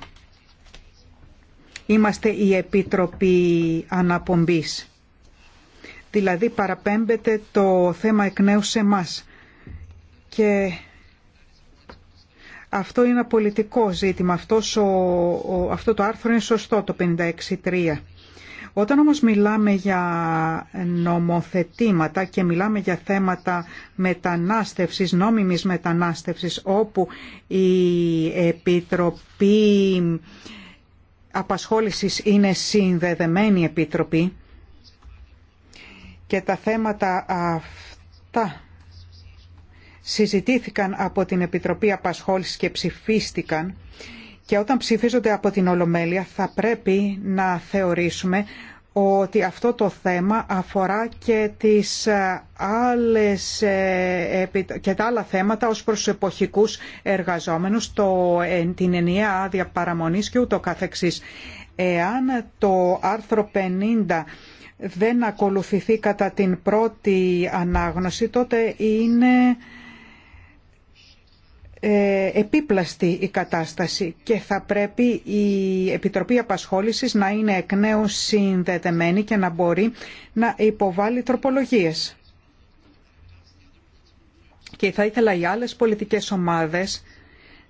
είμαστε η Επιτροπή Αναπομπής Δηλαδή παραπέμπεται το θέμα εκ νέου σε εμά. Και αυτό είναι ένα πολιτικό ζήτημα. αυτό το άρθρο είναι σωστό, το 56.3. Όταν όμως μιλάμε για νομοθετήματα και μιλάμε για θέματα μετανάστευσης, νόμιμης μετανάστευσης, όπου η Επιτροπή Απασχόλησης είναι συνδεδεμένη Επιτροπή, και τα θέματα αυτά συζητήθηκαν από την Επιτροπή Απασχόλησης και ψηφίστηκαν και όταν ψηφίζονται από την Ολομέλεια θα πρέπει να θεωρήσουμε ότι αυτό το θέμα αφορά και, τις ε, άλλες, ε, και τα άλλα θέματα ως προς εποχικούς εργαζόμενους, το, ε, την ενιαία άδεια παραμονής και ούτω καθεξής. Εάν το άρθρο 50 δεν ακολουθηθεί κατά την πρώτη ανάγνωση, τότε είναι ε, επίπλαστη η κατάσταση και θα πρέπει η Επιτροπή Απασχόλησης να είναι εκ νέου συνδεδεμένη και να μπορεί να υποβάλει τροπολογίες. Και θα ήθελα οι άλλες πολιτικές ομάδες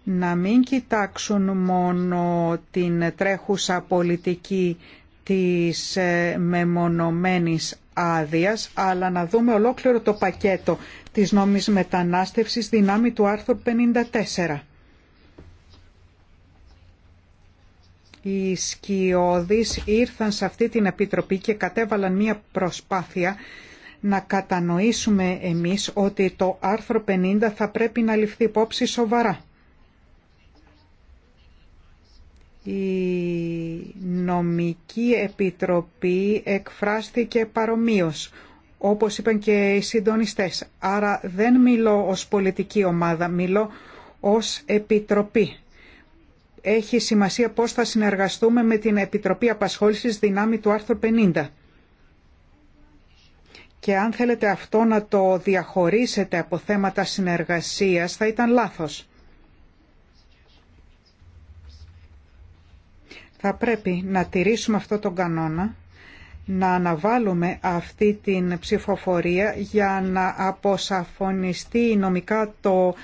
να μην κοιτάξουν μόνο την τρέχουσα πολιτική της ε, μεμονωμένης άδειας, αλλά να δούμε ολόκληρο το πακέτο της νόμης μετανάστευσης δυνάμει του άρθρου 54. Οι σκιώδεις ήρθαν σε αυτή την επιτροπή και κατέβαλαν μία προσπάθεια να κατανοήσουμε εμείς ότι το άρθρο 50 θα πρέπει να ληφθεί υπόψη σοβαρά. Η νομική επιτροπή εκφράστηκε παρομοίως, όπως είπαν και οι συντονιστές. Άρα δεν μιλώ ως πολιτική ομάδα, μιλώ ως επιτροπή. Έχει σημασία πώς θα συνεργαστούμε με την Επιτροπή Απασχόλησης Δυνάμει του άρθρου 50. Και αν θέλετε αυτό να το διαχωρίσετε από θέματα συνεργασίας θα ήταν λάθος Θα πρέπει να τηρήσουμε αυτό τον κανόνα, να αναβάλουμε αυτή την ψηφοφορία για να αποσαφωνιστεί νομικά το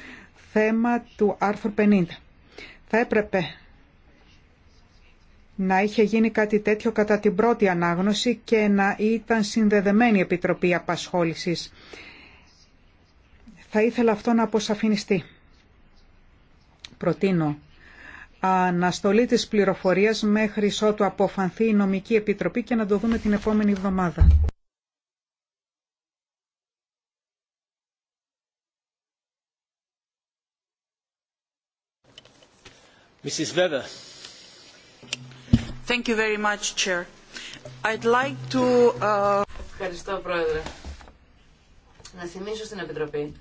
θέμα του άρθρου 50. Θα έπρεπε να είχε γίνει κάτι τέτοιο κατά την πρώτη ανάγνωση και να ήταν συνδεδεμένη η Επιτροπή Απασχόλησης. Θα ήθελα αυτό να αποσαφινιστεί. Προτείνω αναστολή της πληροφορίας μέχρι ότου αποφανθεί η νομική επιτροπή και να το δούμε την επόμενη εβδομάδα. Mrs. Weber. Thank you very much, Chair. I'd like to, uh... Ευχαριστώ, Πρόεδρε. Να θυμίσω στην Επιτροπή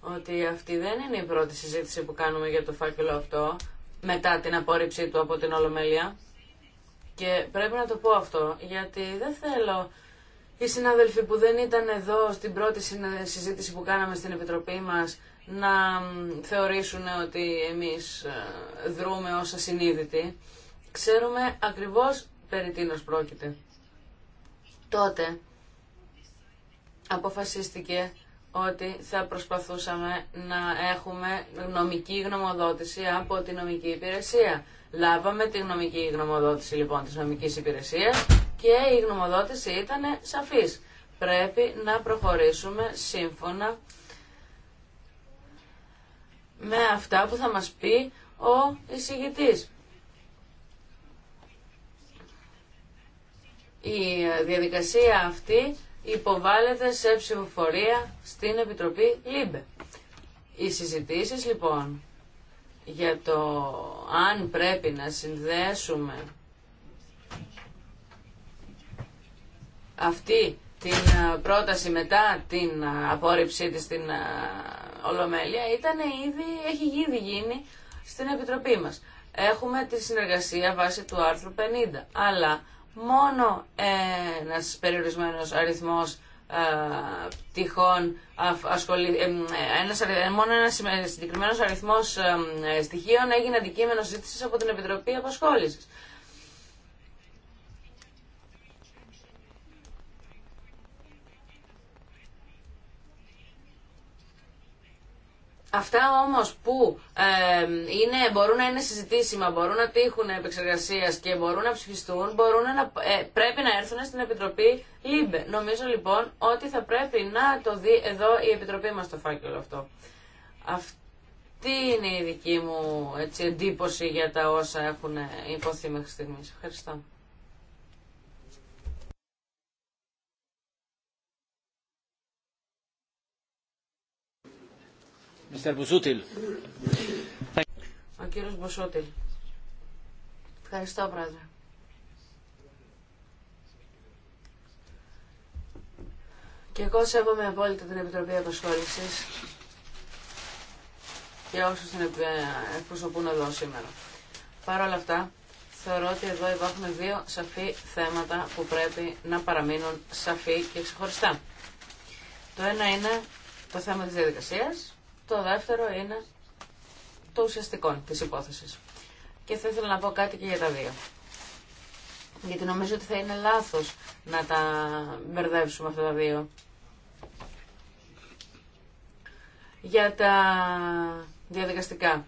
ότι αυτή δεν είναι η πρώτη συζήτηση που κάνουμε για το φάκελο αυτό μετά την απόρριψή του από την Ολομέλεια. Και πρέπει να το πω αυτό, γιατί δεν θέλω οι συνάδελφοι που δεν ήταν εδώ στην πρώτη συζήτηση που κάναμε στην Επιτροπή μας να θεωρήσουν ότι εμείς ε, δρούμε ως ασυνείδητοι. Ξέρουμε ακριβώς περί τίνος πρόκειται. Τότε αποφασίστηκε ότι θα προσπαθούσαμε να έχουμε νομική γνωμοδότηση από τη νομική υπηρεσία. Λάβαμε τη νομική γνωμοδότηση λοιπόν της νομικής υπηρεσίας και η γνωμοδότηση ήταν σαφής. Πρέπει να προχωρήσουμε σύμφωνα με αυτά που θα μας πει ο εισηγητής. Η διαδικασία αυτή υποβάλλεται σε ψηφοφορία στην Επιτροπή ΛΥΜΠΕ. Οι συζητήσεις λοιπόν για το αν πρέπει να συνδέσουμε αυτή την ε, πρόταση μετά την ε, απόρριψή της στην ε, Ολομέλεια ήταν ήδη, έχει ήδη γίνει στην Επιτροπή μας. Έχουμε τη συνεργασία βάσει του άρθρου 50, αλλά μόνο ένας περιορισμένος αριθμός πτυχών ε, ασκολί ε, ένας, ε, μόνο ένα συγκεκριμένο αριθμός στοιχείων έγινε αντικείμενο ζήτηση από την Επιτροπή Απασχόλησης. Αυτά όμως που είναι, μπορούν να είναι συζητήσιμα, μπορούν να τύχουν επεξεργασία και μπορούν να ψηφιστούν, μπορούν να, ε, πρέπει να έρθουν στην Επιτροπή ΛΥΜΠΕ. Νομίζω λοιπόν ότι θα πρέπει να το δει εδώ η Επιτροπή μας το φάκελο αυτό. Αυτή είναι η δική μου έτσι, εντύπωση για τα όσα έχουν ε, υποθεί μέχρι στιγμή. Ευχαριστώ. Ο κύριος Μπουσούτιλ. Ευχαριστώ, Πρόεδρε. Και εγώ σέβομαι απόλυτα την Επιτροπή Απασχόλησης και όσους την εκπροσωπούν εδώ σήμερα. Παρ' όλα αυτά, θεωρώ ότι εδώ υπάρχουν δύο σαφή θέματα που πρέπει να παραμείνουν σαφή και ξεχωριστά. Το ένα είναι το θέμα της διαδικασίας το δεύτερο είναι το ουσιαστικό της υπόθεσης. Και θα ήθελα να πω κάτι και για τα δύο. Γιατί νομίζω ότι θα είναι λάθος να τα μπερδεύσουμε αυτά τα δύο. Για τα διαδικαστικά.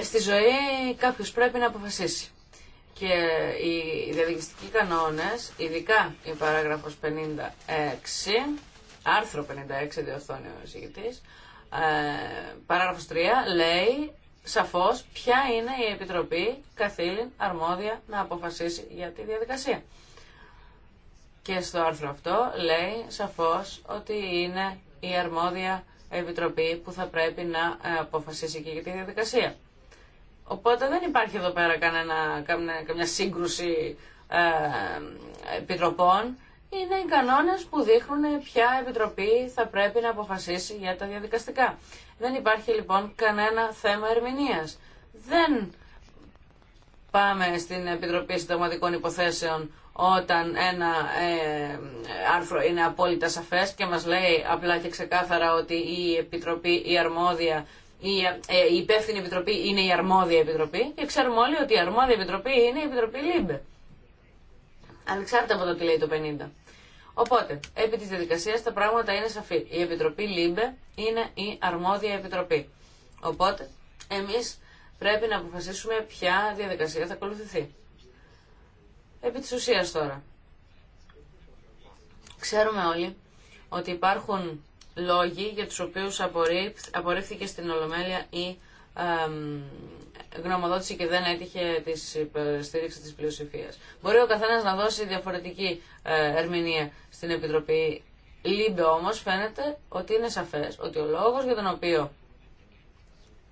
Στη ζωή κάποιος πρέπει να αποφασίσει. Και οι διαδικαστικοί κανόνες, ειδικά η παράγραφος 56, άρθρο 56 διορθώνει ο εισηγητής, ε, παράγραφος 3 λέει σαφώς ποια είναι η Επιτροπή καθήλυν αρμόδια να αποφασίσει για τη διαδικασία. Και στο άρθρο αυτό λέει σαφώς ότι είναι η αρμόδια Επιτροπή που θα πρέπει να ε, αποφασίσει και για τη διαδικασία. Οπότε δεν υπάρχει εδώ πέρα κανένα, καμιά, καμιά σύγκρουση ε, επιτροπών είναι οι κανόνε που δείχνουν ποια επιτροπή θα πρέπει να αποφασίσει για τα διαδικαστικά. Δεν υπάρχει λοιπόν κανένα θέμα ερμηνεία. Δεν πάμε στην Επιτροπή Συνταγματικών Υποθέσεων όταν ένα ε, άρθρο είναι απόλυτα σαφές και μας λέει απλά και ξεκάθαρα ότι η Επιτροπή, η αρμόδια, η, ε, η υπεύθυνη Επιτροπή είναι η αρμόδια Επιτροπή και ξέρουμε όλοι ότι η αρμόδια Επιτροπή είναι η Επιτροπή ΛΥΜΠΕ. Ανεξάρτητα από το τι λέει το 50. Οπότε, επί της διαδικασίας τα πράγματα είναι σαφή. Η Επιτροπή ΛΥΜΠΕ είναι η αρμόδια Επιτροπή. Οπότε, εμείς πρέπει να αποφασίσουμε ποια διαδικασία θα ακολουθηθεί. Επί της ουσίας τώρα. Ξέρουμε όλοι ότι υπάρχουν λόγοι για τους οποίους απορρίφθηκε στην Ολομέλεια η γνωμοδότηση και δεν έτυχε τη στήριξη τη πλειοψηφία. Μπορεί ο καθένα να δώσει διαφορετική ε, ερμηνεία στην Επιτροπή ΛΥΜΠΕ, όμω φαίνεται ότι είναι σαφέ ότι ο λόγο για τον οποίο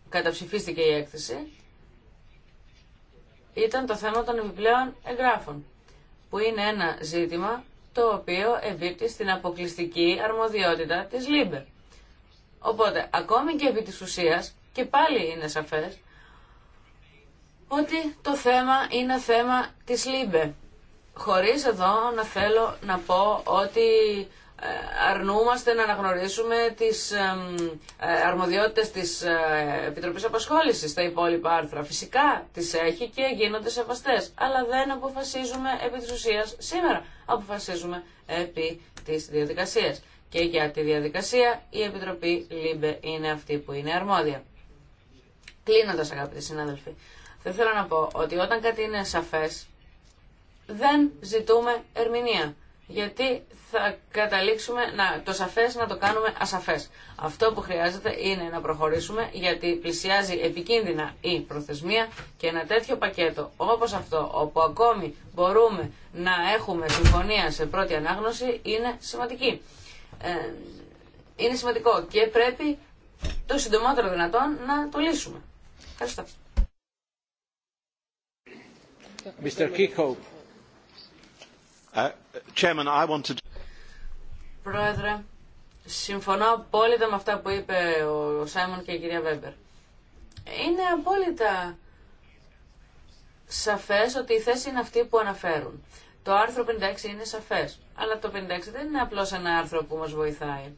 καταψηφίστηκε η έκθεση ήταν το θέμα των επιπλέον εγγράφων, που είναι ένα ζήτημα το οποίο εμπίπτει στην αποκλειστική αρμοδιότητα της ΛΥΜΠΕ. Οπότε, ακόμη και επί της ουσίας, και πάλι είναι σαφές ότι το θέμα είναι θέμα της ΛΥΜΠΕ. Χωρίς εδώ να θέλω να πω ότι ε, αρνούμαστε να αναγνωρίσουμε τις ε, αρμοδιότητες της ε, Επιτροπής Απασχόλησης στα υπόλοιπα άρθρα. Φυσικά τις έχει και γίνονται σεβαστές, αλλά δεν αποφασίζουμε επί της ουσίας σήμερα. Αποφασίζουμε επί της διαδικασίας. Και για τη διαδικασία η Επιτροπή ΛΥΜΠΕ είναι αυτή που είναι αρμόδια. Κλείνοντας αγαπητοί συνάδελφοι, θα θέλω να πω ότι όταν κάτι είναι σαφές, δεν ζητούμε ερμηνεία. Γιατί θα καταλήξουμε να, το σαφές να το κάνουμε ασαφές. Αυτό που χρειάζεται είναι να προχωρήσουμε γιατί πλησιάζει επικίνδυνα η προθεσμία και ένα τέτοιο πακέτο όπως αυτό όπου ακόμη μπορούμε να έχουμε συμφωνία σε πρώτη ανάγνωση είναι σημαντική. Ε, είναι σημαντικό και πρέπει το συντομότερο δυνατόν να το λύσουμε. Ευχαριστώ. Uh, Πρόεδρε, συμφωνώ απόλυτα με αυτά που είπε ο Σάιμον και η κυρία Βέμπερ. Είναι απόλυτα σαφές ότι η θέση είναι αυτή που αναφέρουν. Το άρθρο 56 είναι σαφές, αλλά το 56 δεν είναι απλώς ένα άρθρο που μας βοηθάει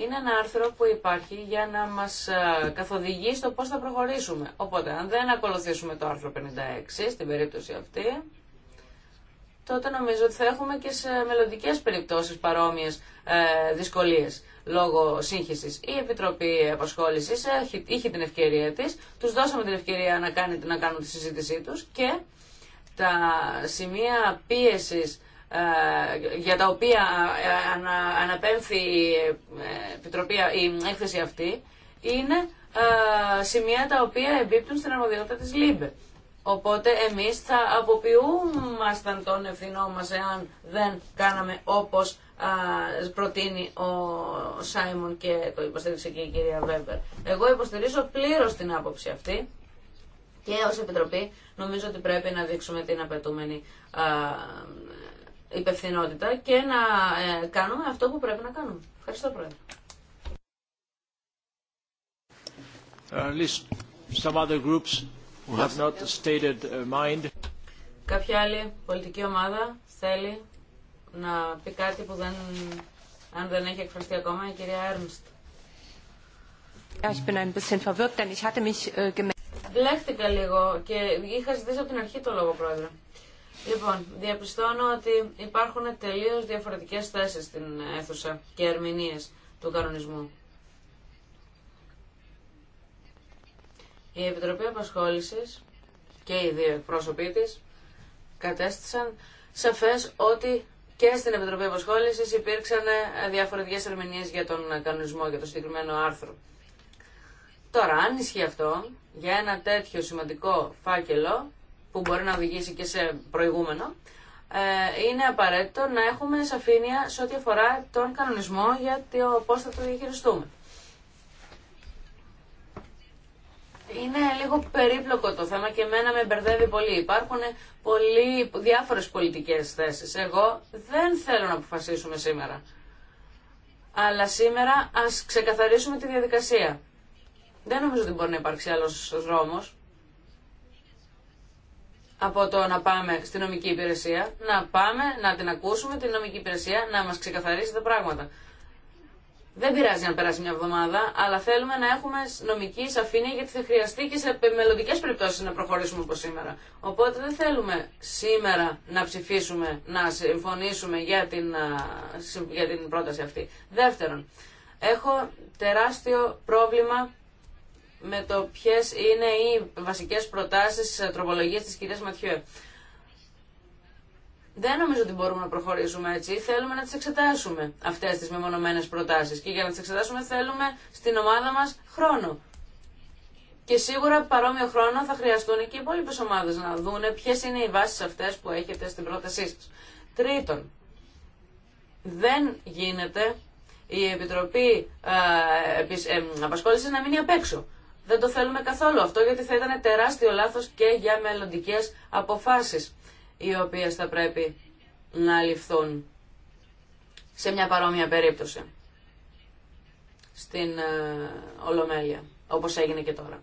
είναι ένα άρθρο που υπάρχει για να μας ε, καθοδηγεί στο πώς θα προχωρήσουμε. Οπότε, αν δεν ακολουθήσουμε το άρθρο 56, στην περίπτωση αυτή, τότε νομίζω ότι θα έχουμε και σε μελλοντικέ περιπτώσεις παρόμοιε ε, δυσκολίες λόγω σύγχυση Η Επιτροπή απασχόληση. είχε την ευκαιρία τη, τους δώσαμε την ευκαιρία να, κάνει, να κάνουν τη συζήτησή του. και τα σημεία πίεση. Ε, για τα οποία ε, αναπέμφθη ε, η έκθεση αυτή είναι σημεία τα οποία εμπίπτουν στην αρμοδιότητα της ΛΥΜΠΕ. Οπότε εμείς θα αποποιούμασταν τον ευθυνό μας εάν δεν κάναμε όπως προτείνει ο Σάιμον και το υποστήριξε και η κυρία Βέμπερ. Εγώ υποστηρίζω πλήρως την άποψη αυτή και ως Επιτροπή νομίζω ότι πρέπει να δείξουμε την απαιτούμενη υπευθυνότητα και να ε, κάνουμε αυτό που πρέπει να κάνουμε. Ευχαριστώ, Πρόεδρε. Κάποια άλλη πολιτική ομάδα θέλει να πει κάτι που δεν, αν δεν έχει εκφραστεί ακόμα η κυρία Έρμστ. Äh, Βλέχτηκα λίγο και είχα ζητήσει από την αρχή το λόγο, Πρόεδρε. Λοιπόν, διαπιστώνω ότι υπάρχουν τελείως διαφορετικές θέσεις στην αίθουσα και ερμηνείες του κανονισμού. Η Επιτροπή Απασχόλησης και οι δύο εκπρόσωποι της κατέστησαν σαφές ότι και στην Επιτροπή Απασχόλησης υπήρξαν ε, διαφορετικές ερμηνείες για τον κανονισμό, για το συγκεκριμένο άρθρο. Τώρα, αν ισχύει αυτό, για ένα τέτοιο σημαντικό φάκελο, που μπορεί να οδηγήσει και σε προηγούμενο, ε, είναι απαραίτητο να έχουμε σαφήνεια σε ό,τι αφορά τον κανονισμό για το πώ θα το διαχειριστούμε. Είναι λίγο περίπλοκο το θέμα και εμένα με μπερδεύει πολύ. Υπάρχουν πολύ διάφορες πολιτικές θέσεις. Εγώ δεν θέλω να αποφασίσουμε σήμερα. Αλλά σήμερα ας ξεκαθαρίσουμε τη διαδικασία. Δεν νομίζω ότι μπορεί να υπάρξει άλλος δρόμος από το να πάμε στην νομική υπηρεσία, να πάμε να την ακούσουμε την νομική υπηρεσία, να μας ξεκαθαρίσει τα πράγματα. Δεν πειράζει να περάσει μια εβδομάδα, αλλά θέλουμε να έχουμε νομική σαφήνεια γιατί θα χρειαστεί και σε μελλοντικέ περιπτώσει να προχωρήσουμε όπω σήμερα. Οπότε δεν θέλουμε σήμερα να ψηφίσουμε, να συμφωνήσουμε για την, για την πρόταση αυτή. Δεύτερον, έχω τεράστιο πρόβλημα με το ποιε είναι οι βασικές προτάσεις ε, τροπολογίες της κυρίας Ματιέ. Δεν νομίζω ότι μπορούμε να προχωρήσουμε έτσι. Θέλουμε να τι εξετάσουμε αυτέ τι μεμονωμένε προτάσει. Και για να τι εξετάσουμε θέλουμε στην ομάδα μα χρόνο. Και σίγουρα παρόμοιο χρόνο θα χρειαστούν και οι υπόλοιπε ομάδε να δουν ποιε είναι οι βάσει αυτέ που έχετε στην πρότασή σα. Τρίτον, δεν γίνεται η Επιτροπή ε, ε, Απασχόληση να μείνει απ' έξω. Δεν το θέλουμε καθόλου αυτό γιατί θα ήταν τεράστιο λάθος και για μελλοντικές αποφάσεις οι οποίες θα πρέπει να ληφθούν σε μια παρόμοια περίπτωση στην ε, Ολομέλεια, όπως έγινε και τώρα.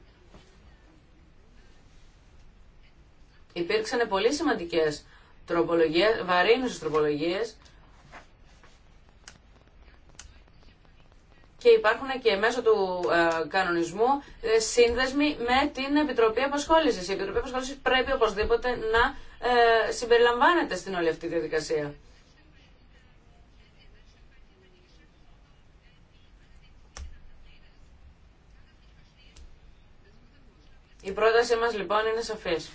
Υπήρξαν πολύ σημαντικές τροπολογίες, βαρύνουσες τροπολογίες και υπάρχουν και μέσω του ε, κανονισμού ε, σύνδεσμοι με την Επιτροπή Απασχόληση. Η Επιτροπή Απασχόληση πρέπει οπωσδήποτε να ε, συμπεριλαμβάνεται στην όλη αυτή τη διαδικασία. Η πρότασή μας λοιπόν είναι σαφής.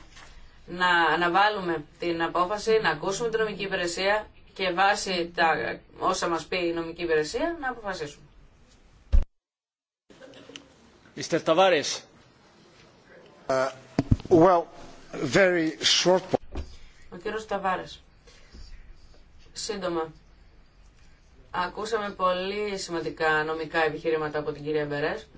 Να αναβάλουμε την απόφαση, να ακούσουμε την νομική υπηρεσία και βάσει τα όσα μας πει η νομική υπηρεσία να αποφασίσουμε. Uh, Ο Ταβάρες. Σύντομα. Ακούσαμε πολύ σημαντικά νομικά επιχειρήματα από την κυρία Μπερές.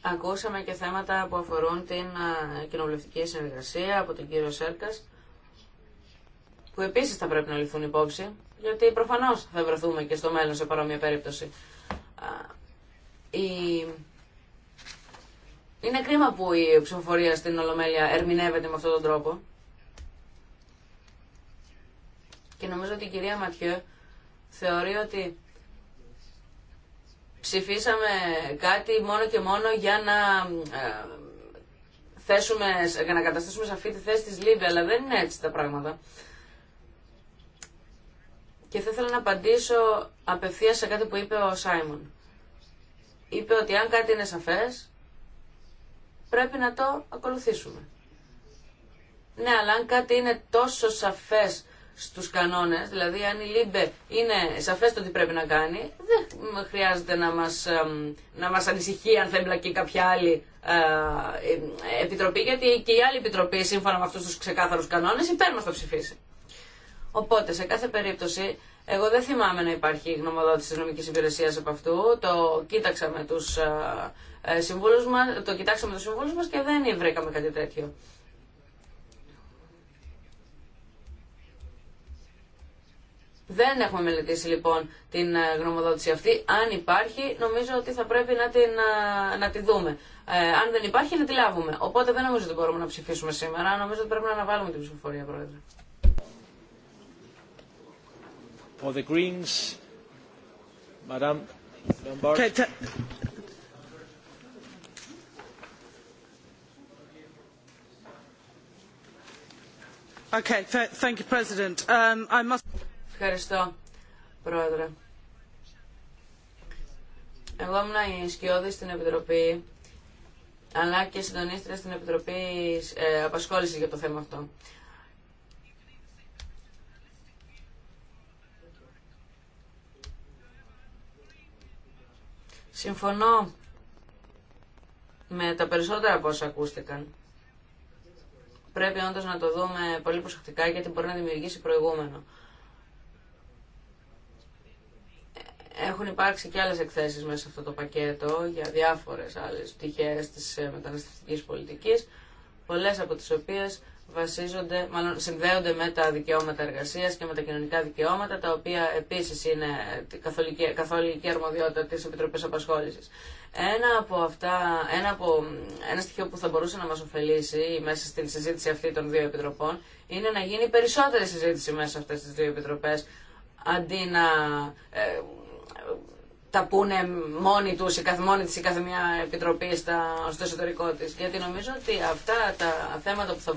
Ακούσαμε και θέματα που αφορούν την κοινοβουλευτική συνεργασία από τον κύριο Σέρκας, που επίσης θα πρέπει να ληφθούν υπόψη γιατί προφανώ θα βρεθούμε και στο μέλλον σε παρόμοια περίπτωση. Είναι κρίμα που η ψηφοφορία στην Ολομέλεια ερμηνεύεται με αυτόν τον τρόπο. Και νομίζω ότι η κυρία Ματιέ θεωρεί ότι ψηφίσαμε κάτι μόνο και μόνο για να ε, θέσουμε, για να καταστήσουμε σαφή τη θέση της Λίβη, αλλά δεν είναι έτσι τα πράγματα. Και θα ήθελα να απαντήσω απευθείας σε κάτι που είπε ο Σάιμον. Είπε ότι αν κάτι είναι σαφές, πρέπει να το ακολουθήσουμε. Ναι, αλλά αν κάτι είναι τόσο σαφές στους κανόνες, δηλαδή αν η ΛΥΜΠΕ είναι σαφές το τι πρέπει να κάνει, δεν χρειάζεται να μας, να μας ανησυχεί αν θα εμπλακεί κάποια άλλη ε, ε, επιτροπή, γιατί και η άλλη επιτροπή, σύμφωνα με αυτούς τους ξεκάθαρους κανόνες, υπέρ μας το ψηφίσει. Οπότε, σε κάθε περίπτωση, εγώ δεν θυμάμαι να υπάρχει γνωμοδότηση τη νομική υπηρεσία από αυτού. Το κοίταξα με τους ε, ε, συμβούλους μας, το κοιτάξαμε τους συμβούλους μας και δεν βρήκαμε κάτι τέτοιο. Δεν έχουμε μελετήσει λοιπόν την ε, γνωμοδότηση αυτή. Αν υπάρχει, νομίζω ότι θα πρέπει να την, να τη δούμε. αν δεν υπάρχει, να τη λάβουμε. Οπότε δεν νομίζω ότι μπορούμε να ψηφίσουμε σήμερα. Νομίζω ότι πρέπει να αναβάλουμε την ψηφοφορία, Πρόεδρε. For the Greens, Madame Okay, thank you, President. Um, I must... Ευχαριστώ, Πρόεδρε. Εγώ ήμουν η Σκιώδη στην Επιτροπή, αλλά και συντονίστρια στην Επιτροπή ε, Απασχόληση για το θέμα αυτό. Συμφωνώ με τα περισσότερα από όσα ακούστηκαν. Πρέπει όντως να το δούμε πολύ προσεκτικά γιατί μπορεί να δημιουργήσει προηγούμενο. Έχουν υπάρξει και άλλες εκθέσεις μέσα σε αυτό το πακέτο για διάφορες άλλες πτυχές της μεταναστευτικής πολιτικής, πολλές από τις οποίες μάλλον συνδέονται με τα δικαιώματα εργασία και με τα κοινωνικά δικαιώματα, τα οποία επίση είναι καθολική, καθολική αρμοδιότητα τη Επιτροπή Απασχόληση. Ένα από αυτά, ένα, από, ένα στοιχείο που θα μπορούσε να μα ωφελήσει μέσα στην συζήτηση αυτή των δύο επιτροπών είναι να γίνει περισσότερη συζήτηση μέσα σε αυτέ τι δύο επιτροπέ αντί να ε, τα πούνε μόνοι τους, η μόνη της, η καθεμιά επιτροπή στα, στο εσωτερικό της. Γιατί νομίζω ότι αυτά τα θέματα που θα,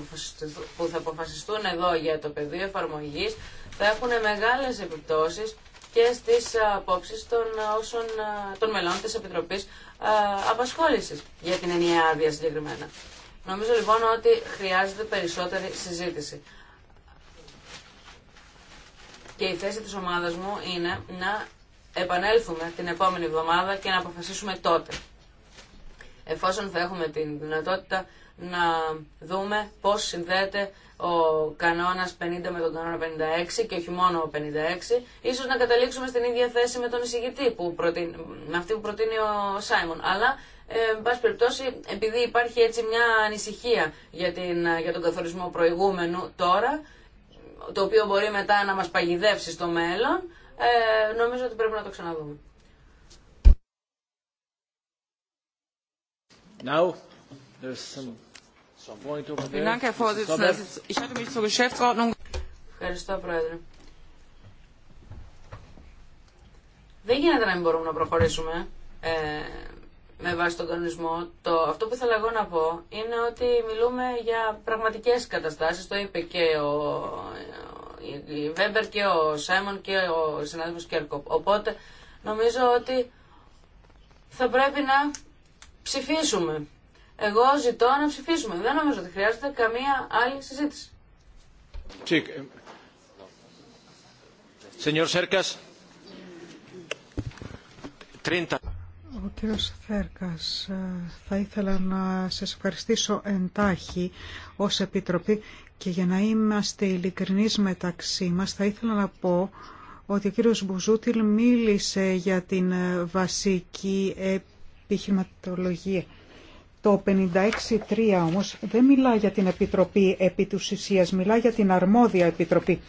που θα αποφασιστούν εδώ για το πεδίο εφαρμογής θα έχουν μεγάλες επιπτώσεις και στις απόψεις των, όσων, των μελών της Επιτροπής Απασχόλησης για την ενιαία άδεια συγκεκριμένα. Νομίζω λοιπόν ότι χρειάζεται περισσότερη συζήτηση. Και η θέση της ομάδας μου είναι να επανέλθουμε την επόμενη εβδομάδα και να αποφασίσουμε τότε. Εφόσον θα έχουμε την δυνατότητα να δούμε πώς συνδέεται ο κανόνας 50 με τον κανόνα 56 και όχι μόνο ο 56, ίσως να καταλήξουμε στην ίδια θέση με τον εισηγητή, που προτείνει, με αυτή που προτείνει ο Σάιμον. Αλλά, ε, εν πάση περιπτώσει, επειδή υπάρχει έτσι μια ανησυχία για, την, για τον καθορισμό προηγούμενου τώρα, το οποίο μπορεί μετά να μας παγιδεύσει στο μέλλον, ε, νομίζω ότι πρέπει να το ξαναδούμε. Now, there's some, some point over there. Ευχαριστώ, Πρόεδρε. Δεν γίνεται να μην μπορούμε να προχωρήσουμε ε, με βάση τον τονισμό. Το, αυτό που ήθελα εγώ να πω είναι ότι μιλούμε για πραγματικές καταστάσεις. Το είπε και ο, η Βέμπερ και ο Σάιμον και ο συνάδελφος Κέρκοπ. Οπότε νομίζω ότι θα πρέπει να ψηφίσουμε. Εγώ ζητώ να ψηφίσουμε. Δεν νομίζω ότι χρειάζεται καμία άλλη συζήτηση. Ο κύριος Θέρκας, ε, θα ήθελα να σας ευχαριστήσω εντάχει ως Επιτροπή και για να είμαστε ειλικρινείς μεταξύ μας, θα ήθελα να πω ότι ο κύριος Μπουζούτιλ μίλησε για την βασική επιχειρηματολογία. Το 56.3 όμως δεν μιλά για την Επιτροπή επί του μιλά για την αρμόδια Επιτροπή.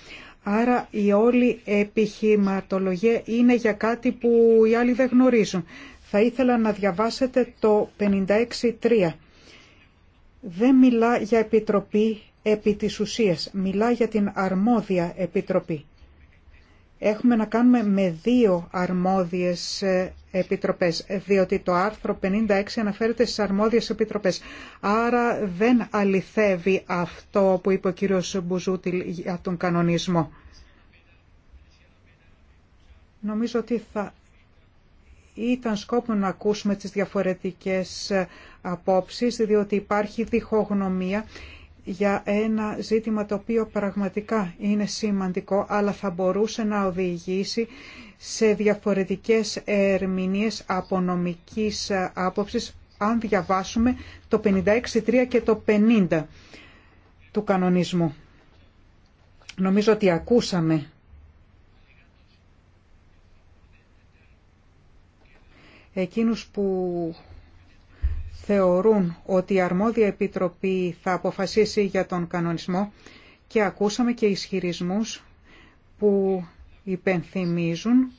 Άρα η όλη επιχειρηματολογία είναι για κάτι που οι άλλοι δεν γνωρίζουν. Θα ήθελα να διαβάσετε το 56.3. Δεν μιλά για επιτροπή επί της ουσίας. Μιλά για την αρμόδια επιτροπή. Έχουμε να κάνουμε με δύο αρμόδιες ε, επιτροπές, διότι το άρθρο 56 αναφέρεται στις αρμόδιες επιτροπές. Άρα δεν αληθεύει αυτό που είπε ο κύριος Μπουζούτιλ για τον κανονισμό. Νομίζω ότι θα ήταν σκόπο να ακούσουμε τις διαφορετικές ε, απόψεις, διότι υπάρχει διχογνωμία για ένα ζήτημα το οποίο πραγματικά είναι σημαντικό, αλλά θα μπορούσε να οδηγήσει σε διαφορετικές ερμηνείες από νομικής ε, άποψης, αν διαβάσουμε το 56.3 και το 50 του κανονισμού. Νομίζω ότι ακούσαμε εκείνους που θεωρούν ότι η αρμόδια επιτροπή θα αποφασίσει για τον κανονισμό και ακούσαμε και ισχυρισμούς που υπενθυμίζουν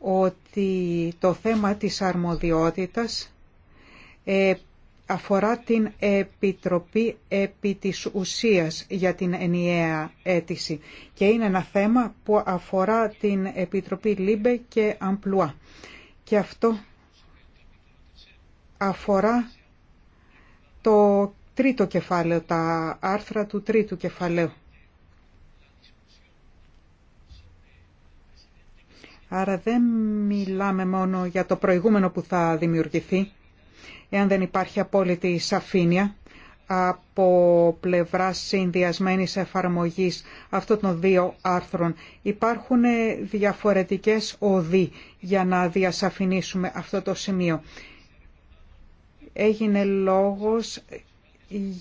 ότι το θέμα της αρμοδιότητας ε, αφορά την Επιτροπή επί της ουσίας για την ενιαία αίτηση και είναι ένα θέμα που αφορά την Επιτροπή Λίμπε και Αμπλουά. Και αυτό αφορά το τρίτο κεφάλαιο, τα άρθρα του τρίτου κεφαλαίου. Άρα δεν μιλάμε μόνο για το προηγούμενο που θα δημιουργηθεί, εάν δεν υπάρχει απόλυτη σαφήνεια από πλευρά συνδυασμένη εφαρμογής αυτών των δύο άρθρων. Υπάρχουν διαφορετικές οδοί για να διασαφηνίσουμε αυτό το σημείο έγινε λόγος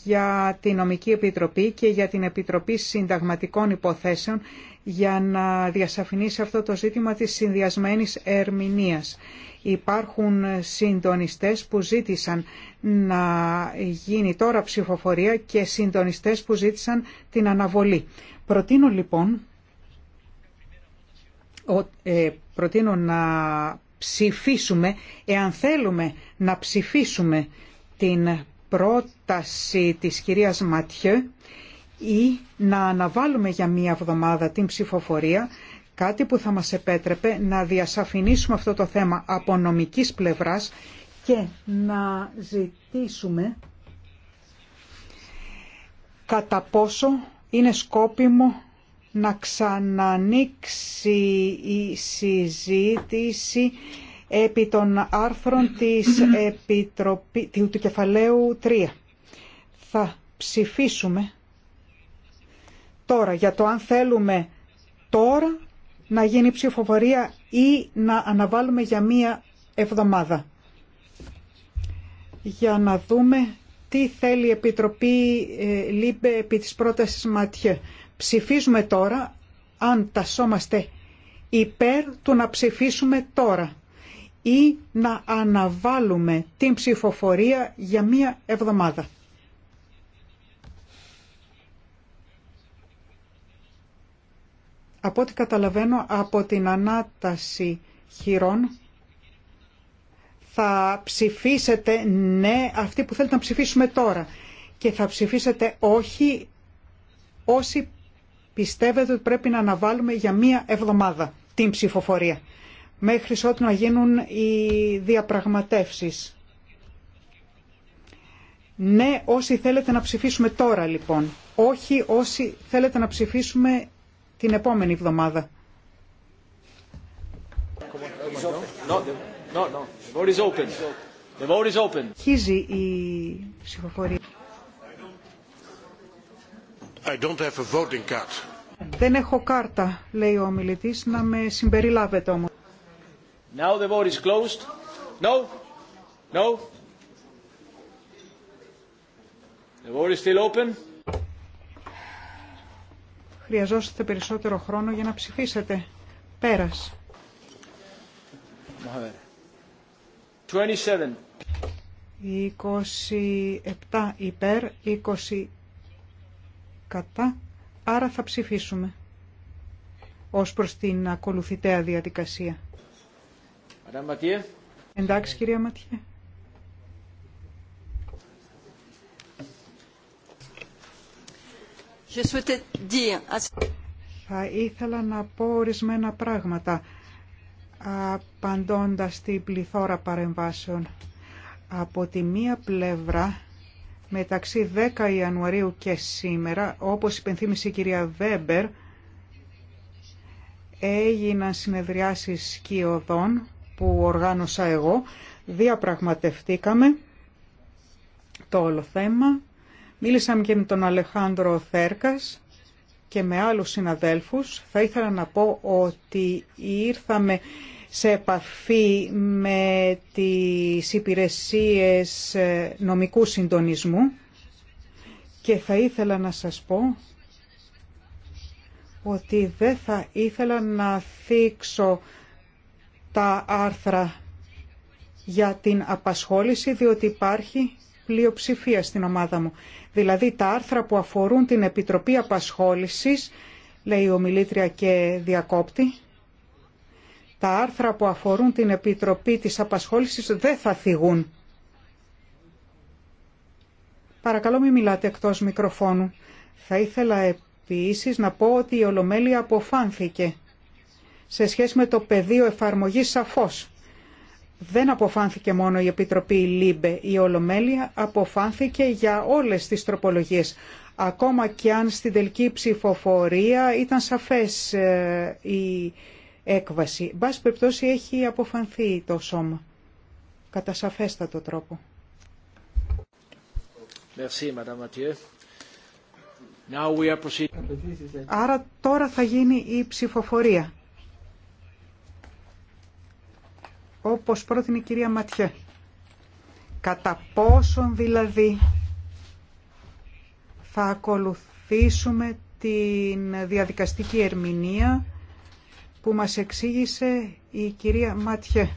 για την Νομική Επιτροπή και για την Επιτροπή Συνταγματικών Υποθέσεων για να διασαφηνίσει αυτό το ζήτημα της συνδυασμένης ερμηνείας. Υπάρχουν συντονιστές που ζήτησαν να γίνει τώρα ψηφοφορία και συντονιστές που ζήτησαν την αναβολή. Προτείνω λοιπόν ε, προτείνω να ψηφίσουμε, εάν θέλουμε να ψηφίσουμε την πρόταση της κυρίας Ματιέ ή να αναβάλουμε για μία εβδομάδα την ψηφοφορία, κάτι που θα μας επέτρεπε να διασαφηνίσουμε αυτό το θέμα από νομικής πλευράς και να ζητήσουμε κατά πόσο είναι σκόπιμο να ξανανοίξει η συζήτηση επί των άρθρων της Επιτροπή, του κεφαλαίου 3. Θα ψηφίσουμε τώρα για το αν θέλουμε τώρα να γίνει ψηφοφορία ή να αναβάλουμε για μία εβδομάδα. Για να δούμε τι θέλει η Επιτροπή ε, επί της πρότασης Ματιέ. Ψηφίζουμε τώρα αν τασόμαστε υπέρ του να ψηφίσουμε τώρα ή να αναβάλουμε την ψηφοφορία για μία εβδομάδα. Από ό,τι καταλαβαίνω από την ανάταση χειρών θα ψηφίσετε ναι αυτοί που θέλετε να ψηφίσουμε τώρα και θα ψηφίσετε όχι όσοι πιστεύετε ότι πρέπει να αναβάλουμε για μία εβδομάδα την ψηφοφορία μέχρι ότου να γίνουν οι διαπραγματεύσεις. Ναι, όσοι θέλετε να ψηφίσουμε τώρα λοιπόν. Όχι όσοι θέλετε να ψηφίσουμε την επόμενη εβδομάδα. Αρχίζει η ψηφοφορία. I don't have a voting card. Δεν έχω κάρτα, λέει ο ομιλητής, να με συμπεριλάβετε όμως. Now the vote is closed. No. No. The vote is still open. Χρειαζόσαστε περισσότερο χρόνο για να ψηφίσετε. Πέρας. 27. 27 υπέρ, 20 κατά, άρα θα ψηφίσουμε ως προς την ακολουθητέα διαδικασία. Εντάξει κυρία Ματιέ. Θα ήθελα να πω ορισμένα πράγματα απαντώντας την πληθώρα παρεμβάσεων. Από τη μία πλευρά μεταξύ 10 Ιανουαρίου και σήμερα, όπως υπενθύμησε η κυρία Βέμπερ, έγιναν συνεδριάσεις σκιωδών που οργάνωσα εγώ. Διαπραγματευτήκαμε το όλο θέμα. Μίλησαμε και με τον Αλεχάνδρο Θέρκας και με άλλους συναδέλφους. Θα ήθελα να πω ότι ήρθαμε σε επαφή με τις υπηρεσίες ε, νομικού συντονισμού και θα ήθελα να σας πω ότι δεν θα ήθελα να θίξω τα άρθρα για την απασχόληση διότι υπάρχει πλειοψηφία στην ομάδα μου. Δηλαδή τα άρθρα που αφορούν την Επιτροπή Απασχόλησης, λέει η ομιλήτρια και διακόπτη, τα άρθρα που αφορούν την Επιτροπή της Απασχόλησης δεν θα θυγούν. Παρακαλώ μην μιλάτε εκτός μικροφώνου. Θα ήθελα επίσης να πω ότι η Ολομέλεια αποφάνθηκε σε σχέση με το πεδίο εφαρμογής σαφώς. Δεν αποφάνθηκε μόνο η Επιτροπή ΛΥΜΠΕ. Η Ολομέλεια αποφάνθηκε για όλες τις τροπολογίες. Ακόμα και αν στην τελική ψηφοφορία ήταν σαφές ε, η έκβαση. Μπας περιπτώσει έχει αποφανθεί το σώμα, κατά σαφέστατο τρόπο. Άρα τώρα θα γίνει η ψηφοφορία. Όπως πρότεινε η κυρία Ματιέ. Κατά πόσον δηλαδή θα ακολουθήσουμε την διαδικαστική ερμηνεία που μας εξήγησε η κυρία Μάτιε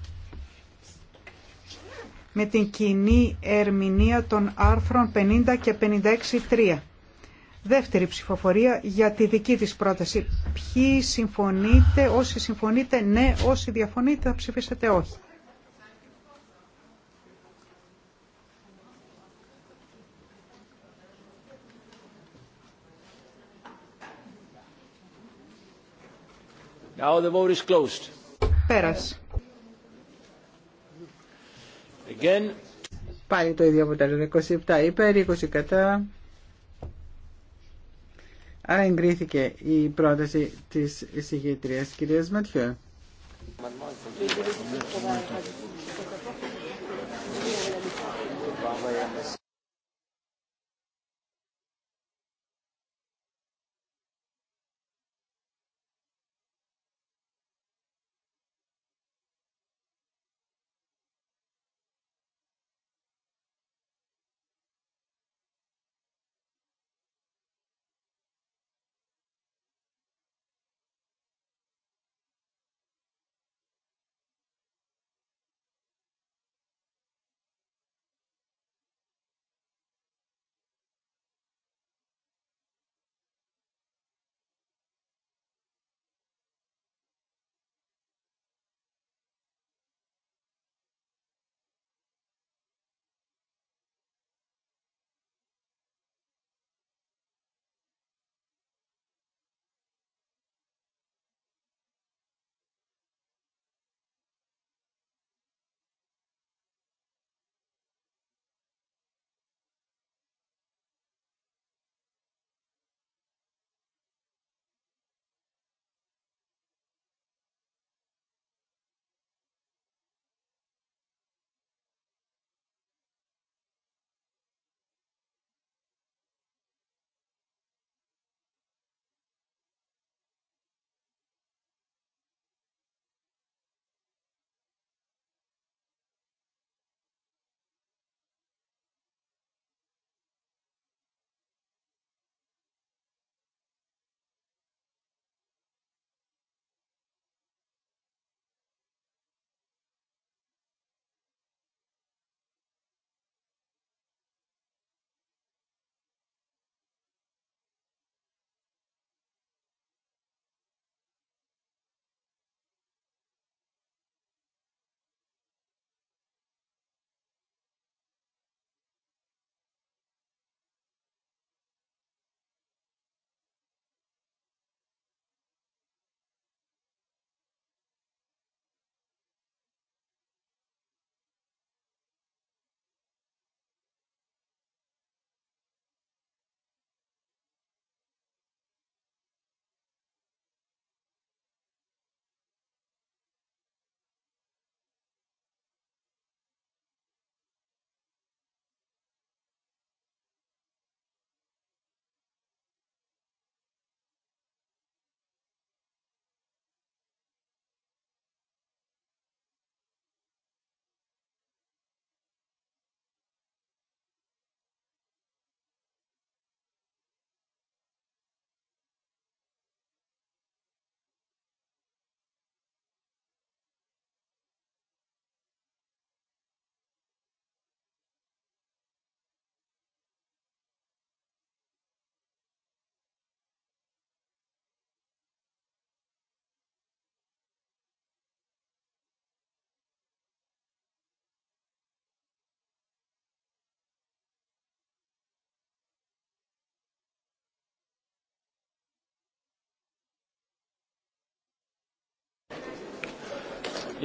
με την κοινή ερμηνεία των άρθρων 50 και 56.3. Δεύτερη ψηφοφορία για τη δική της πρόταση. Ποιοι συμφωνείτε, όσοι συμφωνείτε ναι, όσοι διαφωνείτε θα ψηφίσετε όχι. Now Πέρας. Again. Πάλι το ίδιο αποτέλεσμα. 27 υπέρ, 20 κατά. Άρα εγκρίθηκε η πρόταση της εισηγήτριας κυρίας Ματιό.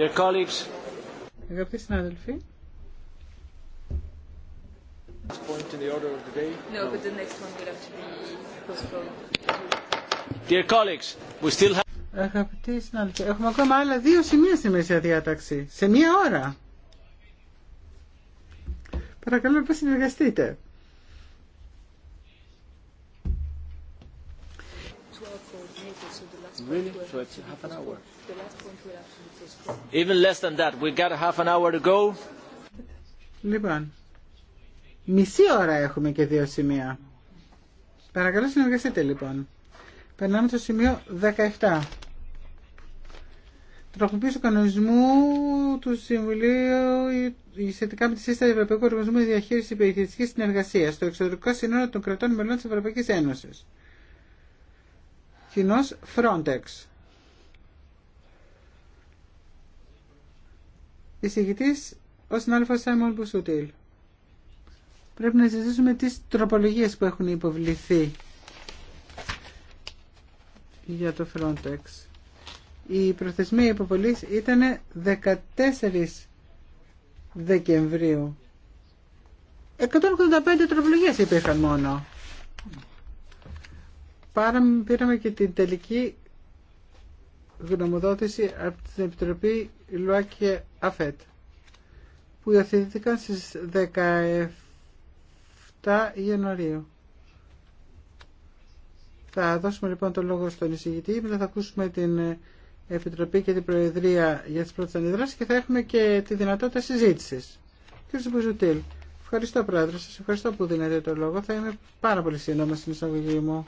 colleagues. Αγαπητοί συνάδελφοι. Point the order of the έχουμε ακόμα άλλα δύο σημεία στη μέση διάταξη. Σε μία ώρα. Παρακαλώ να λοιπόν, συνεργαστείτε. Really? So it's an hour. Even less than that. We got half an hour to go. Λοιπόν, μισή ώρα έχουμε και δύο σημεία. Παρακαλώ συνεργαστείτε λοιπόν. Περνάμε στο σημείο 17. Τροχοποίηση του κανονισμού του Συμβουλίου σχετικά με τη σύσταση Ευρωπαϊκού Οργανισμού Διαχείριση Περιθυντική Συνεργασία στο εξωτερικό Σύνολο των κρατών μελών τη Ευρωπαϊκή Ένωση. Κοινό Frontex. εισηγητής ο συνάδελφο Σάιμον Μπουσούτιλ. Πρέπει να συζητήσουμε τις τροπολογίε που έχουν υποβληθεί για το Frontex. Η προθεσμία υποβολής ήταν 14 Δεκεμβρίου. 185 τροπολογίε υπήρχαν μόνο. Πήραμε και την τελική γνωμοδότηση από την Επιτροπή Λουάκη ΑΦΕΤ που υιοθετήθηκαν στις 17 Ιανουαρίου. Θα δώσουμε λοιπόν το λόγο στον εισηγητή, μετά θα ακούσουμε την Επιτροπή και την Προεδρία για τις πρώτες αντιδράσεις και θα έχουμε και τη δυνατότητα συζήτησης. Κύριε Μπουζουτήλ, ευχαριστώ Πρόεδρε, σας ευχαριστώ που δίνετε το λόγο. Θα είμαι πάρα πολύ σύντομα στην εισαγωγή μου.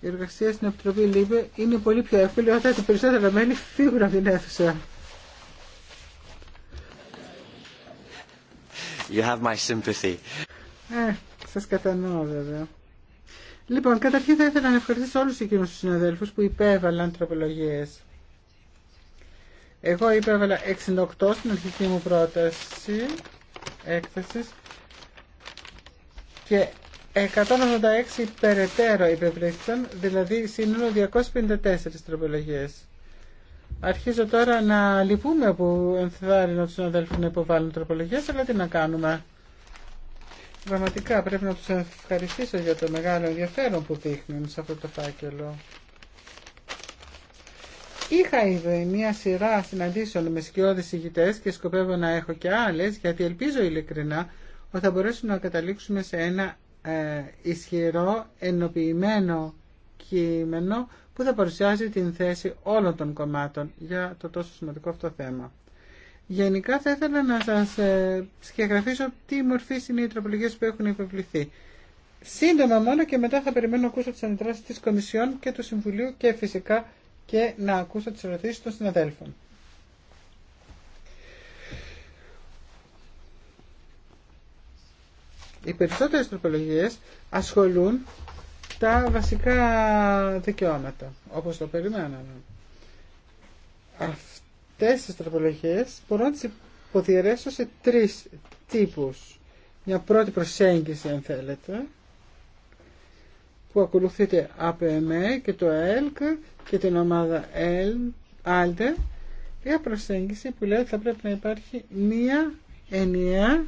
Η εργασία στην Επιτροπή ΛΥΜΕ είναι πολύ πιο εύκολη όταν τα περισσότερα μέλη φύγουν από την αίθουσα. You have my sympathy. Ε, σας κατανοώ βέβαια. Λοιπόν, καταρχήν θα ήθελα να ευχαριστήσω όλους εκείνους τους συναδέλφους που υπέβαλαν τροπολογίες. Εγώ υπέβαλα 68 στην αρχική μου πρόταση έκθεσης και 186 περαιτέρω υπευρέθησαν, δηλαδή σύνολο 254 τροπολογίες. Αρχίζω τώρα να λυπούμε που ενθάρρυνω του αδέλφους να υποβάλουν τροπολογίες, αλλά τι να κάνουμε. Πραγματικά πρέπει να τους ευχαριστήσω για το μεγάλο ενδιαφέρον που δείχνουν σε αυτό το φάκελο. Είχα ήδη μια σειρά συναντήσεων με σκιώδεις ηγητές και σκοπεύω να έχω και άλλες, γιατί ελπίζω ειλικρινά ότι θα μπορέσουμε να καταλήξουμε σε ένα ε, ισχυρό, ενοποιημένο κείμενο που θα παρουσιάζει την θέση όλων των κομμάτων για το τόσο σημαντικό αυτό θέμα. Γενικά θα ήθελα να σας ε, τι μορφή είναι οι τροπολογίες που έχουν υποβληθεί. Σύντομα μόνο και μετά θα περιμένω να ακούσω τις αντιδράσεις της Κομισιόν και του Συμβουλίου και φυσικά και να ακούσω τις ερωτήσεις των συναδέλφων. οι περισσότερες τροπολογίες ασχολούν τα βασικά δικαιώματα, όπως το περιμέναμε. Αυτές τις τροπολογίες μπορώ να τις υποδιαιρέσω σε τρεις τύπους. Μια πρώτη προσέγγιση, αν θέλετε, που ακολουθείται από εμέ και το ΕΛΚ και την ομάδα ΕΛ, ΑΛΤΕ, μια προσέγγιση που λέει ότι θα πρέπει να υπάρχει μία ενιαία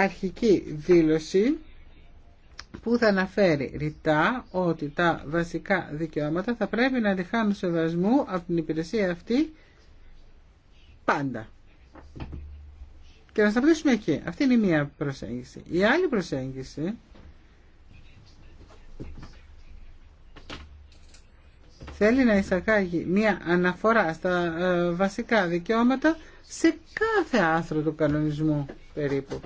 αρχική δήλωση που θα αναφέρει ρητά ότι τα βασικά δικαιώματα θα πρέπει να διχάνουν σεβασμού από την υπηρεσία αυτή πάντα. Και να σταματήσουμε εκεί. Αυτή είναι η μία προσέγγιση. Η άλλη προσέγγιση θέλει να εισακάγει μία αναφορά στα ε, βασικά δικαιώματα σε κάθε άνθρωπο του κανονισμού περίπου.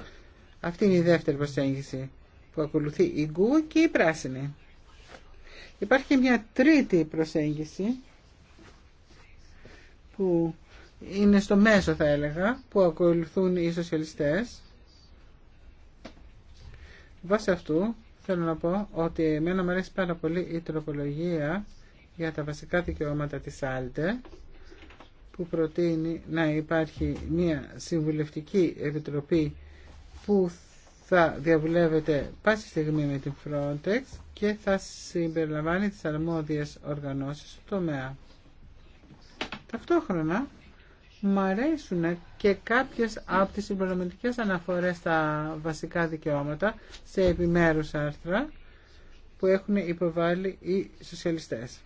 Αυτή είναι η δεύτερη προσέγγιση που ακολουθεί η γκου και η πράσινη. Υπάρχει μια τρίτη προσέγγιση που είναι στο μέσο θα έλεγα που ακολουθούν οι σοσιαλιστές. Βάσει αυτού θέλω να πω ότι εμένα μου αρέσει πάρα πολύ η τροπολογία για τα βασικά δικαιώματα της ΑΛΤΕ που προτείνει να υπάρχει μια συμβουλευτική επιτροπή που θα διαβουλεύεται πάση στιγμή με την Frontex και θα συμπεριλαμβάνει τις αρμόδιες οργανώσεις του τομέα. Ταυτόχρονα, μου αρέσουν και κάποιες από τις συμπληρωματικές αναφορές στα βασικά δικαιώματα σε επιμέρους άρθρα που έχουν υποβάλει οι σοσιαλιστές.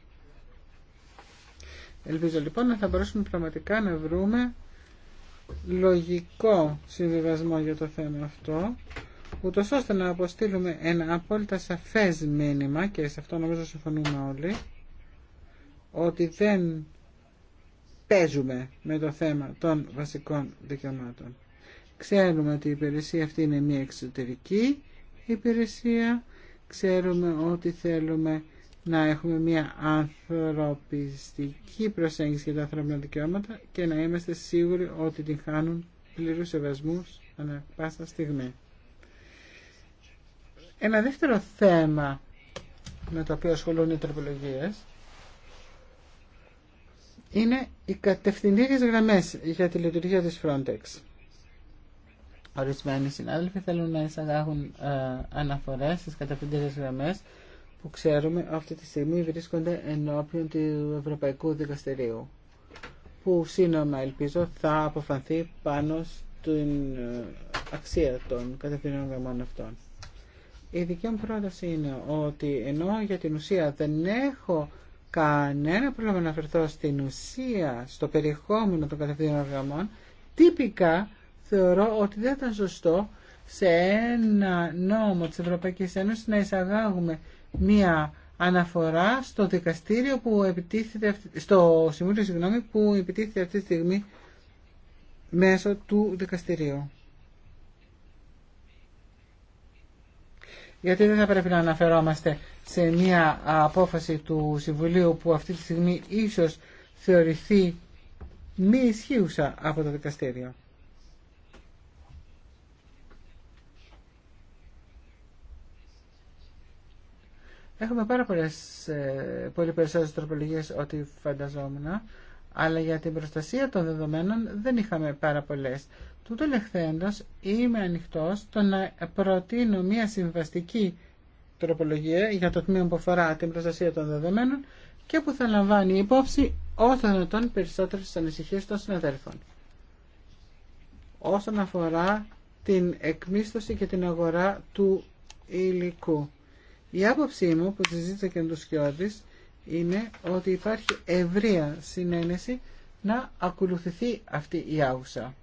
Ελπίζω λοιπόν να θα μπορέσουμε πραγματικά να βρούμε λογικό συμβιβασμό για το θέμα αυτό ούτω ώστε να αποστείλουμε ένα απόλυτα σαφές μήνυμα και σε αυτό νομίζω συμφωνούμε όλοι ότι δεν παίζουμε με το θέμα των βασικών δικαιωμάτων. Ξέρουμε ότι η υπηρεσία αυτή είναι μια εξωτερική υπηρεσία, ξέρουμε ότι θέλουμε να έχουμε μια ανθρωπιστική προσέγγιση για τα ανθρώπινα δικαιώματα και να είμαστε σίγουροι ότι την χάνουν πλήρου σεβασμού ανά πάσα στιγμή. Ένα δεύτερο θέμα με το οποίο ασχολούν οι τροπολογίε είναι οι κατευθυντήριες γραμμές για τη λειτουργία της Frontex. Ορισμένοι συνάδελφοι θέλουν να εισαγάγουν ε, αναφορές στις κατευθυντήριες γραμμές που ξέρουμε αυτή τη στιγμή βρίσκονται ενώπιον του Ευρωπαϊκού Δικαστηρίου που σύνομα ελπίζω θα αποφανθεί πάνω στην ε, αξία των κατευθυνών γραμμών αυτών. Η δική μου πρόταση είναι ότι ενώ για την ουσία δεν έχω κανένα πρόβλημα να αφαιρθώ στην ουσία, στο περιεχόμενο των κατευθύνων γραμμών, τυπικά θεωρώ ότι δεν ήταν σωστό σε ένα νόμο της Ευρωπαϊκής Ένωσης να εισαγάγουμε μία αναφορά στο δικαστήριο που επιτίθεται, στο Συμβούλιο συγγνώμη, που επιτίθεται αυτή τη στιγμή μέσω του δικαστηρίου. Γιατί δεν θα πρέπει να αναφερόμαστε σε μία απόφαση του Συμβουλίου που αυτή τη στιγμή ίσως θεωρηθεί μη ισχύουσα από το δικαστήριο. Έχουμε πάρα πολλές, ε, πολύ περισσότερες τροπολογίες ό,τι φανταζόμουν, αλλά για την προστασία των δεδομένων δεν είχαμε πάρα πολλές. Τούτο λεχθέντος είμαι ανοιχτό στο να προτείνω μια συμβαστική τροπολογία για το τμήμα που αφορά την προστασία των δεδομένων και που θα λαμβάνει υπόψη όσο δυνατόν περισσότερες ανησυχίες των συναδέλφων. Όσον αφορά την εκμίσθωση και την αγορά του υλικού. Η άποψή μου που συζήτησα και με τους Σκιώδης είναι ότι υπάρχει ευρεία συνένεση να ακολουθηθεί αυτή η άγουσα.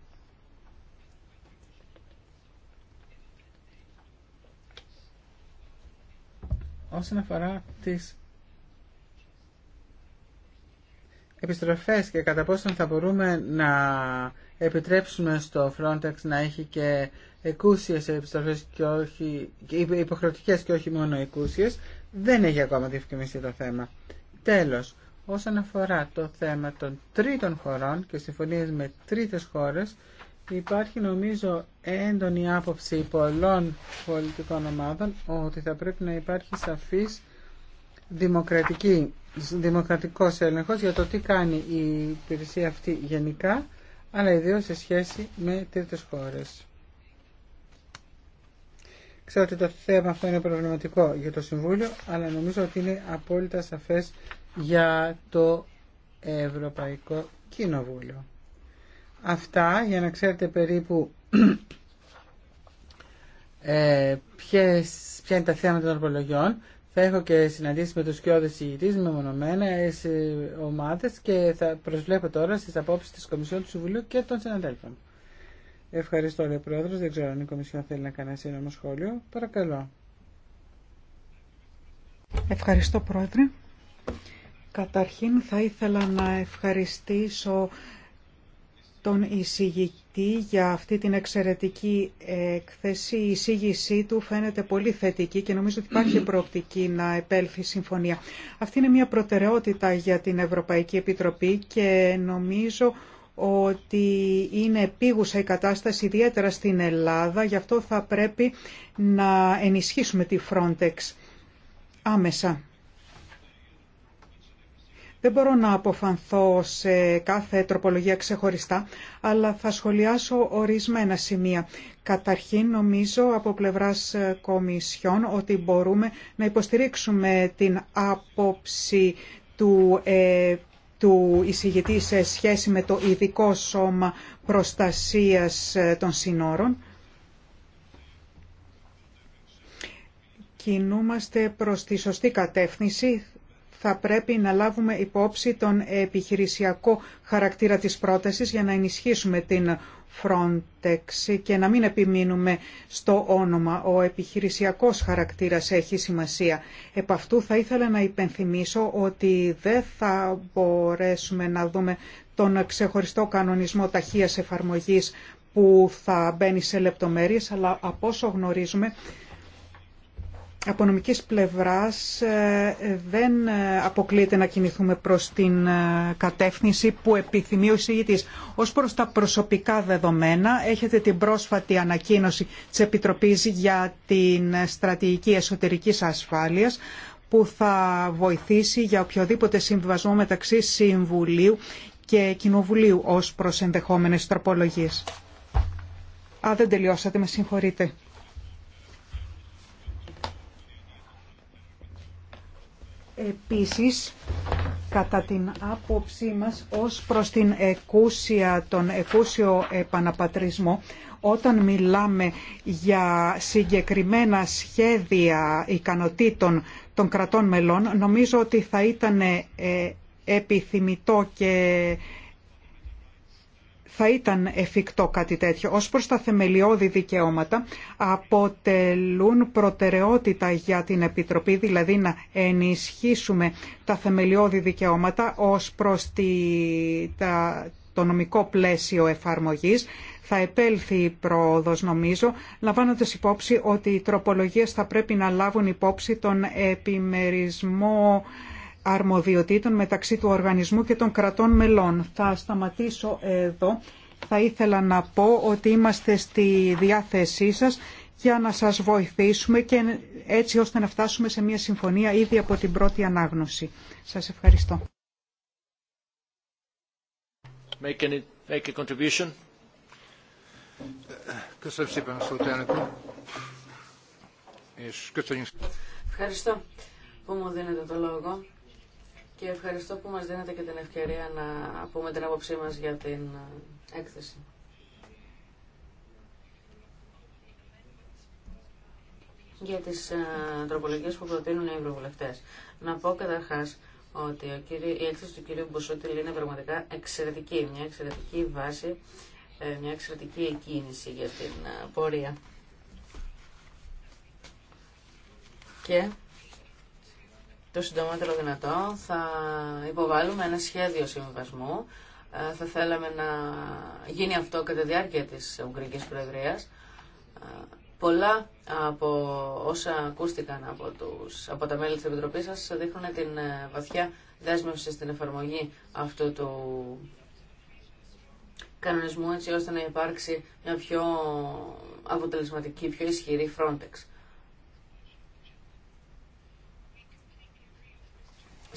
Όσον αφορά τις επιστροφές και κατά πόσο θα μπορούμε να επιτρέψουμε στο Frontex να έχει και εκούσιες επιστροφέ και όχι, και και όχι μόνο εκούσιε, δεν έχει ακόμα διευκρινιστεί το θέμα. Τέλος, όσον αφορά το θέμα των τρίτων χωρών και συμφωνίε με τρίτες χώρες, υπάρχει νομίζω έντονη άποψη πολλών πολιτικών ομάδων ότι θα πρέπει να υπάρχει σαφής δημοκρατική, δημοκρατικός έλεγχος για το τι κάνει η υπηρεσία αυτή γενικά, αλλά ιδίως σε σχέση με τρίτες χώρες. Ξέρω ότι το θέμα αυτό είναι προβληματικό για το Συμβούλιο, αλλά νομίζω ότι είναι απόλυτα σαφές για το Ευρωπαϊκό Κοινοβούλιο. Αυτά για να ξέρετε περίπου ε, ποιες, ποια είναι τα θέματα των απολογιών. Θα έχω και συναντήσει με τους κοιόδες με μονομένα ε, ομάδες και θα προσβλέπω τώρα στις απόψεις της Κομισιόν του Συμβουλίου και των συναντέλφων. Ευχαριστώ, λέει Πρόεδρος. Δεν ξέρω αν η Κομισιόν θέλει να κάνει ένα σύνομο σχόλιο. Παρακαλώ. Ευχαριστώ, Πρόεδρε. Καταρχήν θα ήθελα να ευχαριστήσω τον εισηγητή για αυτή την εξαιρετική εκθέση. Η εισήγησή του φαίνεται πολύ θετική και νομίζω ότι υπάρχει προοπτική να επέλθει συμφωνία. Αυτή είναι μια προτεραιότητα για την Ευρωπαϊκή Επιτροπή και νομίζω ότι είναι επίγουσα η κατάσταση ιδιαίτερα στην Ελλάδα, γι' αυτό θα πρέπει να ενισχύσουμε τη Frontex άμεσα. Δεν μπορώ να αποφανθώ σε κάθε τροπολογία ξεχωριστά, αλλά θα σχολιάσω ορισμένα σημεία. Καταρχήν, νομίζω από πλευράς Κομισιόν ότι μπορούμε να υποστηρίξουμε την άποψη του ε, του εισηγητή σε σχέση με το ειδικό σώμα προστασίας ε, των συνόρων. Κινούμαστε προς τη σωστή κατεύθυνση. Θα πρέπει να λάβουμε υπόψη τον επιχειρησιακό χαρακτήρα της πρότασης για να ενισχύσουμε την Frontex και να μην επιμείνουμε στο όνομα. Ο επιχειρησιακός χαρακτήρας έχει σημασία. Επ' αυτού θα ήθελα να υπενθυμίσω ότι δεν θα μπορέσουμε να δούμε τον ξεχωριστό κανονισμό ταχείας εφαρμογής που θα μπαίνει σε λεπτομέρειες, αλλά από όσο γνωρίζουμε από νομικής πλευράς ε, δεν ε, αποκλείεται να κινηθούμε προς την ε, κατεύθυνση που επιθυμεί ο εισηγητής. Ως προς τα προσωπικά δεδομένα έχετε την πρόσφατη ανακοίνωση της Επιτροπής για την στρατηγική εσωτερικής ασφάλειας που θα βοηθήσει για οποιοδήποτε συμβιβασμό μεταξύ Συμβουλίου και Κοινοβουλίου ως προς ενδεχόμενες τροπολογίες. Α, δεν τελειώσατε, με συγχωρείτε. Επίσης, κατά την άποψή μας ως προς την εκούσια, τον εκούσιο επαναπατρισμό, όταν μιλάμε για συγκεκριμένα σχέδια ικανοτήτων των κρατών μελών, νομίζω ότι θα ήταν ε, επιθυμητό και θα ήταν εφικτό κάτι τέτοιο. Ως προς τα θεμελιώδη δικαιώματα αποτελούν προτεραιότητα για την Επιτροπή, δηλαδή να ενισχύσουμε τα θεμελιώδη δικαιώματα ως προς τη, τα, το νομικό πλαίσιο εφαρμογής. Θα επέλθει η πρόοδος νομίζω, λαμβάνοντας υπόψη ότι οι τροπολογίες θα πρέπει να λάβουν υπόψη τον επιμερισμό αρμοδιοτήτων μεταξύ του οργανισμού και των κρατών μελών. Θα σταματήσω εδώ. Θα ήθελα να πω ότι είμαστε στη διάθεσή σας για να σας βοηθήσουμε και έτσι ώστε να φτάσουμε σε μια συμφωνία ήδη από την πρώτη ανάγνωση. Σας ευχαριστώ. Make a contribution. Ευχαριστώ που μου δίνετε το λόγο και ευχαριστώ που μας δίνετε και την ευκαιρία να πούμε την άποψή μας για την ε, έκθεση. για τις ε, τροπολογίες που προτείνουν οι ευρωβουλευτές. Να πω καταρχάς ότι η έκθεση του κυρίου Μπουσούτηλ είναι πραγματικά εξαιρετική, μια εξαιρετική βάση, ε, μια εξαιρετική εκκίνηση για την πορεία. Και το συντομότερο δυνατό θα υποβάλουμε ένα σχέδιο συμβασμού. Ε, θα θέλαμε να γίνει αυτό κατά τη διάρκεια της Ουγγρικής Προεδρίας. Ε, πολλά από όσα ακούστηκαν από, τους, από τα μέλη της Επιτροπής σας δείχνουν την ε, βαθιά δέσμευση στην εφαρμογή αυτού του κανονισμού έτσι ώστε να υπάρξει μια πιο αποτελεσματική, πιο ισχυρή Frontex.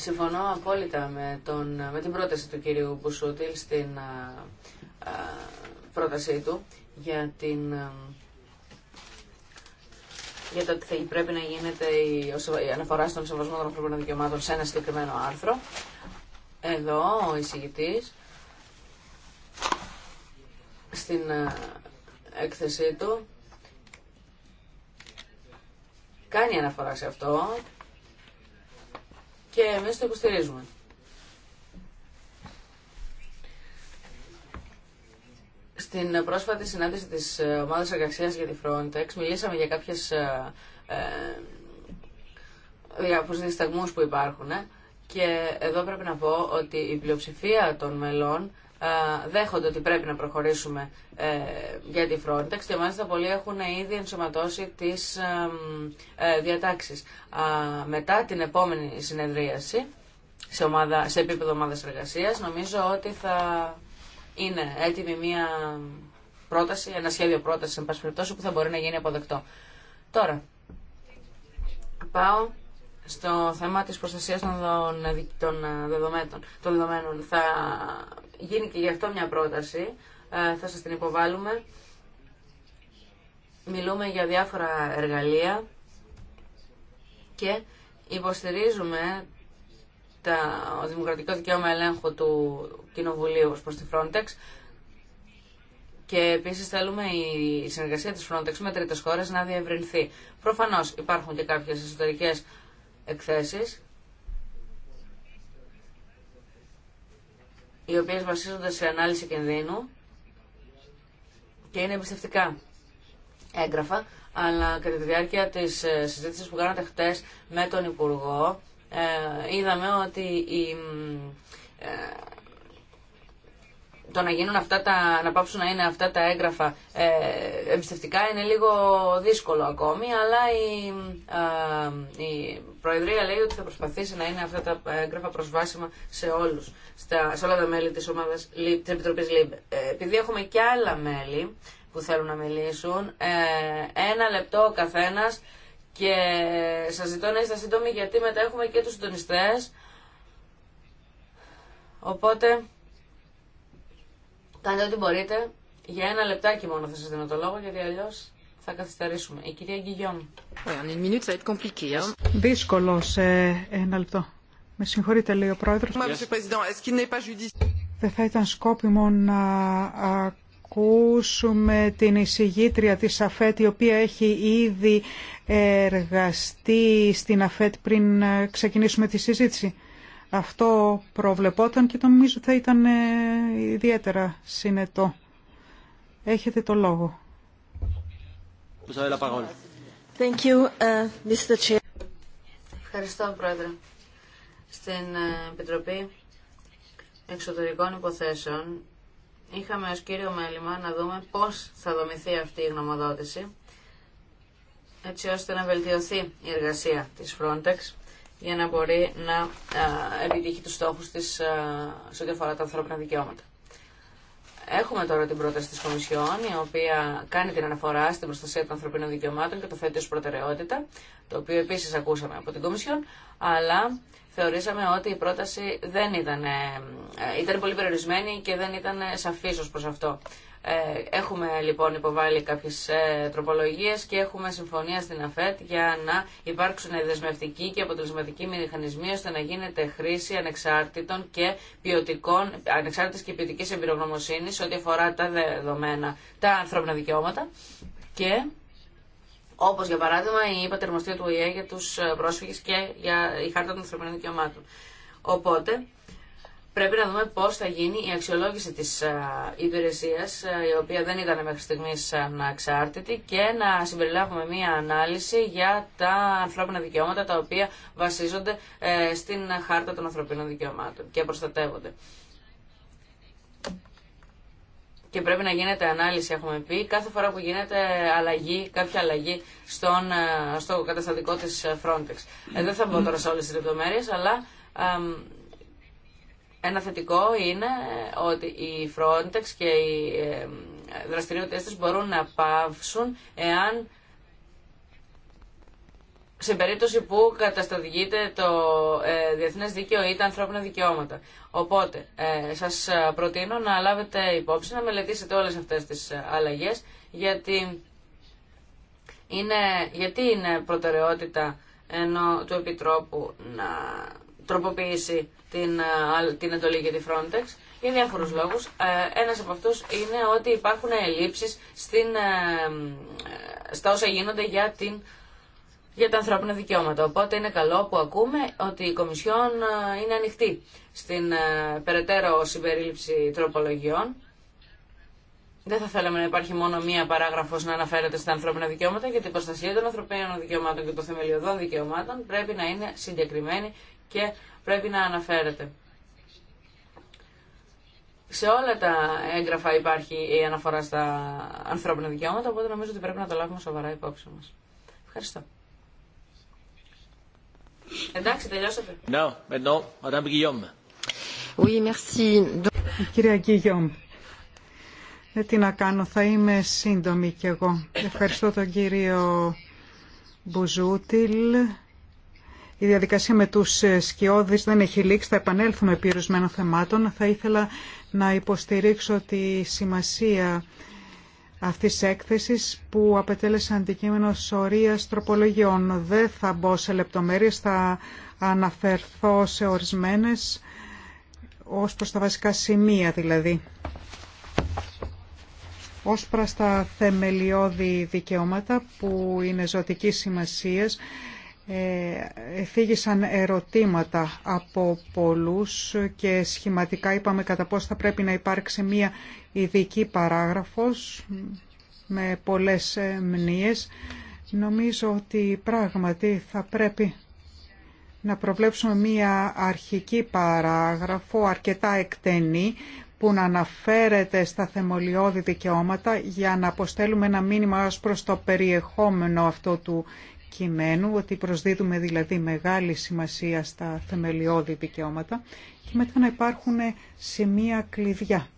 Συμφωνώ απόλυτα με, τον, με την πρόταση του κυρίου Μπουσούτιλ στην α, πρότασή του για την για το ότι θα πρέπει να γίνεται η, αναφορά στον σεβασμό των ανθρωπίνων δικαιωμάτων σε ένα συγκεκριμένο άρθρο. Εδώ ο εισηγητής στην έκθεσή του κάνει αναφορά σε αυτό και εμείς το υποστηρίζουμε. Στην πρόσφατη συνάντηση της ε, ομάδας εργασίας για τη Frontex μιλήσαμε για κάποιες ε, ε που υπάρχουν ε. και εδώ πρέπει να πω ότι η πλειοψηφία των μελών ε, δέχονται ότι πρέπει να προχωρήσουμε ε, για τη Frontex και μάλιστα πολλοί έχουν ήδη ενσωματώσει τις ε, διατάξεις. Μετά την επόμενη συνεδρίαση σε, ομάδα, σε επίπεδο ομάδας εργασίας νομίζω ότι θα είναι έτοιμη μια πρόταση, ένα σχέδιο πρόταση εν πάση που θα μπορεί να γίνει αποδεκτό. Τώρα, πάω στο θέμα της προστασίας των, δεδομένων. των δεδομένων. Θα γίνει και γι' αυτό μια πρόταση, ε, θα σας την υποβάλουμε. Μιλούμε για διάφορα εργαλεία και υποστηρίζουμε τα, το δημοκρατικό δικαίωμα ελέγχου του Κοινοβουλίου προς τη Frontex και επίσης θέλουμε η συνεργασία της Frontex με τρίτες χώρες να διευρυνθεί. Προφανώς υπάρχουν και κάποιες εσωτερικές εκθέσεις οι οποίες βασίζονται σε ανάλυση κινδύνου και είναι εμπιστευτικά έγγραφα, αλλά κατά τη διάρκεια της ε, συζήτησης που κάνατε χτες με τον Υπουργό, ε, είδαμε ότι η, ε, το να γίνουν αυτά τα, να πάψουν να είναι αυτά τα έγγραφα ε, εμπιστευτικά είναι λίγο δύσκολο ακόμη, αλλά η, η Προεδρία λέει ότι θα προσπαθήσει να είναι αυτά τα έγγραφα προσβάσιμα σε όλους, στα, σε όλα τα μέλη της, ομάδας, της Επιτροπής ΛΥΜΠ. Ε, επειδή έχουμε και άλλα μέλη που θέλουν να μιλήσουν, ε, ένα λεπτό ο καθένας και σας ζητώ να είστε σύντομοι γιατί μετά έχουμε και τους συντονιστές. Οπότε... Κάντε ό,τι μπορείτε. Για ένα λεπτάκι μόνο θα σα δίνω το λόγο, γιατί αλλιώ θα καθυστερήσουμε. Η κυρία Γκυγιόμ. Δύσκολο σε ένα λεπτό. Με συγχωρείτε, λέει ο πρόεδρο. Δεν θα ήταν σκόπιμο να ακούσουμε την εισηγήτρια της ΑΦΕΤ η οποία έχει ήδη εργαστεί στην ΑΦΕΤ πριν ξεκινήσουμε τη συζήτηση. Αυτό προβλεπόταν και το νομίζω θα ήταν ε, ιδιαίτερα συνετό. Έχετε το λόγο. Thank you, uh, Mr. Chair. Ευχαριστώ, Πρόεδρε. Στην ε, Επιτροπή Εξωτερικών Υποθέσεων είχαμε ως κύριο μέλημα να δούμε πώς θα δομηθεί αυτή η γνωμοδότηση έτσι ώστε να βελτιωθεί η εργασία της Frontex για να μπορεί να επιτύχει τους στόχους της σε ό,τι αφορά τα ανθρώπινα δικαιώματα. Έχουμε τώρα την πρόταση της Κομισιόν, η οποία κάνει την αναφορά στην προστασία των ανθρωπίνων δικαιωμάτων και το θέτει ως προτεραιότητα, το οποίο επίσης ακούσαμε από την Κομισιόν, αλλά θεωρήσαμε ότι η πρόταση δεν ήταν, ε, ήταν πολύ περιορισμένη και δεν ήταν σαφής ως προς αυτό. Ε, έχουμε λοιπόν υποβάλει κάποιες ε, τροπολογίες και έχουμε συμφωνία στην ΑΦΕΤ για να υπάρξουν δεσμευτικοί και αποτελεσματικοί μηχανισμοί ώστε να γίνεται χρήση ανεξάρτητων και ποιοτικών, ανεξάρτητης και ποιοτικής εμπειρογνωμοσύνης ό,τι αφορά τα δεδομένα, τα ανθρώπινα δικαιώματα και Όπω για παράδειγμα η υπατερμοστία του ΟΗΕ για του πρόσφυγε και για η Χάρτα των Ανθρωπίνων Δικαιωμάτων. Οπότε πρέπει να δούμε πώς θα γίνει η αξιολόγηση της ε, υπηρεσίας, ε, η οποία δεν ήταν μέχρι στιγμής αναξάρτητη, και να συμπεριλάβουμε μία ανάλυση για τα ανθρώπινα δικαιώματα, τα οποία βασίζονται ε, στην χάρτα των ανθρωπίνων δικαιωμάτων και προστατεύονται. Και πρέπει να γίνεται ανάλυση, έχουμε πει, κάθε φορά που γίνεται αλλαγή, κάποια αλλαγή στον, στο καταστατικό της Frontex. δεν θα μπω τώρα σε όλες τις λεπτομέρειες, αλλά ένα θετικό είναι ότι οι Frontex και οι δραστηριότητες τους μπορούν να πάυσουν εάν σε περίπτωση που καταστατηγείται το ε, διεθνές δίκαιο ή τα ανθρώπινα δικαιώματα. Οπότε, ε, σας προτείνω να λάβετε υπόψη, να μελετήσετε όλες αυτές τις αλλαγές, γιατί είναι, γιατί είναι προτεραιότητα ενώ του Επιτρόπου να τροποποιήσει την, ε, την εντολή για τη Frontex για διάφορους λόγους. Ε, ένας από αυτούς είναι ότι υπάρχουν ελλείψεις στην, ε, στα όσα γίνονται για, την, για τα ανθρώπινα δικαιώματα. Οπότε είναι καλό που ακούμε ότι η Κομισιόν είναι ανοιχτή στην περαιτέρω συμπερίληψη τροπολογιών. Δεν θα θέλαμε να υπάρχει μόνο μία παράγραφο να αναφέρεται στα ανθρώπινα δικαιώματα, γιατί η προστασία των ανθρωπίνων δικαιωμάτων και των θεμελιωδών δικαιωμάτων πρέπει να είναι συγκεκριμένη και πρέπει να αναφέρεται. Σε όλα τα έγγραφα υπάρχει η αναφορά στα ανθρώπινα δικαιώματα, οπότε νομίζω ότι πρέπει να το λάβουμε σοβαρά υπόψη μα. Ευχαριστώ. Εντάξει, τελειώσατε. Ναι, Madame Guillaume. Oui, merci. Κυρία Γκίγιομ, τι να κάνω, θα είμαι σύντομη κι εγώ. Ευχαριστώ τον κύριο Μπουζούτιλ η διαδικασία με τους ε, σκιώδεις δεν έχει λήξει, θα επανέλθουμε επί ορισμένων θεμάτων. Θα ήθελα να υποστηρίξω τη σημασία αυτής της έκθεσης που απαιτέλεσε αντικείμενο σωρίας τροπολογιών. Δεν θα μπω σε λεπτομέρειες, θα αναφερθώ σε ορισμένες ως προς τα βασικά σημεία δηλαδή. Ως προς τα θεμελιώδη δικαιώματα που είναι ζωτική σημασίας, ε, εφήγησαν ερωτήματα από πολλούς και σχηματικά είπαμε κατά πώς θα πρέπει να υπάρξει μία ειδική παράγραφος με πολλές ε, μνήες. Νομίζω ότι πράγματι θα πρέπει να προβλέψουμε μία αρχική παράγραφο αρκετά εκτενή που να αναφέρεται στα θεμολιώδη δικαιώματα για να αποστέλουμε ένα μήνυμα ως προς το περιεχόμενο αυτό του κειμένου, ότι προσδίδουμε δηλαδή μεγάλη σημασία στα θεμελιώδη δικαιώματα και μετά να υπάρχουν μία κλειδιά.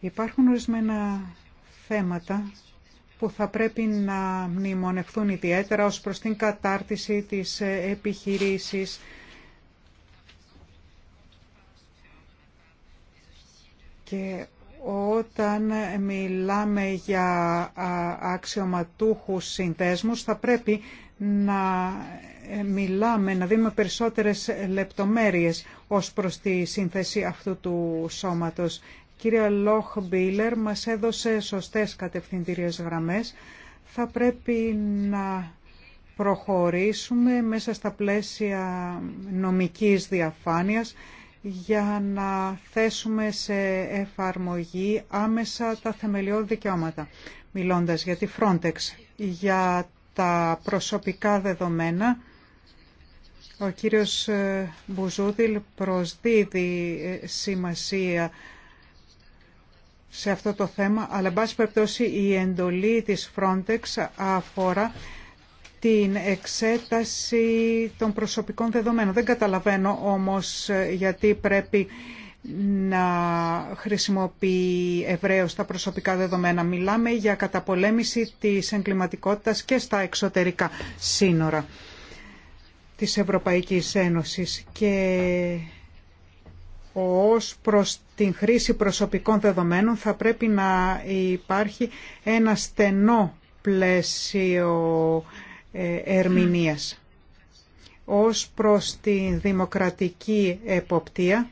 Υπάρχουν ορισμένα θέματα που θα πρέπει να μνημονευθούν ιδιαίτερα ως προς την κατάρτιση της επιχειρήσης και όταν μιλάμε για αξιωματούχους συνδέσμους θα πρέπει να ε, μιλάμε, να δίνουμε περισσότερες λεπτομέρειες ως προς τη σύνθεση αυτού του σώματος. Κύριε Λόχ Μπίλερ μας έδωσε σωστές κατευθυντήριες γραμμές. Θα πρέπει να προχωρήσουμε μέσα στα πλαίσια νομικής διαφάνειας για να θέσουμε σε εφαρμογή άμεσα τα θεμελιώδη δικαιώματα. Μιλώντας για τη Frontex, για τα προσωπικά δεδομένα, ο κύριος ε, Μπουζούδηλ προσδίδει ε, σημασία σε αυτό το θέμα, αλλά εν περιπτώσει η εντολή της Frontex αφορά την εξέταση των προσωπικών δεδομένων. Δεν καταλαβαίνω όμως ε, γιατί πρέπει να χρησιμοποιεί ευρέως τα προσωπικά δεδομένα. Μιλάμε για καταπολέμηση της εγκληματικότητας και στα εξωτερικά σύνορα της Ευρωπαϊκής Ένωσης και ως προς την χρήση προσωπικών δεδομένων θα πρέπει να υπάρχει ένα στενό πλαίσιο ε, ερμηνείας. Ως προς τη δημοκρατική εποπτεία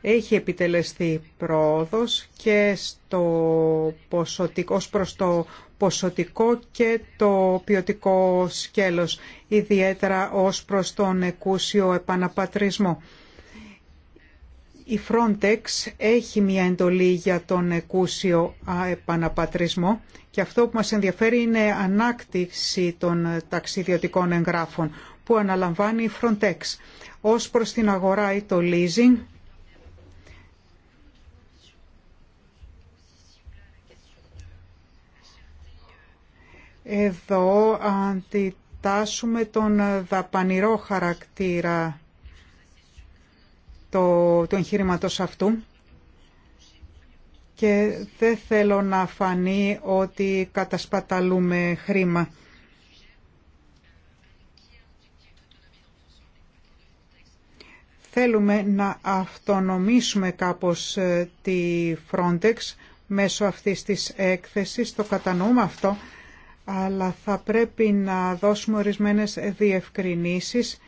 έχει επιτελεστεί πρόοδος και στο ποσοτικό, ως προς το ποσοτικό και το ποιοτικό σκέλος, ιδιαίτερα ως προς τον εκούσιο επαναπατρισμό. Η Frontex έχει μια εντολή για τον εκούσιο επαναπατρισμό και αυτό που μας ενδιαφέρει είναι ανάκτηση των ταξιδιωτικών εγγράφων που αναλαμβάνει η Frontex. Ως προς την αγορά ή το leasing, εδώ αντιτάσσουμε τον δαπανηρό χαρακτήρα το, του εγχείρηματος αυτού και δεν θέλω να φανεί ότι κατασπαταλούμε χρήμα. Θέλουμε να αυτονομήσουμε κάπως ε, τη Frontex μέσω αυτής της έκθεσης, το κατανοούμε αυτό, αλλά θα πρέπει να δώσουμε ορισμένες διευκρινήσεις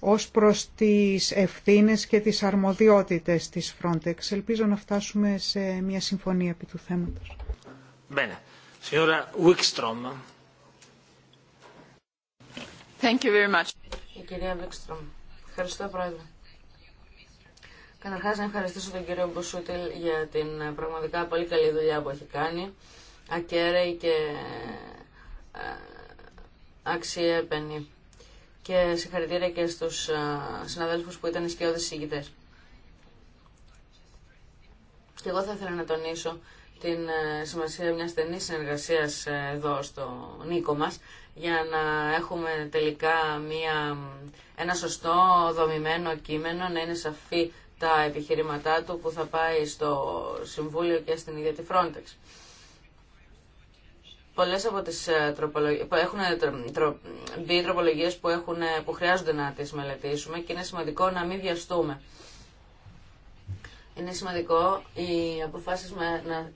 ως προς τις ευθύνες και τις αρμοδιότητες της Frontex. Ελπίζω να φτάσουμε σε μια συμφωνία επί του θέματος. Bene. Signora Thank you very much. Η κυρία Ευχαριστώ, Πρόεδρε. Καταρχάς, να ευχαριστήσω τον κύριο Μπουσούτιλ για την ε, πραγματικά πολύ καλή δουλειά που έχει κάνει. Ακέραιη και ε, ε, αξιέπαινη και συγχαρητήρια και στους συναδέλφους που ήταν οι σκιώδες Και εγώ θα ήθελα να τονίσω την ε, σημασία μιας στενής συνεργασίας ε, εδώ στο Νίκο μας για να έχουμε τελικά μια, ένα σωστό δομημένο κείμενο, να είναι σαφή τα επιχειρηματά του που θα πάει στο Συμβούλιο και στην ίδια τη Frontex. Πολλές από τις τροπολογίες, έχουν που, που χρειάζονται να τις μελετήσουμε και είναι σημαντικό να μην βιαστούμε. Είναι σημαντικό οι αποφάσεις, με, να,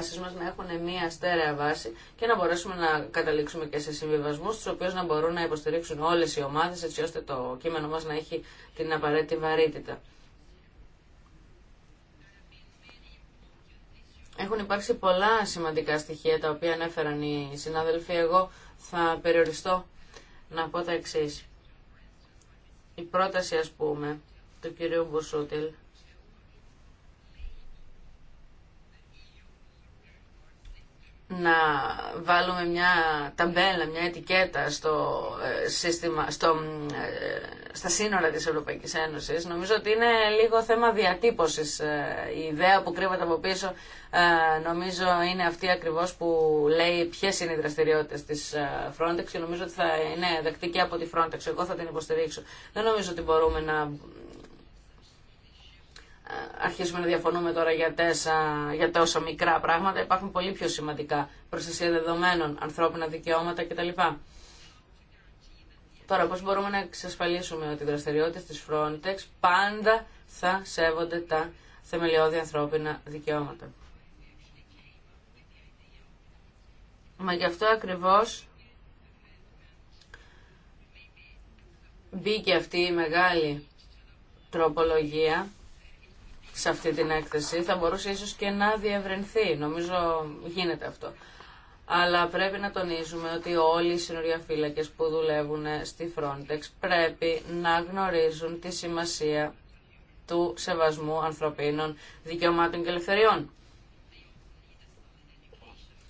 μας να έχουν μία στέρεα βάση και να μπορέσουμε να καταλήξουμε και σε συμβιβασμούς στους οποίους να μπορούν να υποστηρίξουν όλες οι ομάδες έτσι ώστε το κείμενο μας να έχει την απαραίτητη βαρύτητα. Έχουν υπάρξει πολλά σημαντικά στοιχεία τα οποία ανέφεραν οι συνάδελφοι. Εγώ θα περιοριστώ να πω τα εξή. Η πρόταση, ας πούμε, του κυρίου Μπουσούτιλ να βάλουμε μια ταμπέλα, μια ετικέτα στο ε, σύστημα, στο, ε, στα σύνορα της Ευρωπαϊκής Ένωσης. Νομίζω ότι είναι λίγο θέμα διατύπωσης. Ε, η ιδέα που κρύβεται από πίσω νομίζω είναι αυτή ακριβώς που λέει ποιες είναι οι δραστηριότητες της Frontex και νομίζω ότι θα είναι δεκτική από τη Frontex. Εγώ θα την υποστηρίξω. Δεν νομίζω ότι μπορούμε να αρχίσουμε να διαφωνούμε τώρα για, τέσα, για τόσα μικρά πράγματα. Υπάρχουν πολύ πιο σημαντικά προστασία δεδομένων, ανθρώπινα δικαιώματα κτλ. Τώρα, πώς μπορούμε να εξασφαλίσουμε ότι οι δραστηριότητες της Frontex πάντα θα σέβονται τα θεμελιώδη ανθρώπινα δικαιώματα. Μα γι' αυτό ακριβώς μπήκε αυτή η μεγάλη τροπολογία σε αυτή την έκθεση. Θα μπορούσε ίσως και να διευρυνθεί. Νομίζω γίνεται αυτό. Αλλά πρέπει να τονίζουμε ότι όλοι οι συνοριαφύλακες που δουλεύουν στη Frontex πρέπει να γνωρίζουν τη σημασία του σεβασμού ανθρωπίνων δικαιωμάτων και ελευθεριών.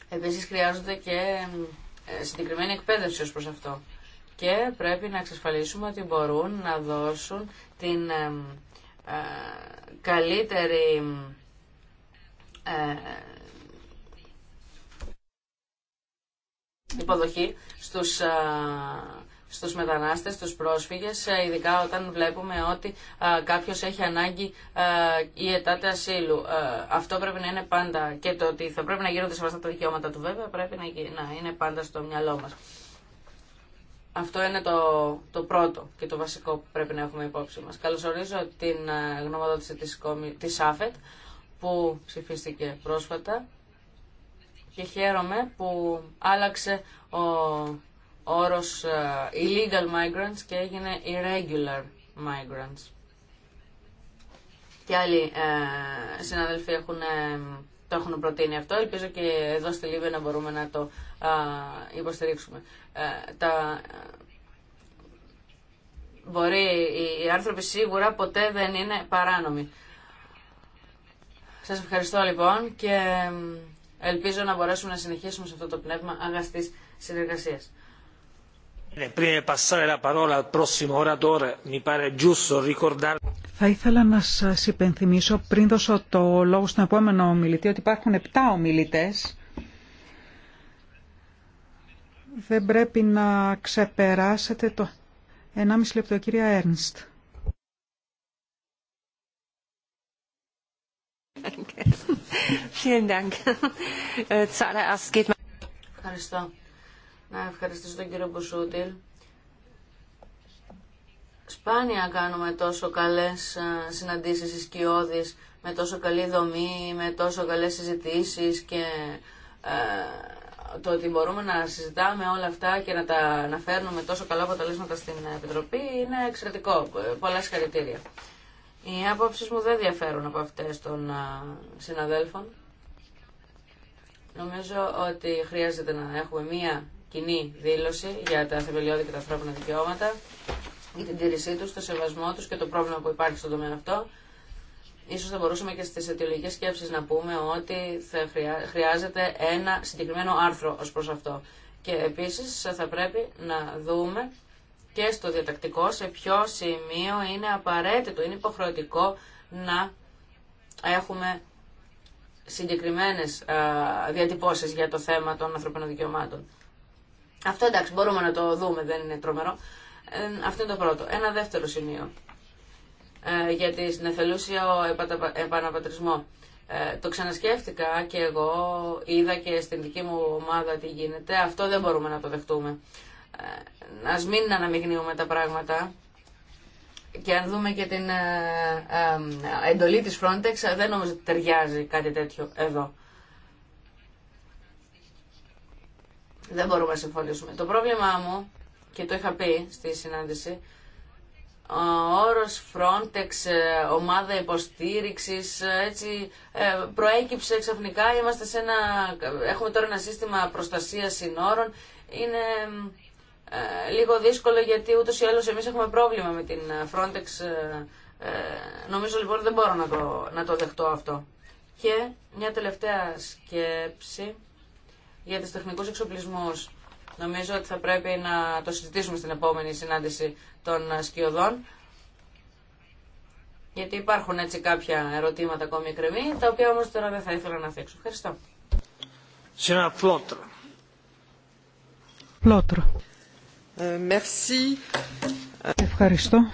Επίσης χρειάζονται και ε, συγκεκριμένη εκπαίδευση ως προς αυτό. Και πρέπει να εξασφαλίσουμε ότι μπορούν να δώσουν την ε, καλύτερη ε, υποδοχή στους, ε, στους μετανάστες, στους πρόσφυγες, ειδικά όταν βλέπουμε ότι κάποιος έχει ανάγκη η ετάτε ασύλου. Αυτό πρέπει να είναι πάντα και το ότι θα πρέπει να γίνονται αυτά τα δικαιώματα του βέβαια πρέπει να είναι πάντα στο μυαλό μας. Αυτό είναι το, το πρώτο και το βασικό που πρέπει να έχουμε υπόψη μας. Καλωσορίζω την ε, γνωμοδότηση της, της ΑΦΕΤ που ψηφίστηκε πρόσφατα και χαίρομαι που άλλαξε ο όρος ε, illegal migrants και έγινε irregular migrants. Και άλλοι ε, συναδελφοί έχουν ε, το έχουν προτείνει αυτό. Ελπίζω και εδώ στη Λίβη να μπορούμε να το υποστηρίξουμε. Ε, τα, μπορεί, οι άνθρωποι σίγουρα ποτέ δεν είναι παράνομοι. Σας ευχαριστώ λοιπόν και ελπίζω να μπορέσουμε να συνεχίσουμε σε αυτό το πνεύμα αγαστής συνεργασίας. Θα ήθελα να σας υπενθυμίσω πριν δώσω το λόγο στον επόμενο ομιλητή ότι υπάρχουν 7 ομιλητές. Δεν πρέπει να ξεπεράσετε το 1,5 λεπτό κυρία Έρνστ. Ευχαριστώ να ευχαριστήσω τον κύριο Μπουσούτιλ. Σπάνια κάνουμε τόσο καλές συναντήσεις ισκιώδης, με τόσο καλή δομή, με τόσο καλές συζητήσεις και το ότι μπορούμε να συζητάμε όλα αυτά και να, τα, να φέρνουμε τόσο καλά αποτελέσματα στην Επιτροπή είναι εξαιρετικό. Πολλά συγχαρητήρια. Οι άποψεις μου δεν διαφέρουν από αυτές των συναδέλφων. Νομίζω ότι χρειάζεται να έχουμε μία κοινή δήλωση για τα θεμελιώδη και τα ανθρώπινα δικαιώματα, για την τήρησή του, το σεβασμό του και το πρόβλημα που υπάρχει στον τομέα αυτό. Ίσως θα μπορούσαμε και στις αιτιολογικές σκέψεις να πούμε ότι θα χρειάζεται ένα συγκεκριμένο άρθρο ως προς αυτό. Και επίσης θα πρέπει να δούμε και στο διατακτικό σε ποιο σημείο είναι απαραίτητο, είναι υποχρεωτικό να έχουμε συγκεκριμένες διατυπώσεις για το θέμα των ανθρωπίνων δικαιωμάτων. Αυτό εντάξει μπορούμε να το δούμε, δεν είναι τρομερό. Ε, αυτό είναι το πρώτο. Ένα δεύτερο σημείο ε, για την εθελούσια επαναπατρισμό. Ε, το ξανασκέφτηκα και εγώ, είδα και στην δική μου ομάδα τι γίνεται. Αυτό δεν μπορούμε να το δεχτούμε. Ε, ας μην αναμειγνύουμε τα πράγματα και αν δούμε και την ε, ε, ε, εντολή της Frontex δεν νομίζω ότι ταιριάζει κάτι τέτοιο εδώ. δεν μπορούμε να συμφωνήσουμε. Το πρόβλημά μου, και το είχα πει στη συνάντηση, ο όρος Frontex, ε, ομάδα υποστήριξης, ε, έτσι ε, προέκυψε ξαφνικά, είμαστε σε ένα, έχουμε τώρα ένα σύστημα προστασίας συνόρων, είναι λίγο δύσκολο γιατί ούτως ή άλλως εμείς έχουμε πρόβλημα με την Frontex, νομίζω λοιπόν δεν μπορώ να το, να το δεχτώ αυτό. Και μια τελευταία σκέψη για τους τεχνικούς εξοπλισμούς. Νομίζω ότι θα πρέπει να το συζητήσουμε στην επόμενη συνάντηση των σκιωδών. Γιατί υπάρχουν έτσι κάποια ερωτήματα ακόμη εκκρεμή, τα οποία όμως τώρα δεν θα ήθελα να θέξω. Ευχαριστώ. Σένα Φλότρο. Φλότρο. Ευχαριστώ.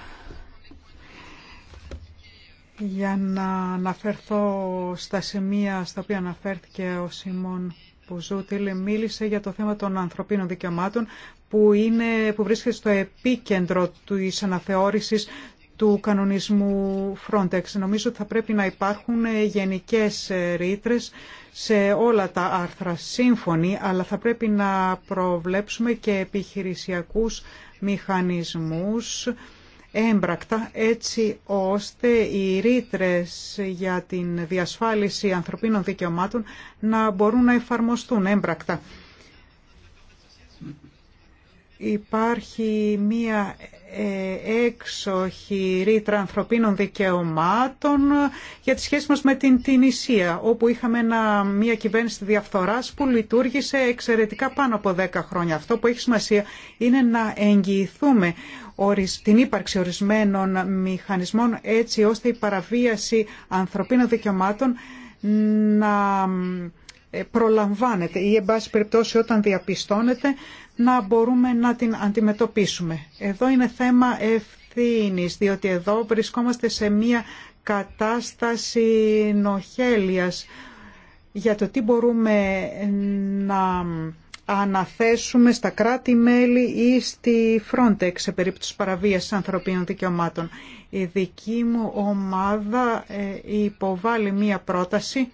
Για να αναφερθώ στα σημεία στα οποία αναφέρθηκε ο Σιμών Ζούτιλ μίλησε για το θέμα των ανθρωπίνων δικαιωμάτων που, είναι, που βρίσκεται στο επίκεντρο της αναθεώρησης του κανονισμού Frontex. Νομίζω ότι θα πρέπει να υπάρχουν γενικές ρήτρε σε όλα τα άρθρα σύμφωνοι, αλλά θα πρέπει να προβλέψουμε και επιχειρησιακούς μηχανισμούς έμπρακτα έτσι ώστε οι ρήτρες για την διασφάλιση ανθρωπίνων δικαιωμάτων να μπορούν να εφαρμοστούν έμπρακτα. Υπάρχει μία ε, έξοχη ρήτρα ανθρωπίνων δικαιωμάτων για τη σχέση μας με την Τινησία, όπου είχαμε ένα, μια κυβέρνηση διαφθοράς που λειτουργήσε εξαιρετικά πάνω από 10 χρόνια. Αυτό που έχει σημασία είναι να εγγυηθούμε την ύπαρξη ορισμένων μηχανισμών έτσι ώστε η παραβίαση ανθρωπίνων δικαιωμάτων να ε, προλαμβάνεται ή εν πάση περιπτώσει όταν διαπιστώνεται να μπορούμε να την αντιμετωπίσουμε. Εδώ είναι θέμα ευθύνης διότι εδώ βρισκόμαστε σε μια κατάσταση νοχέλιας για το τι μπορούμε να αναθέσουμε στα κράτη-μέλη ή στη Frontex σε περίπτωση παραβίαση ανθρωπίνων δικαιωμάτων. Η δική μου ομάδα ε, υποβάλλει μία πρόταση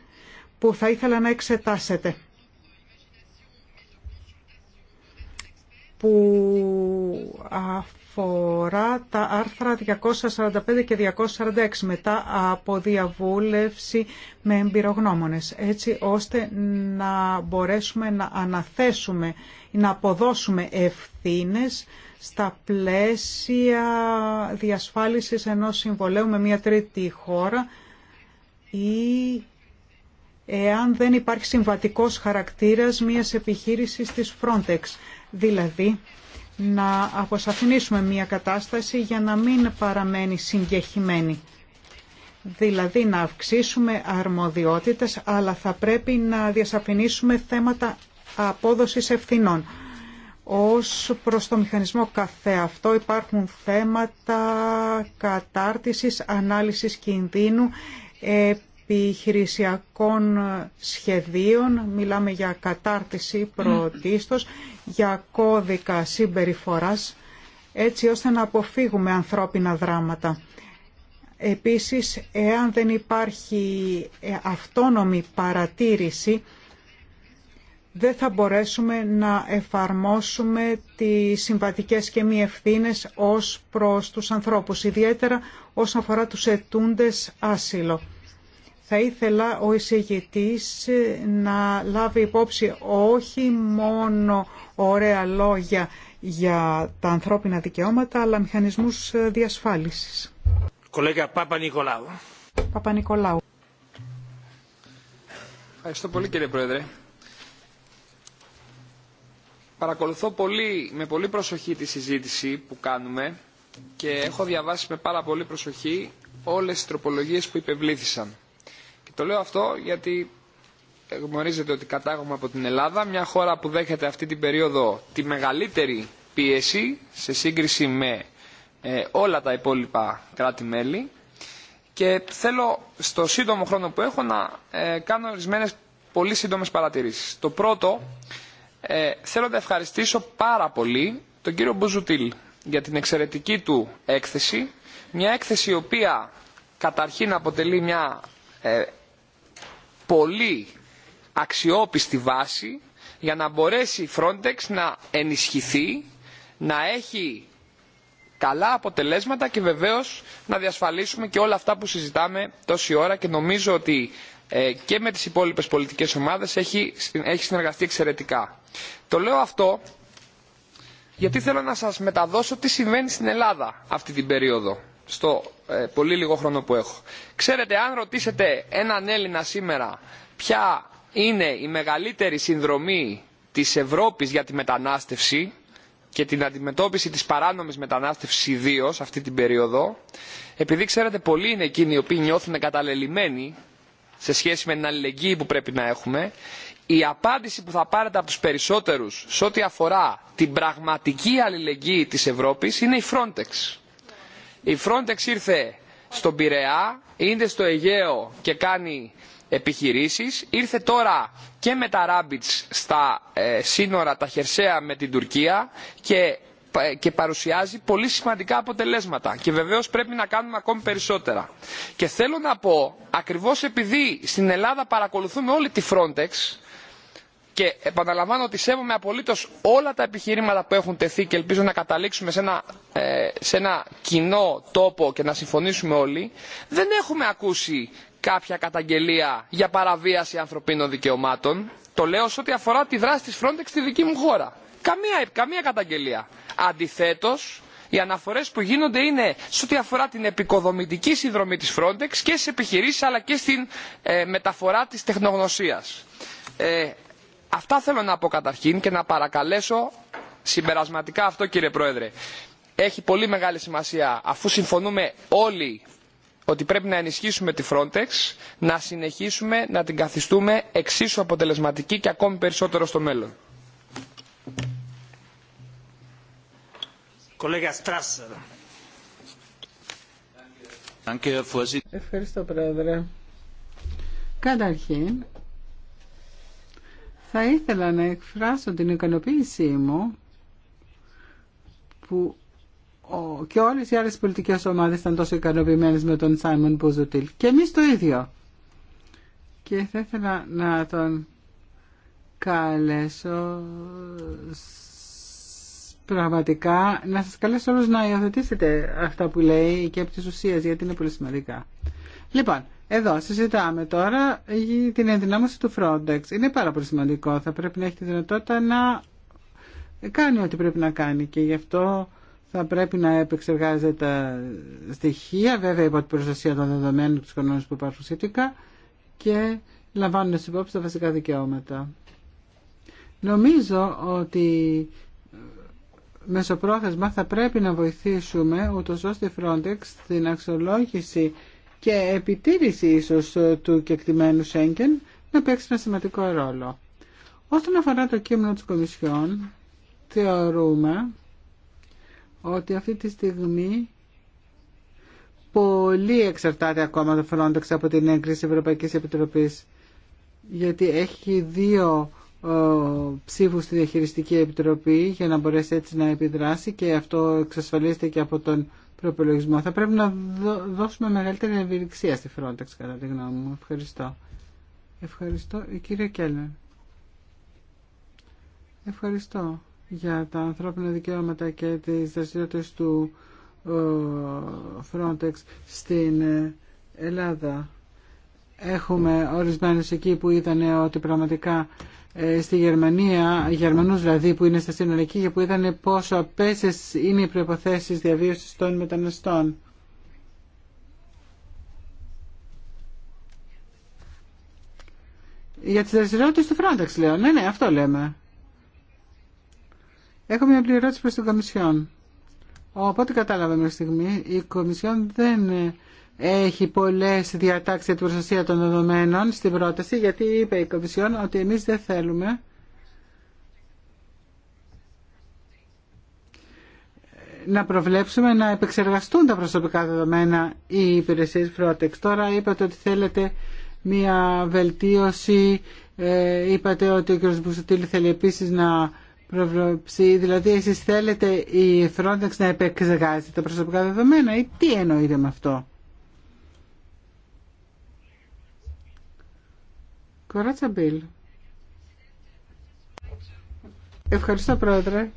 που θα ήθελα να εξετάσετε. που αφορά τα άρθρα 245 και 246 μετά από διαβούλευση με εμπειρογνώμονες, έτσι ώστε να μπορέσουμε να αναθέσουμε ή να αποδώσουμε ευθύνες στα πλαίσια διασφάλισης ενός συμβολέου με μια τρίτη χώρα ή εάν δεν υπάρχει συμβατικός χαρακτήρας μιας επιχείρησης της Frontex. Δηλαδή, να αποσαφηνίσουμε μια κατάσταση για να μην παραμένει συγκεχημένη. Δηλαδή να αυξήσουμε αρμοδιότητες, αλλά θα πρέπει να διασαφηνίσουμε θέματα απόδοσης ευθυνών. Ως προς το μηχανισμό αυτό υπάρχουν θέματα κατάρτισης, ανάλυσης κινδύνου, επιχειρησιακών σχεδίων, μιλάμε για κατάρτιση πρωτίστως, για κώδικα συμπεριφοράς, έτσι ώστε να αποφύγουμε ανθρώπινα δράματα. Επίσης, εάν δεν υπάρχει ε, αυτόνομη παρατήρηση, δεν θα μπορέσουμε να εφαρμόσουμε τις συμβατικές και μη ευθύνε ως προς τους ανθρώπους, ιδιαίτερα όσον αφορά τους ετούντες άσυλο. Θα ήθελα ο εισηγητής να λάβει υπόψη όχι μόνο ωραία λόγια για τα ανθρώπινα δικαιώματα, αλλά μηχανισμούς Κολέγια Κολέγα Παπα-Νικολάου. Παπα-Νικολάου. Ευχαριστώ πολύ κύριε Πρόεδρε. Παρακολουθώ πολύ, με πολύ προσοχή τη συζήτηση που κάνουμε και έχω διαβάσει με πάρα πολύ προσοχή όλες τις τροπολογίες που υπευλήθησαν. Το λέω αυτό γιατί γνωρίζετε ότι κατάγομαι από την Ελλάδα, μια χώρα που δέχεται αυτή την περίοδο τη μεγαλύτερη πίεση σε σύγκριση με ε, όλα τα υπόλοιπα κράτη-μέλη και θέλω στο σύντομο χρόνο που έχω να ε, κάνω ορισμένε πολύ σύντομε παρατηρήσεις. Το πρώτο, ε, θέλω να ευχαριστήσω πάρα πολύ τον κύριο Μπουζουτήλ για την εξαιρετική του έκθεση, μια έκθεση η οποία καταρχήν αποτελεί μια πολύ αξιόπιστη βάση για να μπορέσει η Frontex να ενισχυθεί, να έχει καλά αποτελέσματα και βεβαίως να διασφαλίσουμε και όλα αυτά που συζητάμε τόση ώρα και νομίζω ότι ε, και με τις υπόλοιπες πολιτικές ομάδες έχει, έχει συνεργαστεί εξαιρετικά. Το λέω αυτό γιατί θέλω να σας μεταδώσω τι συμβαίνει στην Ελλάδα αυτή την περίοδο στο ε, πολύ λίγο χρόνο που έχω. Ξέρετε, αν ρωτήσετε έναν Έλληνα σήμερα ποια είναι η μεγαλύτερη συνδρομή της Ευρώπης για τη μετανάστευση και την αντιμετώπιση της παράνομης μετανάστευσης ιδίω αυτή την περίοδο, επειδή ξέρετε πολλοί είναι εκείνοι οι οποίοι νιώθουν καταλελειμμένοι σε σχέση με την αλληλεγγύη που πρέπει να έχουμε, η απάντηση που θα πάρετε από τους περισσότερους σε ό,τι αφορά την πραγματική αλληλεγγύη της Ευρώπης είναι η Frontex η Frontex ήρθε στον Πειραιά, είναι στο Αιγαίο και κάνει επιχειρήσεις. Ήρθε τώρα και με τα Rabbits στα ε, σύνορα τα χερσαία με την Τουρκία και, ε, και παρουσιάζει πολύ σημαντικά αποτελέσματα. Και βεβαίως πρέπει να κάνουμε ακόμη περισσότερα. Και θέλω να πω, ακριβώς επειδή στην Ελλάδα παρακολουθούμε όλη τη Frontex, και επαναλαμβάνω ότι σέβομαι απολύτω όλα τα επιχειρήματα που έχουν τεθεί και ελπίζω να καταλήξουμε ε, σε ένα, κοινό τόπο και να συμφωνήσουμε όλοι δεν έχουμε ακούσει κάποια καταγγελία για παραβίαση ανθρωπίνων δικαιωμάτων το λέω σε ό,τι αφορά τη δράση τη Frontex στη δική μου χώρα καμία, καμία καταγγελία Αντιθέτω, οι αναφορέ που γίνονται είναι σε ό,τι αφορά την επικοδομητική συνδρομή τη Frontex και στι επιχειρήσει αλλά και στην ε, μεταφορά τη τεχνογνωσία. Ε, Αυτά θέλω να πω καταρχήν και να παρακαλέσω συμπερασματικά αυτό κύριε Πρόεδρε. Έχει πολύ μεγάλη σημασία αφού συμφωνούμε όλοι ότι πρέπει να ενισχύσουμε τη Frontex, να συνεχίσουμε να την καθιστούμε εξίσου αποτελεσματική και ακόμη περισσότερο στο μέλλον. Ευχαριστώ Πρόεδρε. Καταρχήν, θα ήθελα να εκφράσω την ικανοποίησή μου που και όλες οι άλλες πολιτικές ομάδες ήταν τόσο ικανοποιημένες με τον Σάιμον Μπουζουτήλ. Και εμείς το ίδιο. Και θα ήθελα να τον καλέσω πραγματικά να σας καλέσω όλους να υιοθετήσετε αυτά που λέει και από τις ουσίες γιατί είναι πολύ σημαντικά. Λοιπόν, εδώ συζητάμε τώρα την ενδυνάμωση του Frontex. Είναι πάρα πολύ σημαντικό. Θα πρέπει να έχει τη δυνατότητα να κάνει ό,τι πρέπει να κάνει και γι' αυτό θα πρέπει να επεξεργάζεται τα στοιχεία, βέβαια υπό την προστασία των δεδομένων και του κανόνε που υπάρχουν σχετικά και λαμβάνοντα υπόψη τα βασικά δικαιώματα. Νομίζω ότι μεσοπρόθεσμα θα πρέπει να βοηθήσουμε ούτως ώστε η Frontex στην αξιολόγηση και επιτήρηση ίσως ε, του κεκτημένου Σέγγεν να παίξει ένα σημαντικό ρόλο. Όσον αφορά το κείμενο της Κομισιόν, θεωρούμε ότι αυτή τη στιγμή πολύ εξαρτάται ακόμα το Frontex από την έγκριση Ευρωπαϊκής Επιτροπής γιατί έχει δύο ε, ψήφους στη Διαχειριστική Επιτροπή για να μπορέσει έτσι να επιδράσει και αυτό εξασφαλίζεται και από τον θα πρέπει να δώσουμε μεγαλύτερη ευηρεξία στη Frontex, κατά τη γνώμη μου. Ευχαριστώ. Ευχαριστώ, η κύριε Κέλλερ. Ευχαριστώ για τα ανθρώπινα δικαιώματα και τις δραστηριότητε του Frontex στην ε, Ελλάδα. Έχουμε ορισμένες εκεί που ήταν ότι πραγματικά ε, στη Γερμανία, Γερμανούς δηλαδή που είναι στα σύνορα εκεί και που είδαν πόσο απέσες είναι οι προϋποθέσεις διαβίωσης των μεταναστών. Για τις δραστηριότητες του Φρόνταξ, λέω. Ναι, ναι, αυτό λέμε. Έχω μια ερώτηση προς την Κομισιόν. Οπότε κατάλαβα μια στιγμή, η Κομισιόν δεν ε, έχει πολλές διατάξεις για την προστασία των δεδομένων στην πρόταση γιατί είπε η Κομισιόν ότι εμείς δεν θέλουμε να προβλέψουμε να επεξεργαστούν τα προσωπικά δεδομένα οι υπηρεσίες Frontex. Τώρα είπατε ότι θέλετε μία βελτίωση, ε, είπατε ότι ο κ. Μπουσουτήλη θέλει επίσης να προβλέψει, δηλαδή εσείς θέλετε η Frontex να επεξεργάζει τα προσωπικά δεδομένα ή τι εννοείται με αυτό. Κοράτσα Μπίλ. Ευχαριστώ πρόεδρε.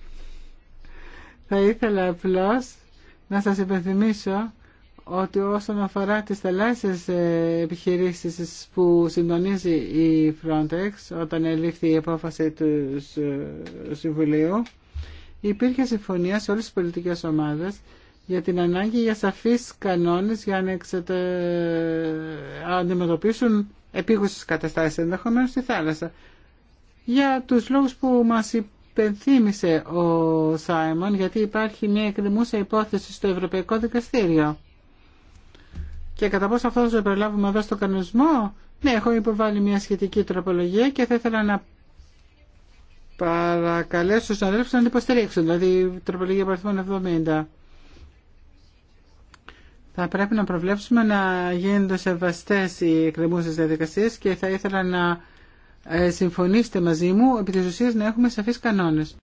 Θα ήθελα απλώ να σας υπενθυμίσω ότι όσον αφορά τις θαλάσσιες ε, επιχειρήσεις που συντονίζει η Frontex όταν ελήφθη η απόφαση του ε, Συμβουλίου υπήρχε συμφωνία σε όλες τις πολιτικές ομάδες για την ανάγκη για σαφείς κανόνες για να εξετε... αντιμετωπίσουν επίγουσε καταστάσεις ενδεχομένω στη θάλασσα. Για τους λόγους που μας υπενθύμησε ο Σάιμον, γιατί υπάρχει μια εκδημούσα υπόθεση στο Ευρωπαϊκό Δικαστήριο. Και κατά πόσο αυτό θα το εδώ στο κανονισμό, ναι, έχω υποβάλει μια σχετική τροπολογία και θα ήθελα να παρακαλέσω του αδέρφου να την υποστηρίξουν, δηλαδή τροπολογία παριθμών 70 θα πρέπει να προβλέψουμε να γίνονται σεβαστές οι εκκρεμούσες διαδικασίες και θα ήθελα να ε, συμφωνήσετε μαζί μου επί της ουσίας να έχουμε σαφείς κανόνες.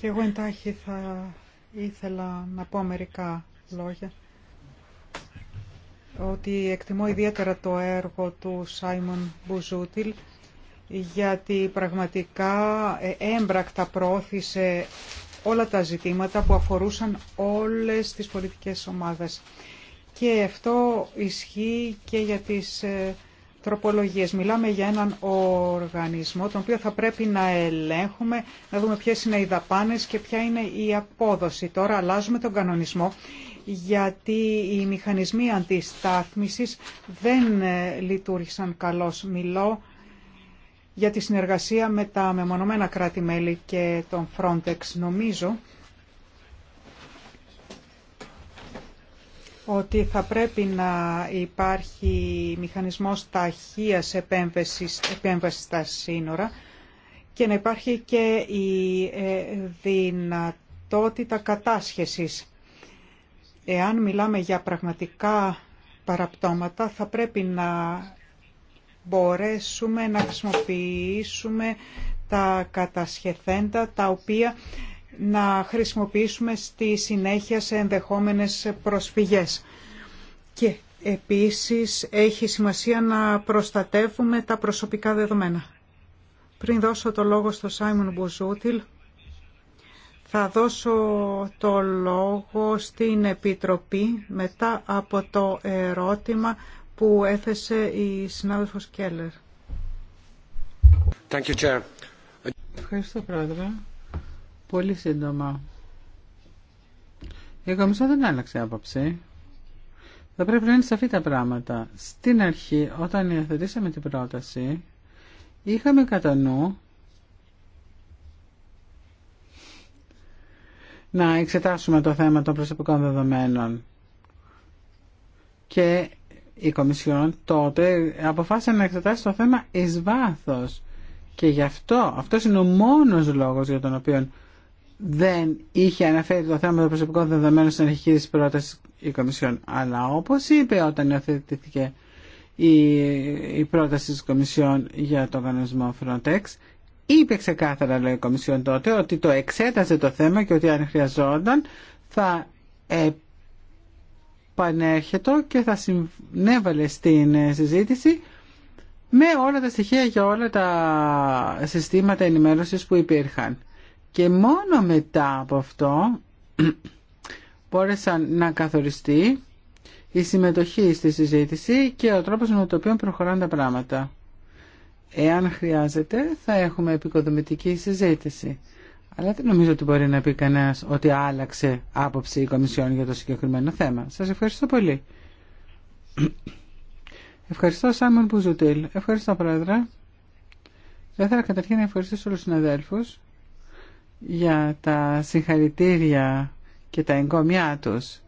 Και εγώ εντάχει θα ήθελα να πω μερικά λόγια ότι εκτιμώ ιδιαίτερα το έργο του Σάιμον Μπουζούτιλ γιατί πραγματικά ε, έμπρακτα πρόθυσε όλα τα ζητήματα που αφορούσαν όλες τις πολιτικές ομάδες. Και αυτό ισχύει και για τις ε, τροπολογίες. Μιλάμε για έναν οργανισμό τον οποίο θα πρέπει να ελέγχουμε, να δούμε ποιες είναι οι δαπάνες και ποια είναι η απόδοση. Τώρα αλλάζουμε τον κανονισμό γιατί οι μηχανισμοί αντιστάθμισης δεν ε, λειτουργήσαν καλώς. Μιλώ για τη συνεργασία με τα μεμονωμένα κράτη-μέλη και τον Frontex. Νομίζω ότι θα πρέπει να υπάρχει μηχανισμός ταχείας επέμβασης, επέμβασης στα σύνορα και να υπάρχει και η ε, δυνατότητα κατάσχεσης. Εάν μιλάμε για πραγματικά παραπτώματα, θα πρέπει να μπορέσουμε να χρησιμοποιήσουμε τα κατασχεθέντα τα οποία να χρησιμοποιήσουμε στη συνέχεια σε ενδεχόμενες προσφυγές. Και επίσης έχει σημασία να προστατεύουμε τα προσωπικά δεδομένα. Πριν δώσω το λόγο στο Σάιμον Μπουζούτιλ, θα δώσω το λόγο στην Επιτροπή μετά από το ερώτημα που έθεσε η συνάδελφος Κέλλερ. Ευχαριστώ, Πρόεδρε. Πολύ σύντομα. Η Κομισό δεν άλλαξε άποψη. Θα πρέπει να είναι σαφή τα πράγματα. Στην αρχή, όταν υιοθετήσαμε την πρόταση, είχαμε κατά νου να εξετάσουμε το θέμα των προσωπικών δεδομένων και η Κομισιόν τότε αποφάσισε να εξετάσει το θέμα εις βάθος. Και γι' αυτό, αυτό είναι ο μόνος λόγος για τον οποίο δεν είχε αναφέρει το θέμα των προσωπικών δεδομένων στην αρχική της πρόταση η Κομισιόν. Αλλά όπως είπε όταν υιοθετήθηκε η, η πρόταση της Κομισιόν για το κανονισμό Frontex, είπε ξεκάθαρα λέει η Κομισιόν τότε ότι το εξέταζε το θέμα και ότι αν χρειαζόταν θα πανέρχετο και θα συνέβαλε στην ε, συζήτηση με όλα τα στοιχεία για όλα τα συστήματα ενημέρωσης που υπήρχαν. Και μόνο μετά από αυτό μπόρεσαν να καθοριστεί η συμμετοχή στη συζήτηση και ο τρόπος με τον οποίο προχωράνε τα πράγματα. Εάν χρειάζεται θα έχουμε επικοδομητική συζήτηση. Αλλά δεν νομίζω ότι μπορεί να πει κανένα ότι άλλαξε άποψη η Κομισιόν για το συγκεκριμένο θέμα. Σας ευχαριστώ πολύ. Ευχαριστώ Σάμον Πουζουτήλ. Ευχαριστώ Πρόεδρε. Θα ήθελα καταρχήν να ευχαριστήσω όλους τους συναδέλφους για τα συγχαρητήρια και τα εγκόμια τους.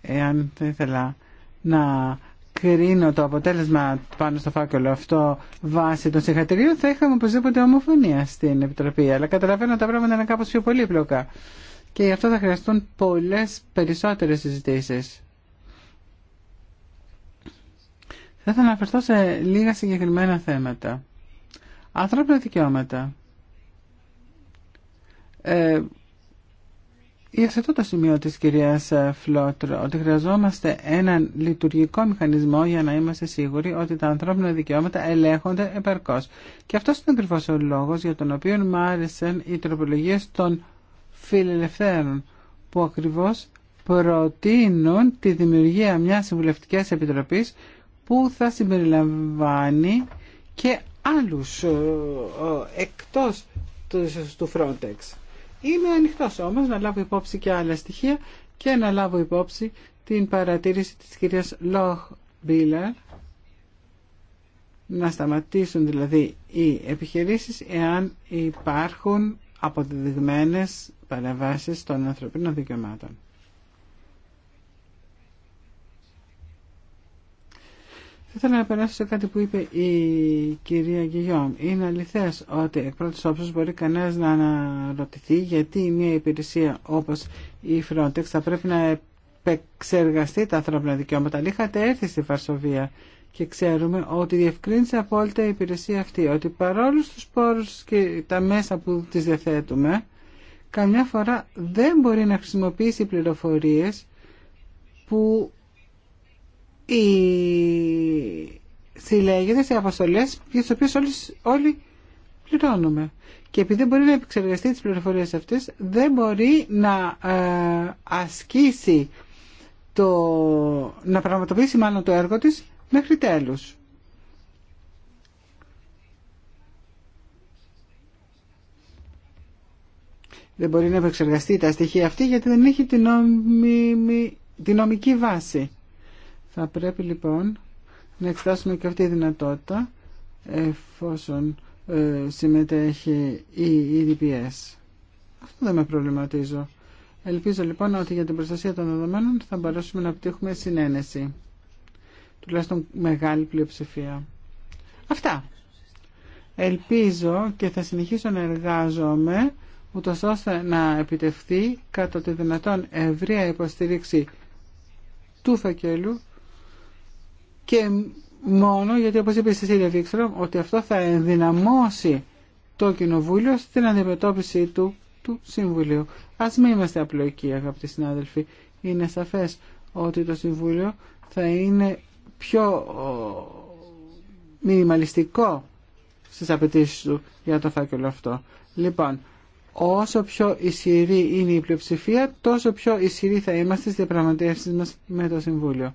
Εάν θα ήθελα να κρίνω το αποτέλεσμα πάνω στο φάκελο αυτό βάσει των συγχατηρίων θα είχαμε οπωσδήποτε ομοφωνία στην Επιτροπή. Αλλά καταλαβαίνω τα πράγματα είναι κάπω πιο πολύπλοκα. Και γι' αυτό θα χρειαστούν πολλέ περισσότερε συζητήσει. Θα ήθελα να αναφερθώ σε λίγα συγκεκριμένα θέματα. Ανθρώπινα δικαιώματα. Ε, αυτό το σημείο της κυρίας ε, Φλότρο, ότι χρειαζόμαστε έναν λειτουργικό μηχανισμό για να είμαστε σίγουροι ότι τα ανθρώπινα δικαιώματα ελέγχονται επαρκώς. Και αυτός είναι ακριβώς ο λόγος για τον οποίο μου άρεσαν οι τροπολογίες των φιλελευθέρων που ακριβώς προτείνουν τη δημιουργία μιας συμβουλευτικής επιτροπής που θα συμπεριλαμβάνει και άλλους ε, ε, εκτός του Frontex. Είμαι ανοιχτό όμω, να λάβω υπόψη και άλλα στοιχεία και να λάβω υπόψη την παρατήρηση της κυρίας Λόχ Μπίλερ να σταματήσουν δηλαδή οι επιχειρήσεις εάν υπάρχουν αποδεδειγμένες παραβάσεις των ανθρωπίνων δικαιωμάτων. Θα ήθελα να περάσω σε κάτι που είπε η κυρία Γιγιόμ. Είναι αληθές ότι εκ πρώτης όψης μπορεί κανένας να αναρωτηθεί γιατί μια υπηρεσία όπως η Frontex θα πρέπει να επεξεργαστεί τα ανθρώπινα δικαιώματα. Αλλά είχατε έρθει στη Βαρσοβία και ξέρουμε ότι διευκρίνησε απόλυτα η υπηρεσία αυτή ότι παρόλους τους πόρους και τα μέσα που τις διαθέτουμε καμιά φορά δεν μπορεί να χρησιμοποιήσει πληροφορίες που οι συλλέγεται σε αποστολέ για τι οποίε όλοι, όλοι πληρώνουμε. Και επειδή δεν μπορεί να επεξεργαστεί τι πληροφορίε αυτές, δεν μπορεί να ε, ασκήσει το, να πραγματοποιήσει μάλλον το έργο της μέχρι τέλους. Δεν μπορεί να επεξεργαστεί τα στοιχεία αυτή γιατί δεν έχει την, την νομική βάση. Θα πρέπει λοιπόν να εξετάσουμε και αυτή τη δυνατότητα εφόσον ε, συμμετέχει η EDPS. Αυτό δεν με προβληματίζω. Ελπίζω λοιπόν ότι για την προστασία των δεδομένων θα μπορέσουμε να πτύχουμε συνένεση. Τουλάχιστον μεγάλη πλειοψηφία. Αυτά. Ελπίζω και θα συνεχίσω να εργάζομαι ούτω ώστε να επιτευχθεί κατά τη δυνατόν ευρεία υποστήριξη του φακελού και μόνο γιατί όπως είπε η Συρία Βίξερο, ότι αυτό θα ενδυναμώσει το Κοινοβούλιο στην αντιμετώπιση του, του Συμβουλίου. Ας μην είμαστε απλοϊκοί αγαπητοί συνάδελφοι. Είναι σαφές ότι το Συμβούλιο θα είναι πιο μινιμαλιστικό στις απαιτήσει του για το φάκελο αυτό. Λοιπόν, όσο πιο ισχυρή είναι η πλειοψηφία, τόσο πιο ισχυρή θα είμαστε στις διαπραγματεύσεις μας με το Συμβούλιο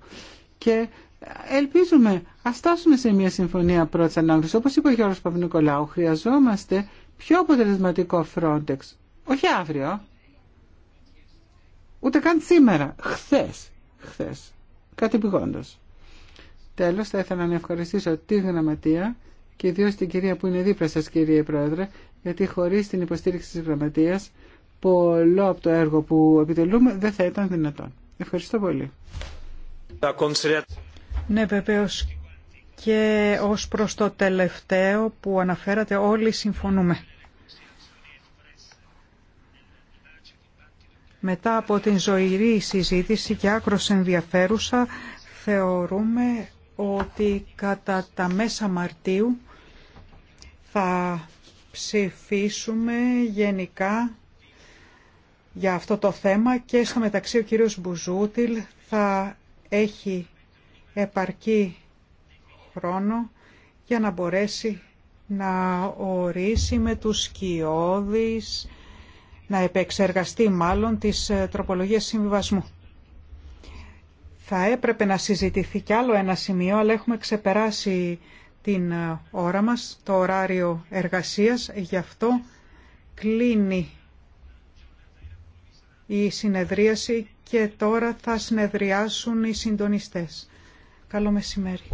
ελπίζουμε, α φτάσουμε σε μια συμφωνία πρώτη ανάγκη, Όπω είπε ο Γιώργο χρειαζόμαστε πιο αποτελεσματικό Frontex. Όχι αύριο. Ούτε καν σήμερα. Χθε. Χθε. Κάτι πηγόντω. Τέλο, θα ήθελα να ευχαριστήσω τη Γραμματεία και ιδίω την κυρία που είναι δίπλα σα, κύριε Πρόεδρε, γιατί χωρί την υποστήριξη τη Γραμματεία, πολλό από το έργο που επιτελούμε δεν θα ήταν δυνατόν. Ευχαριστώ πολύ. Ναι, βεβαίως και ως προς το τελευταίο που αναφέρατε όλοι συμφωνούμε. Μετά από την ζωηρή συζήτηση και άκρος ενδιαφέρουσα θεωρούμε ότι κατά τα μέσα Μαρτίου θα ψηφίσουμε γενικά για αυτό το θέμα και στο μεταξύ ο κύριος Μπουζούτιλ θα έχει επαρκή χρόνο για να μπορέσει να ορίσει με τους σκιώδεις, να επεξεργαστεί μάλλον τις ε, τροπολογίες συμβιβασμού. Θα έπρεπε να συζητηθεί κι άλλο ένα σημείο, αλλά έχουμε ξεπεράσει την ε, ώρα μας, το ωράριο εργασίας, γι' αυτό κλείνει η συνεδρίαση και τώρα θα συνεδριάσουν οι συντονιστές. Καλό μεσημέρι.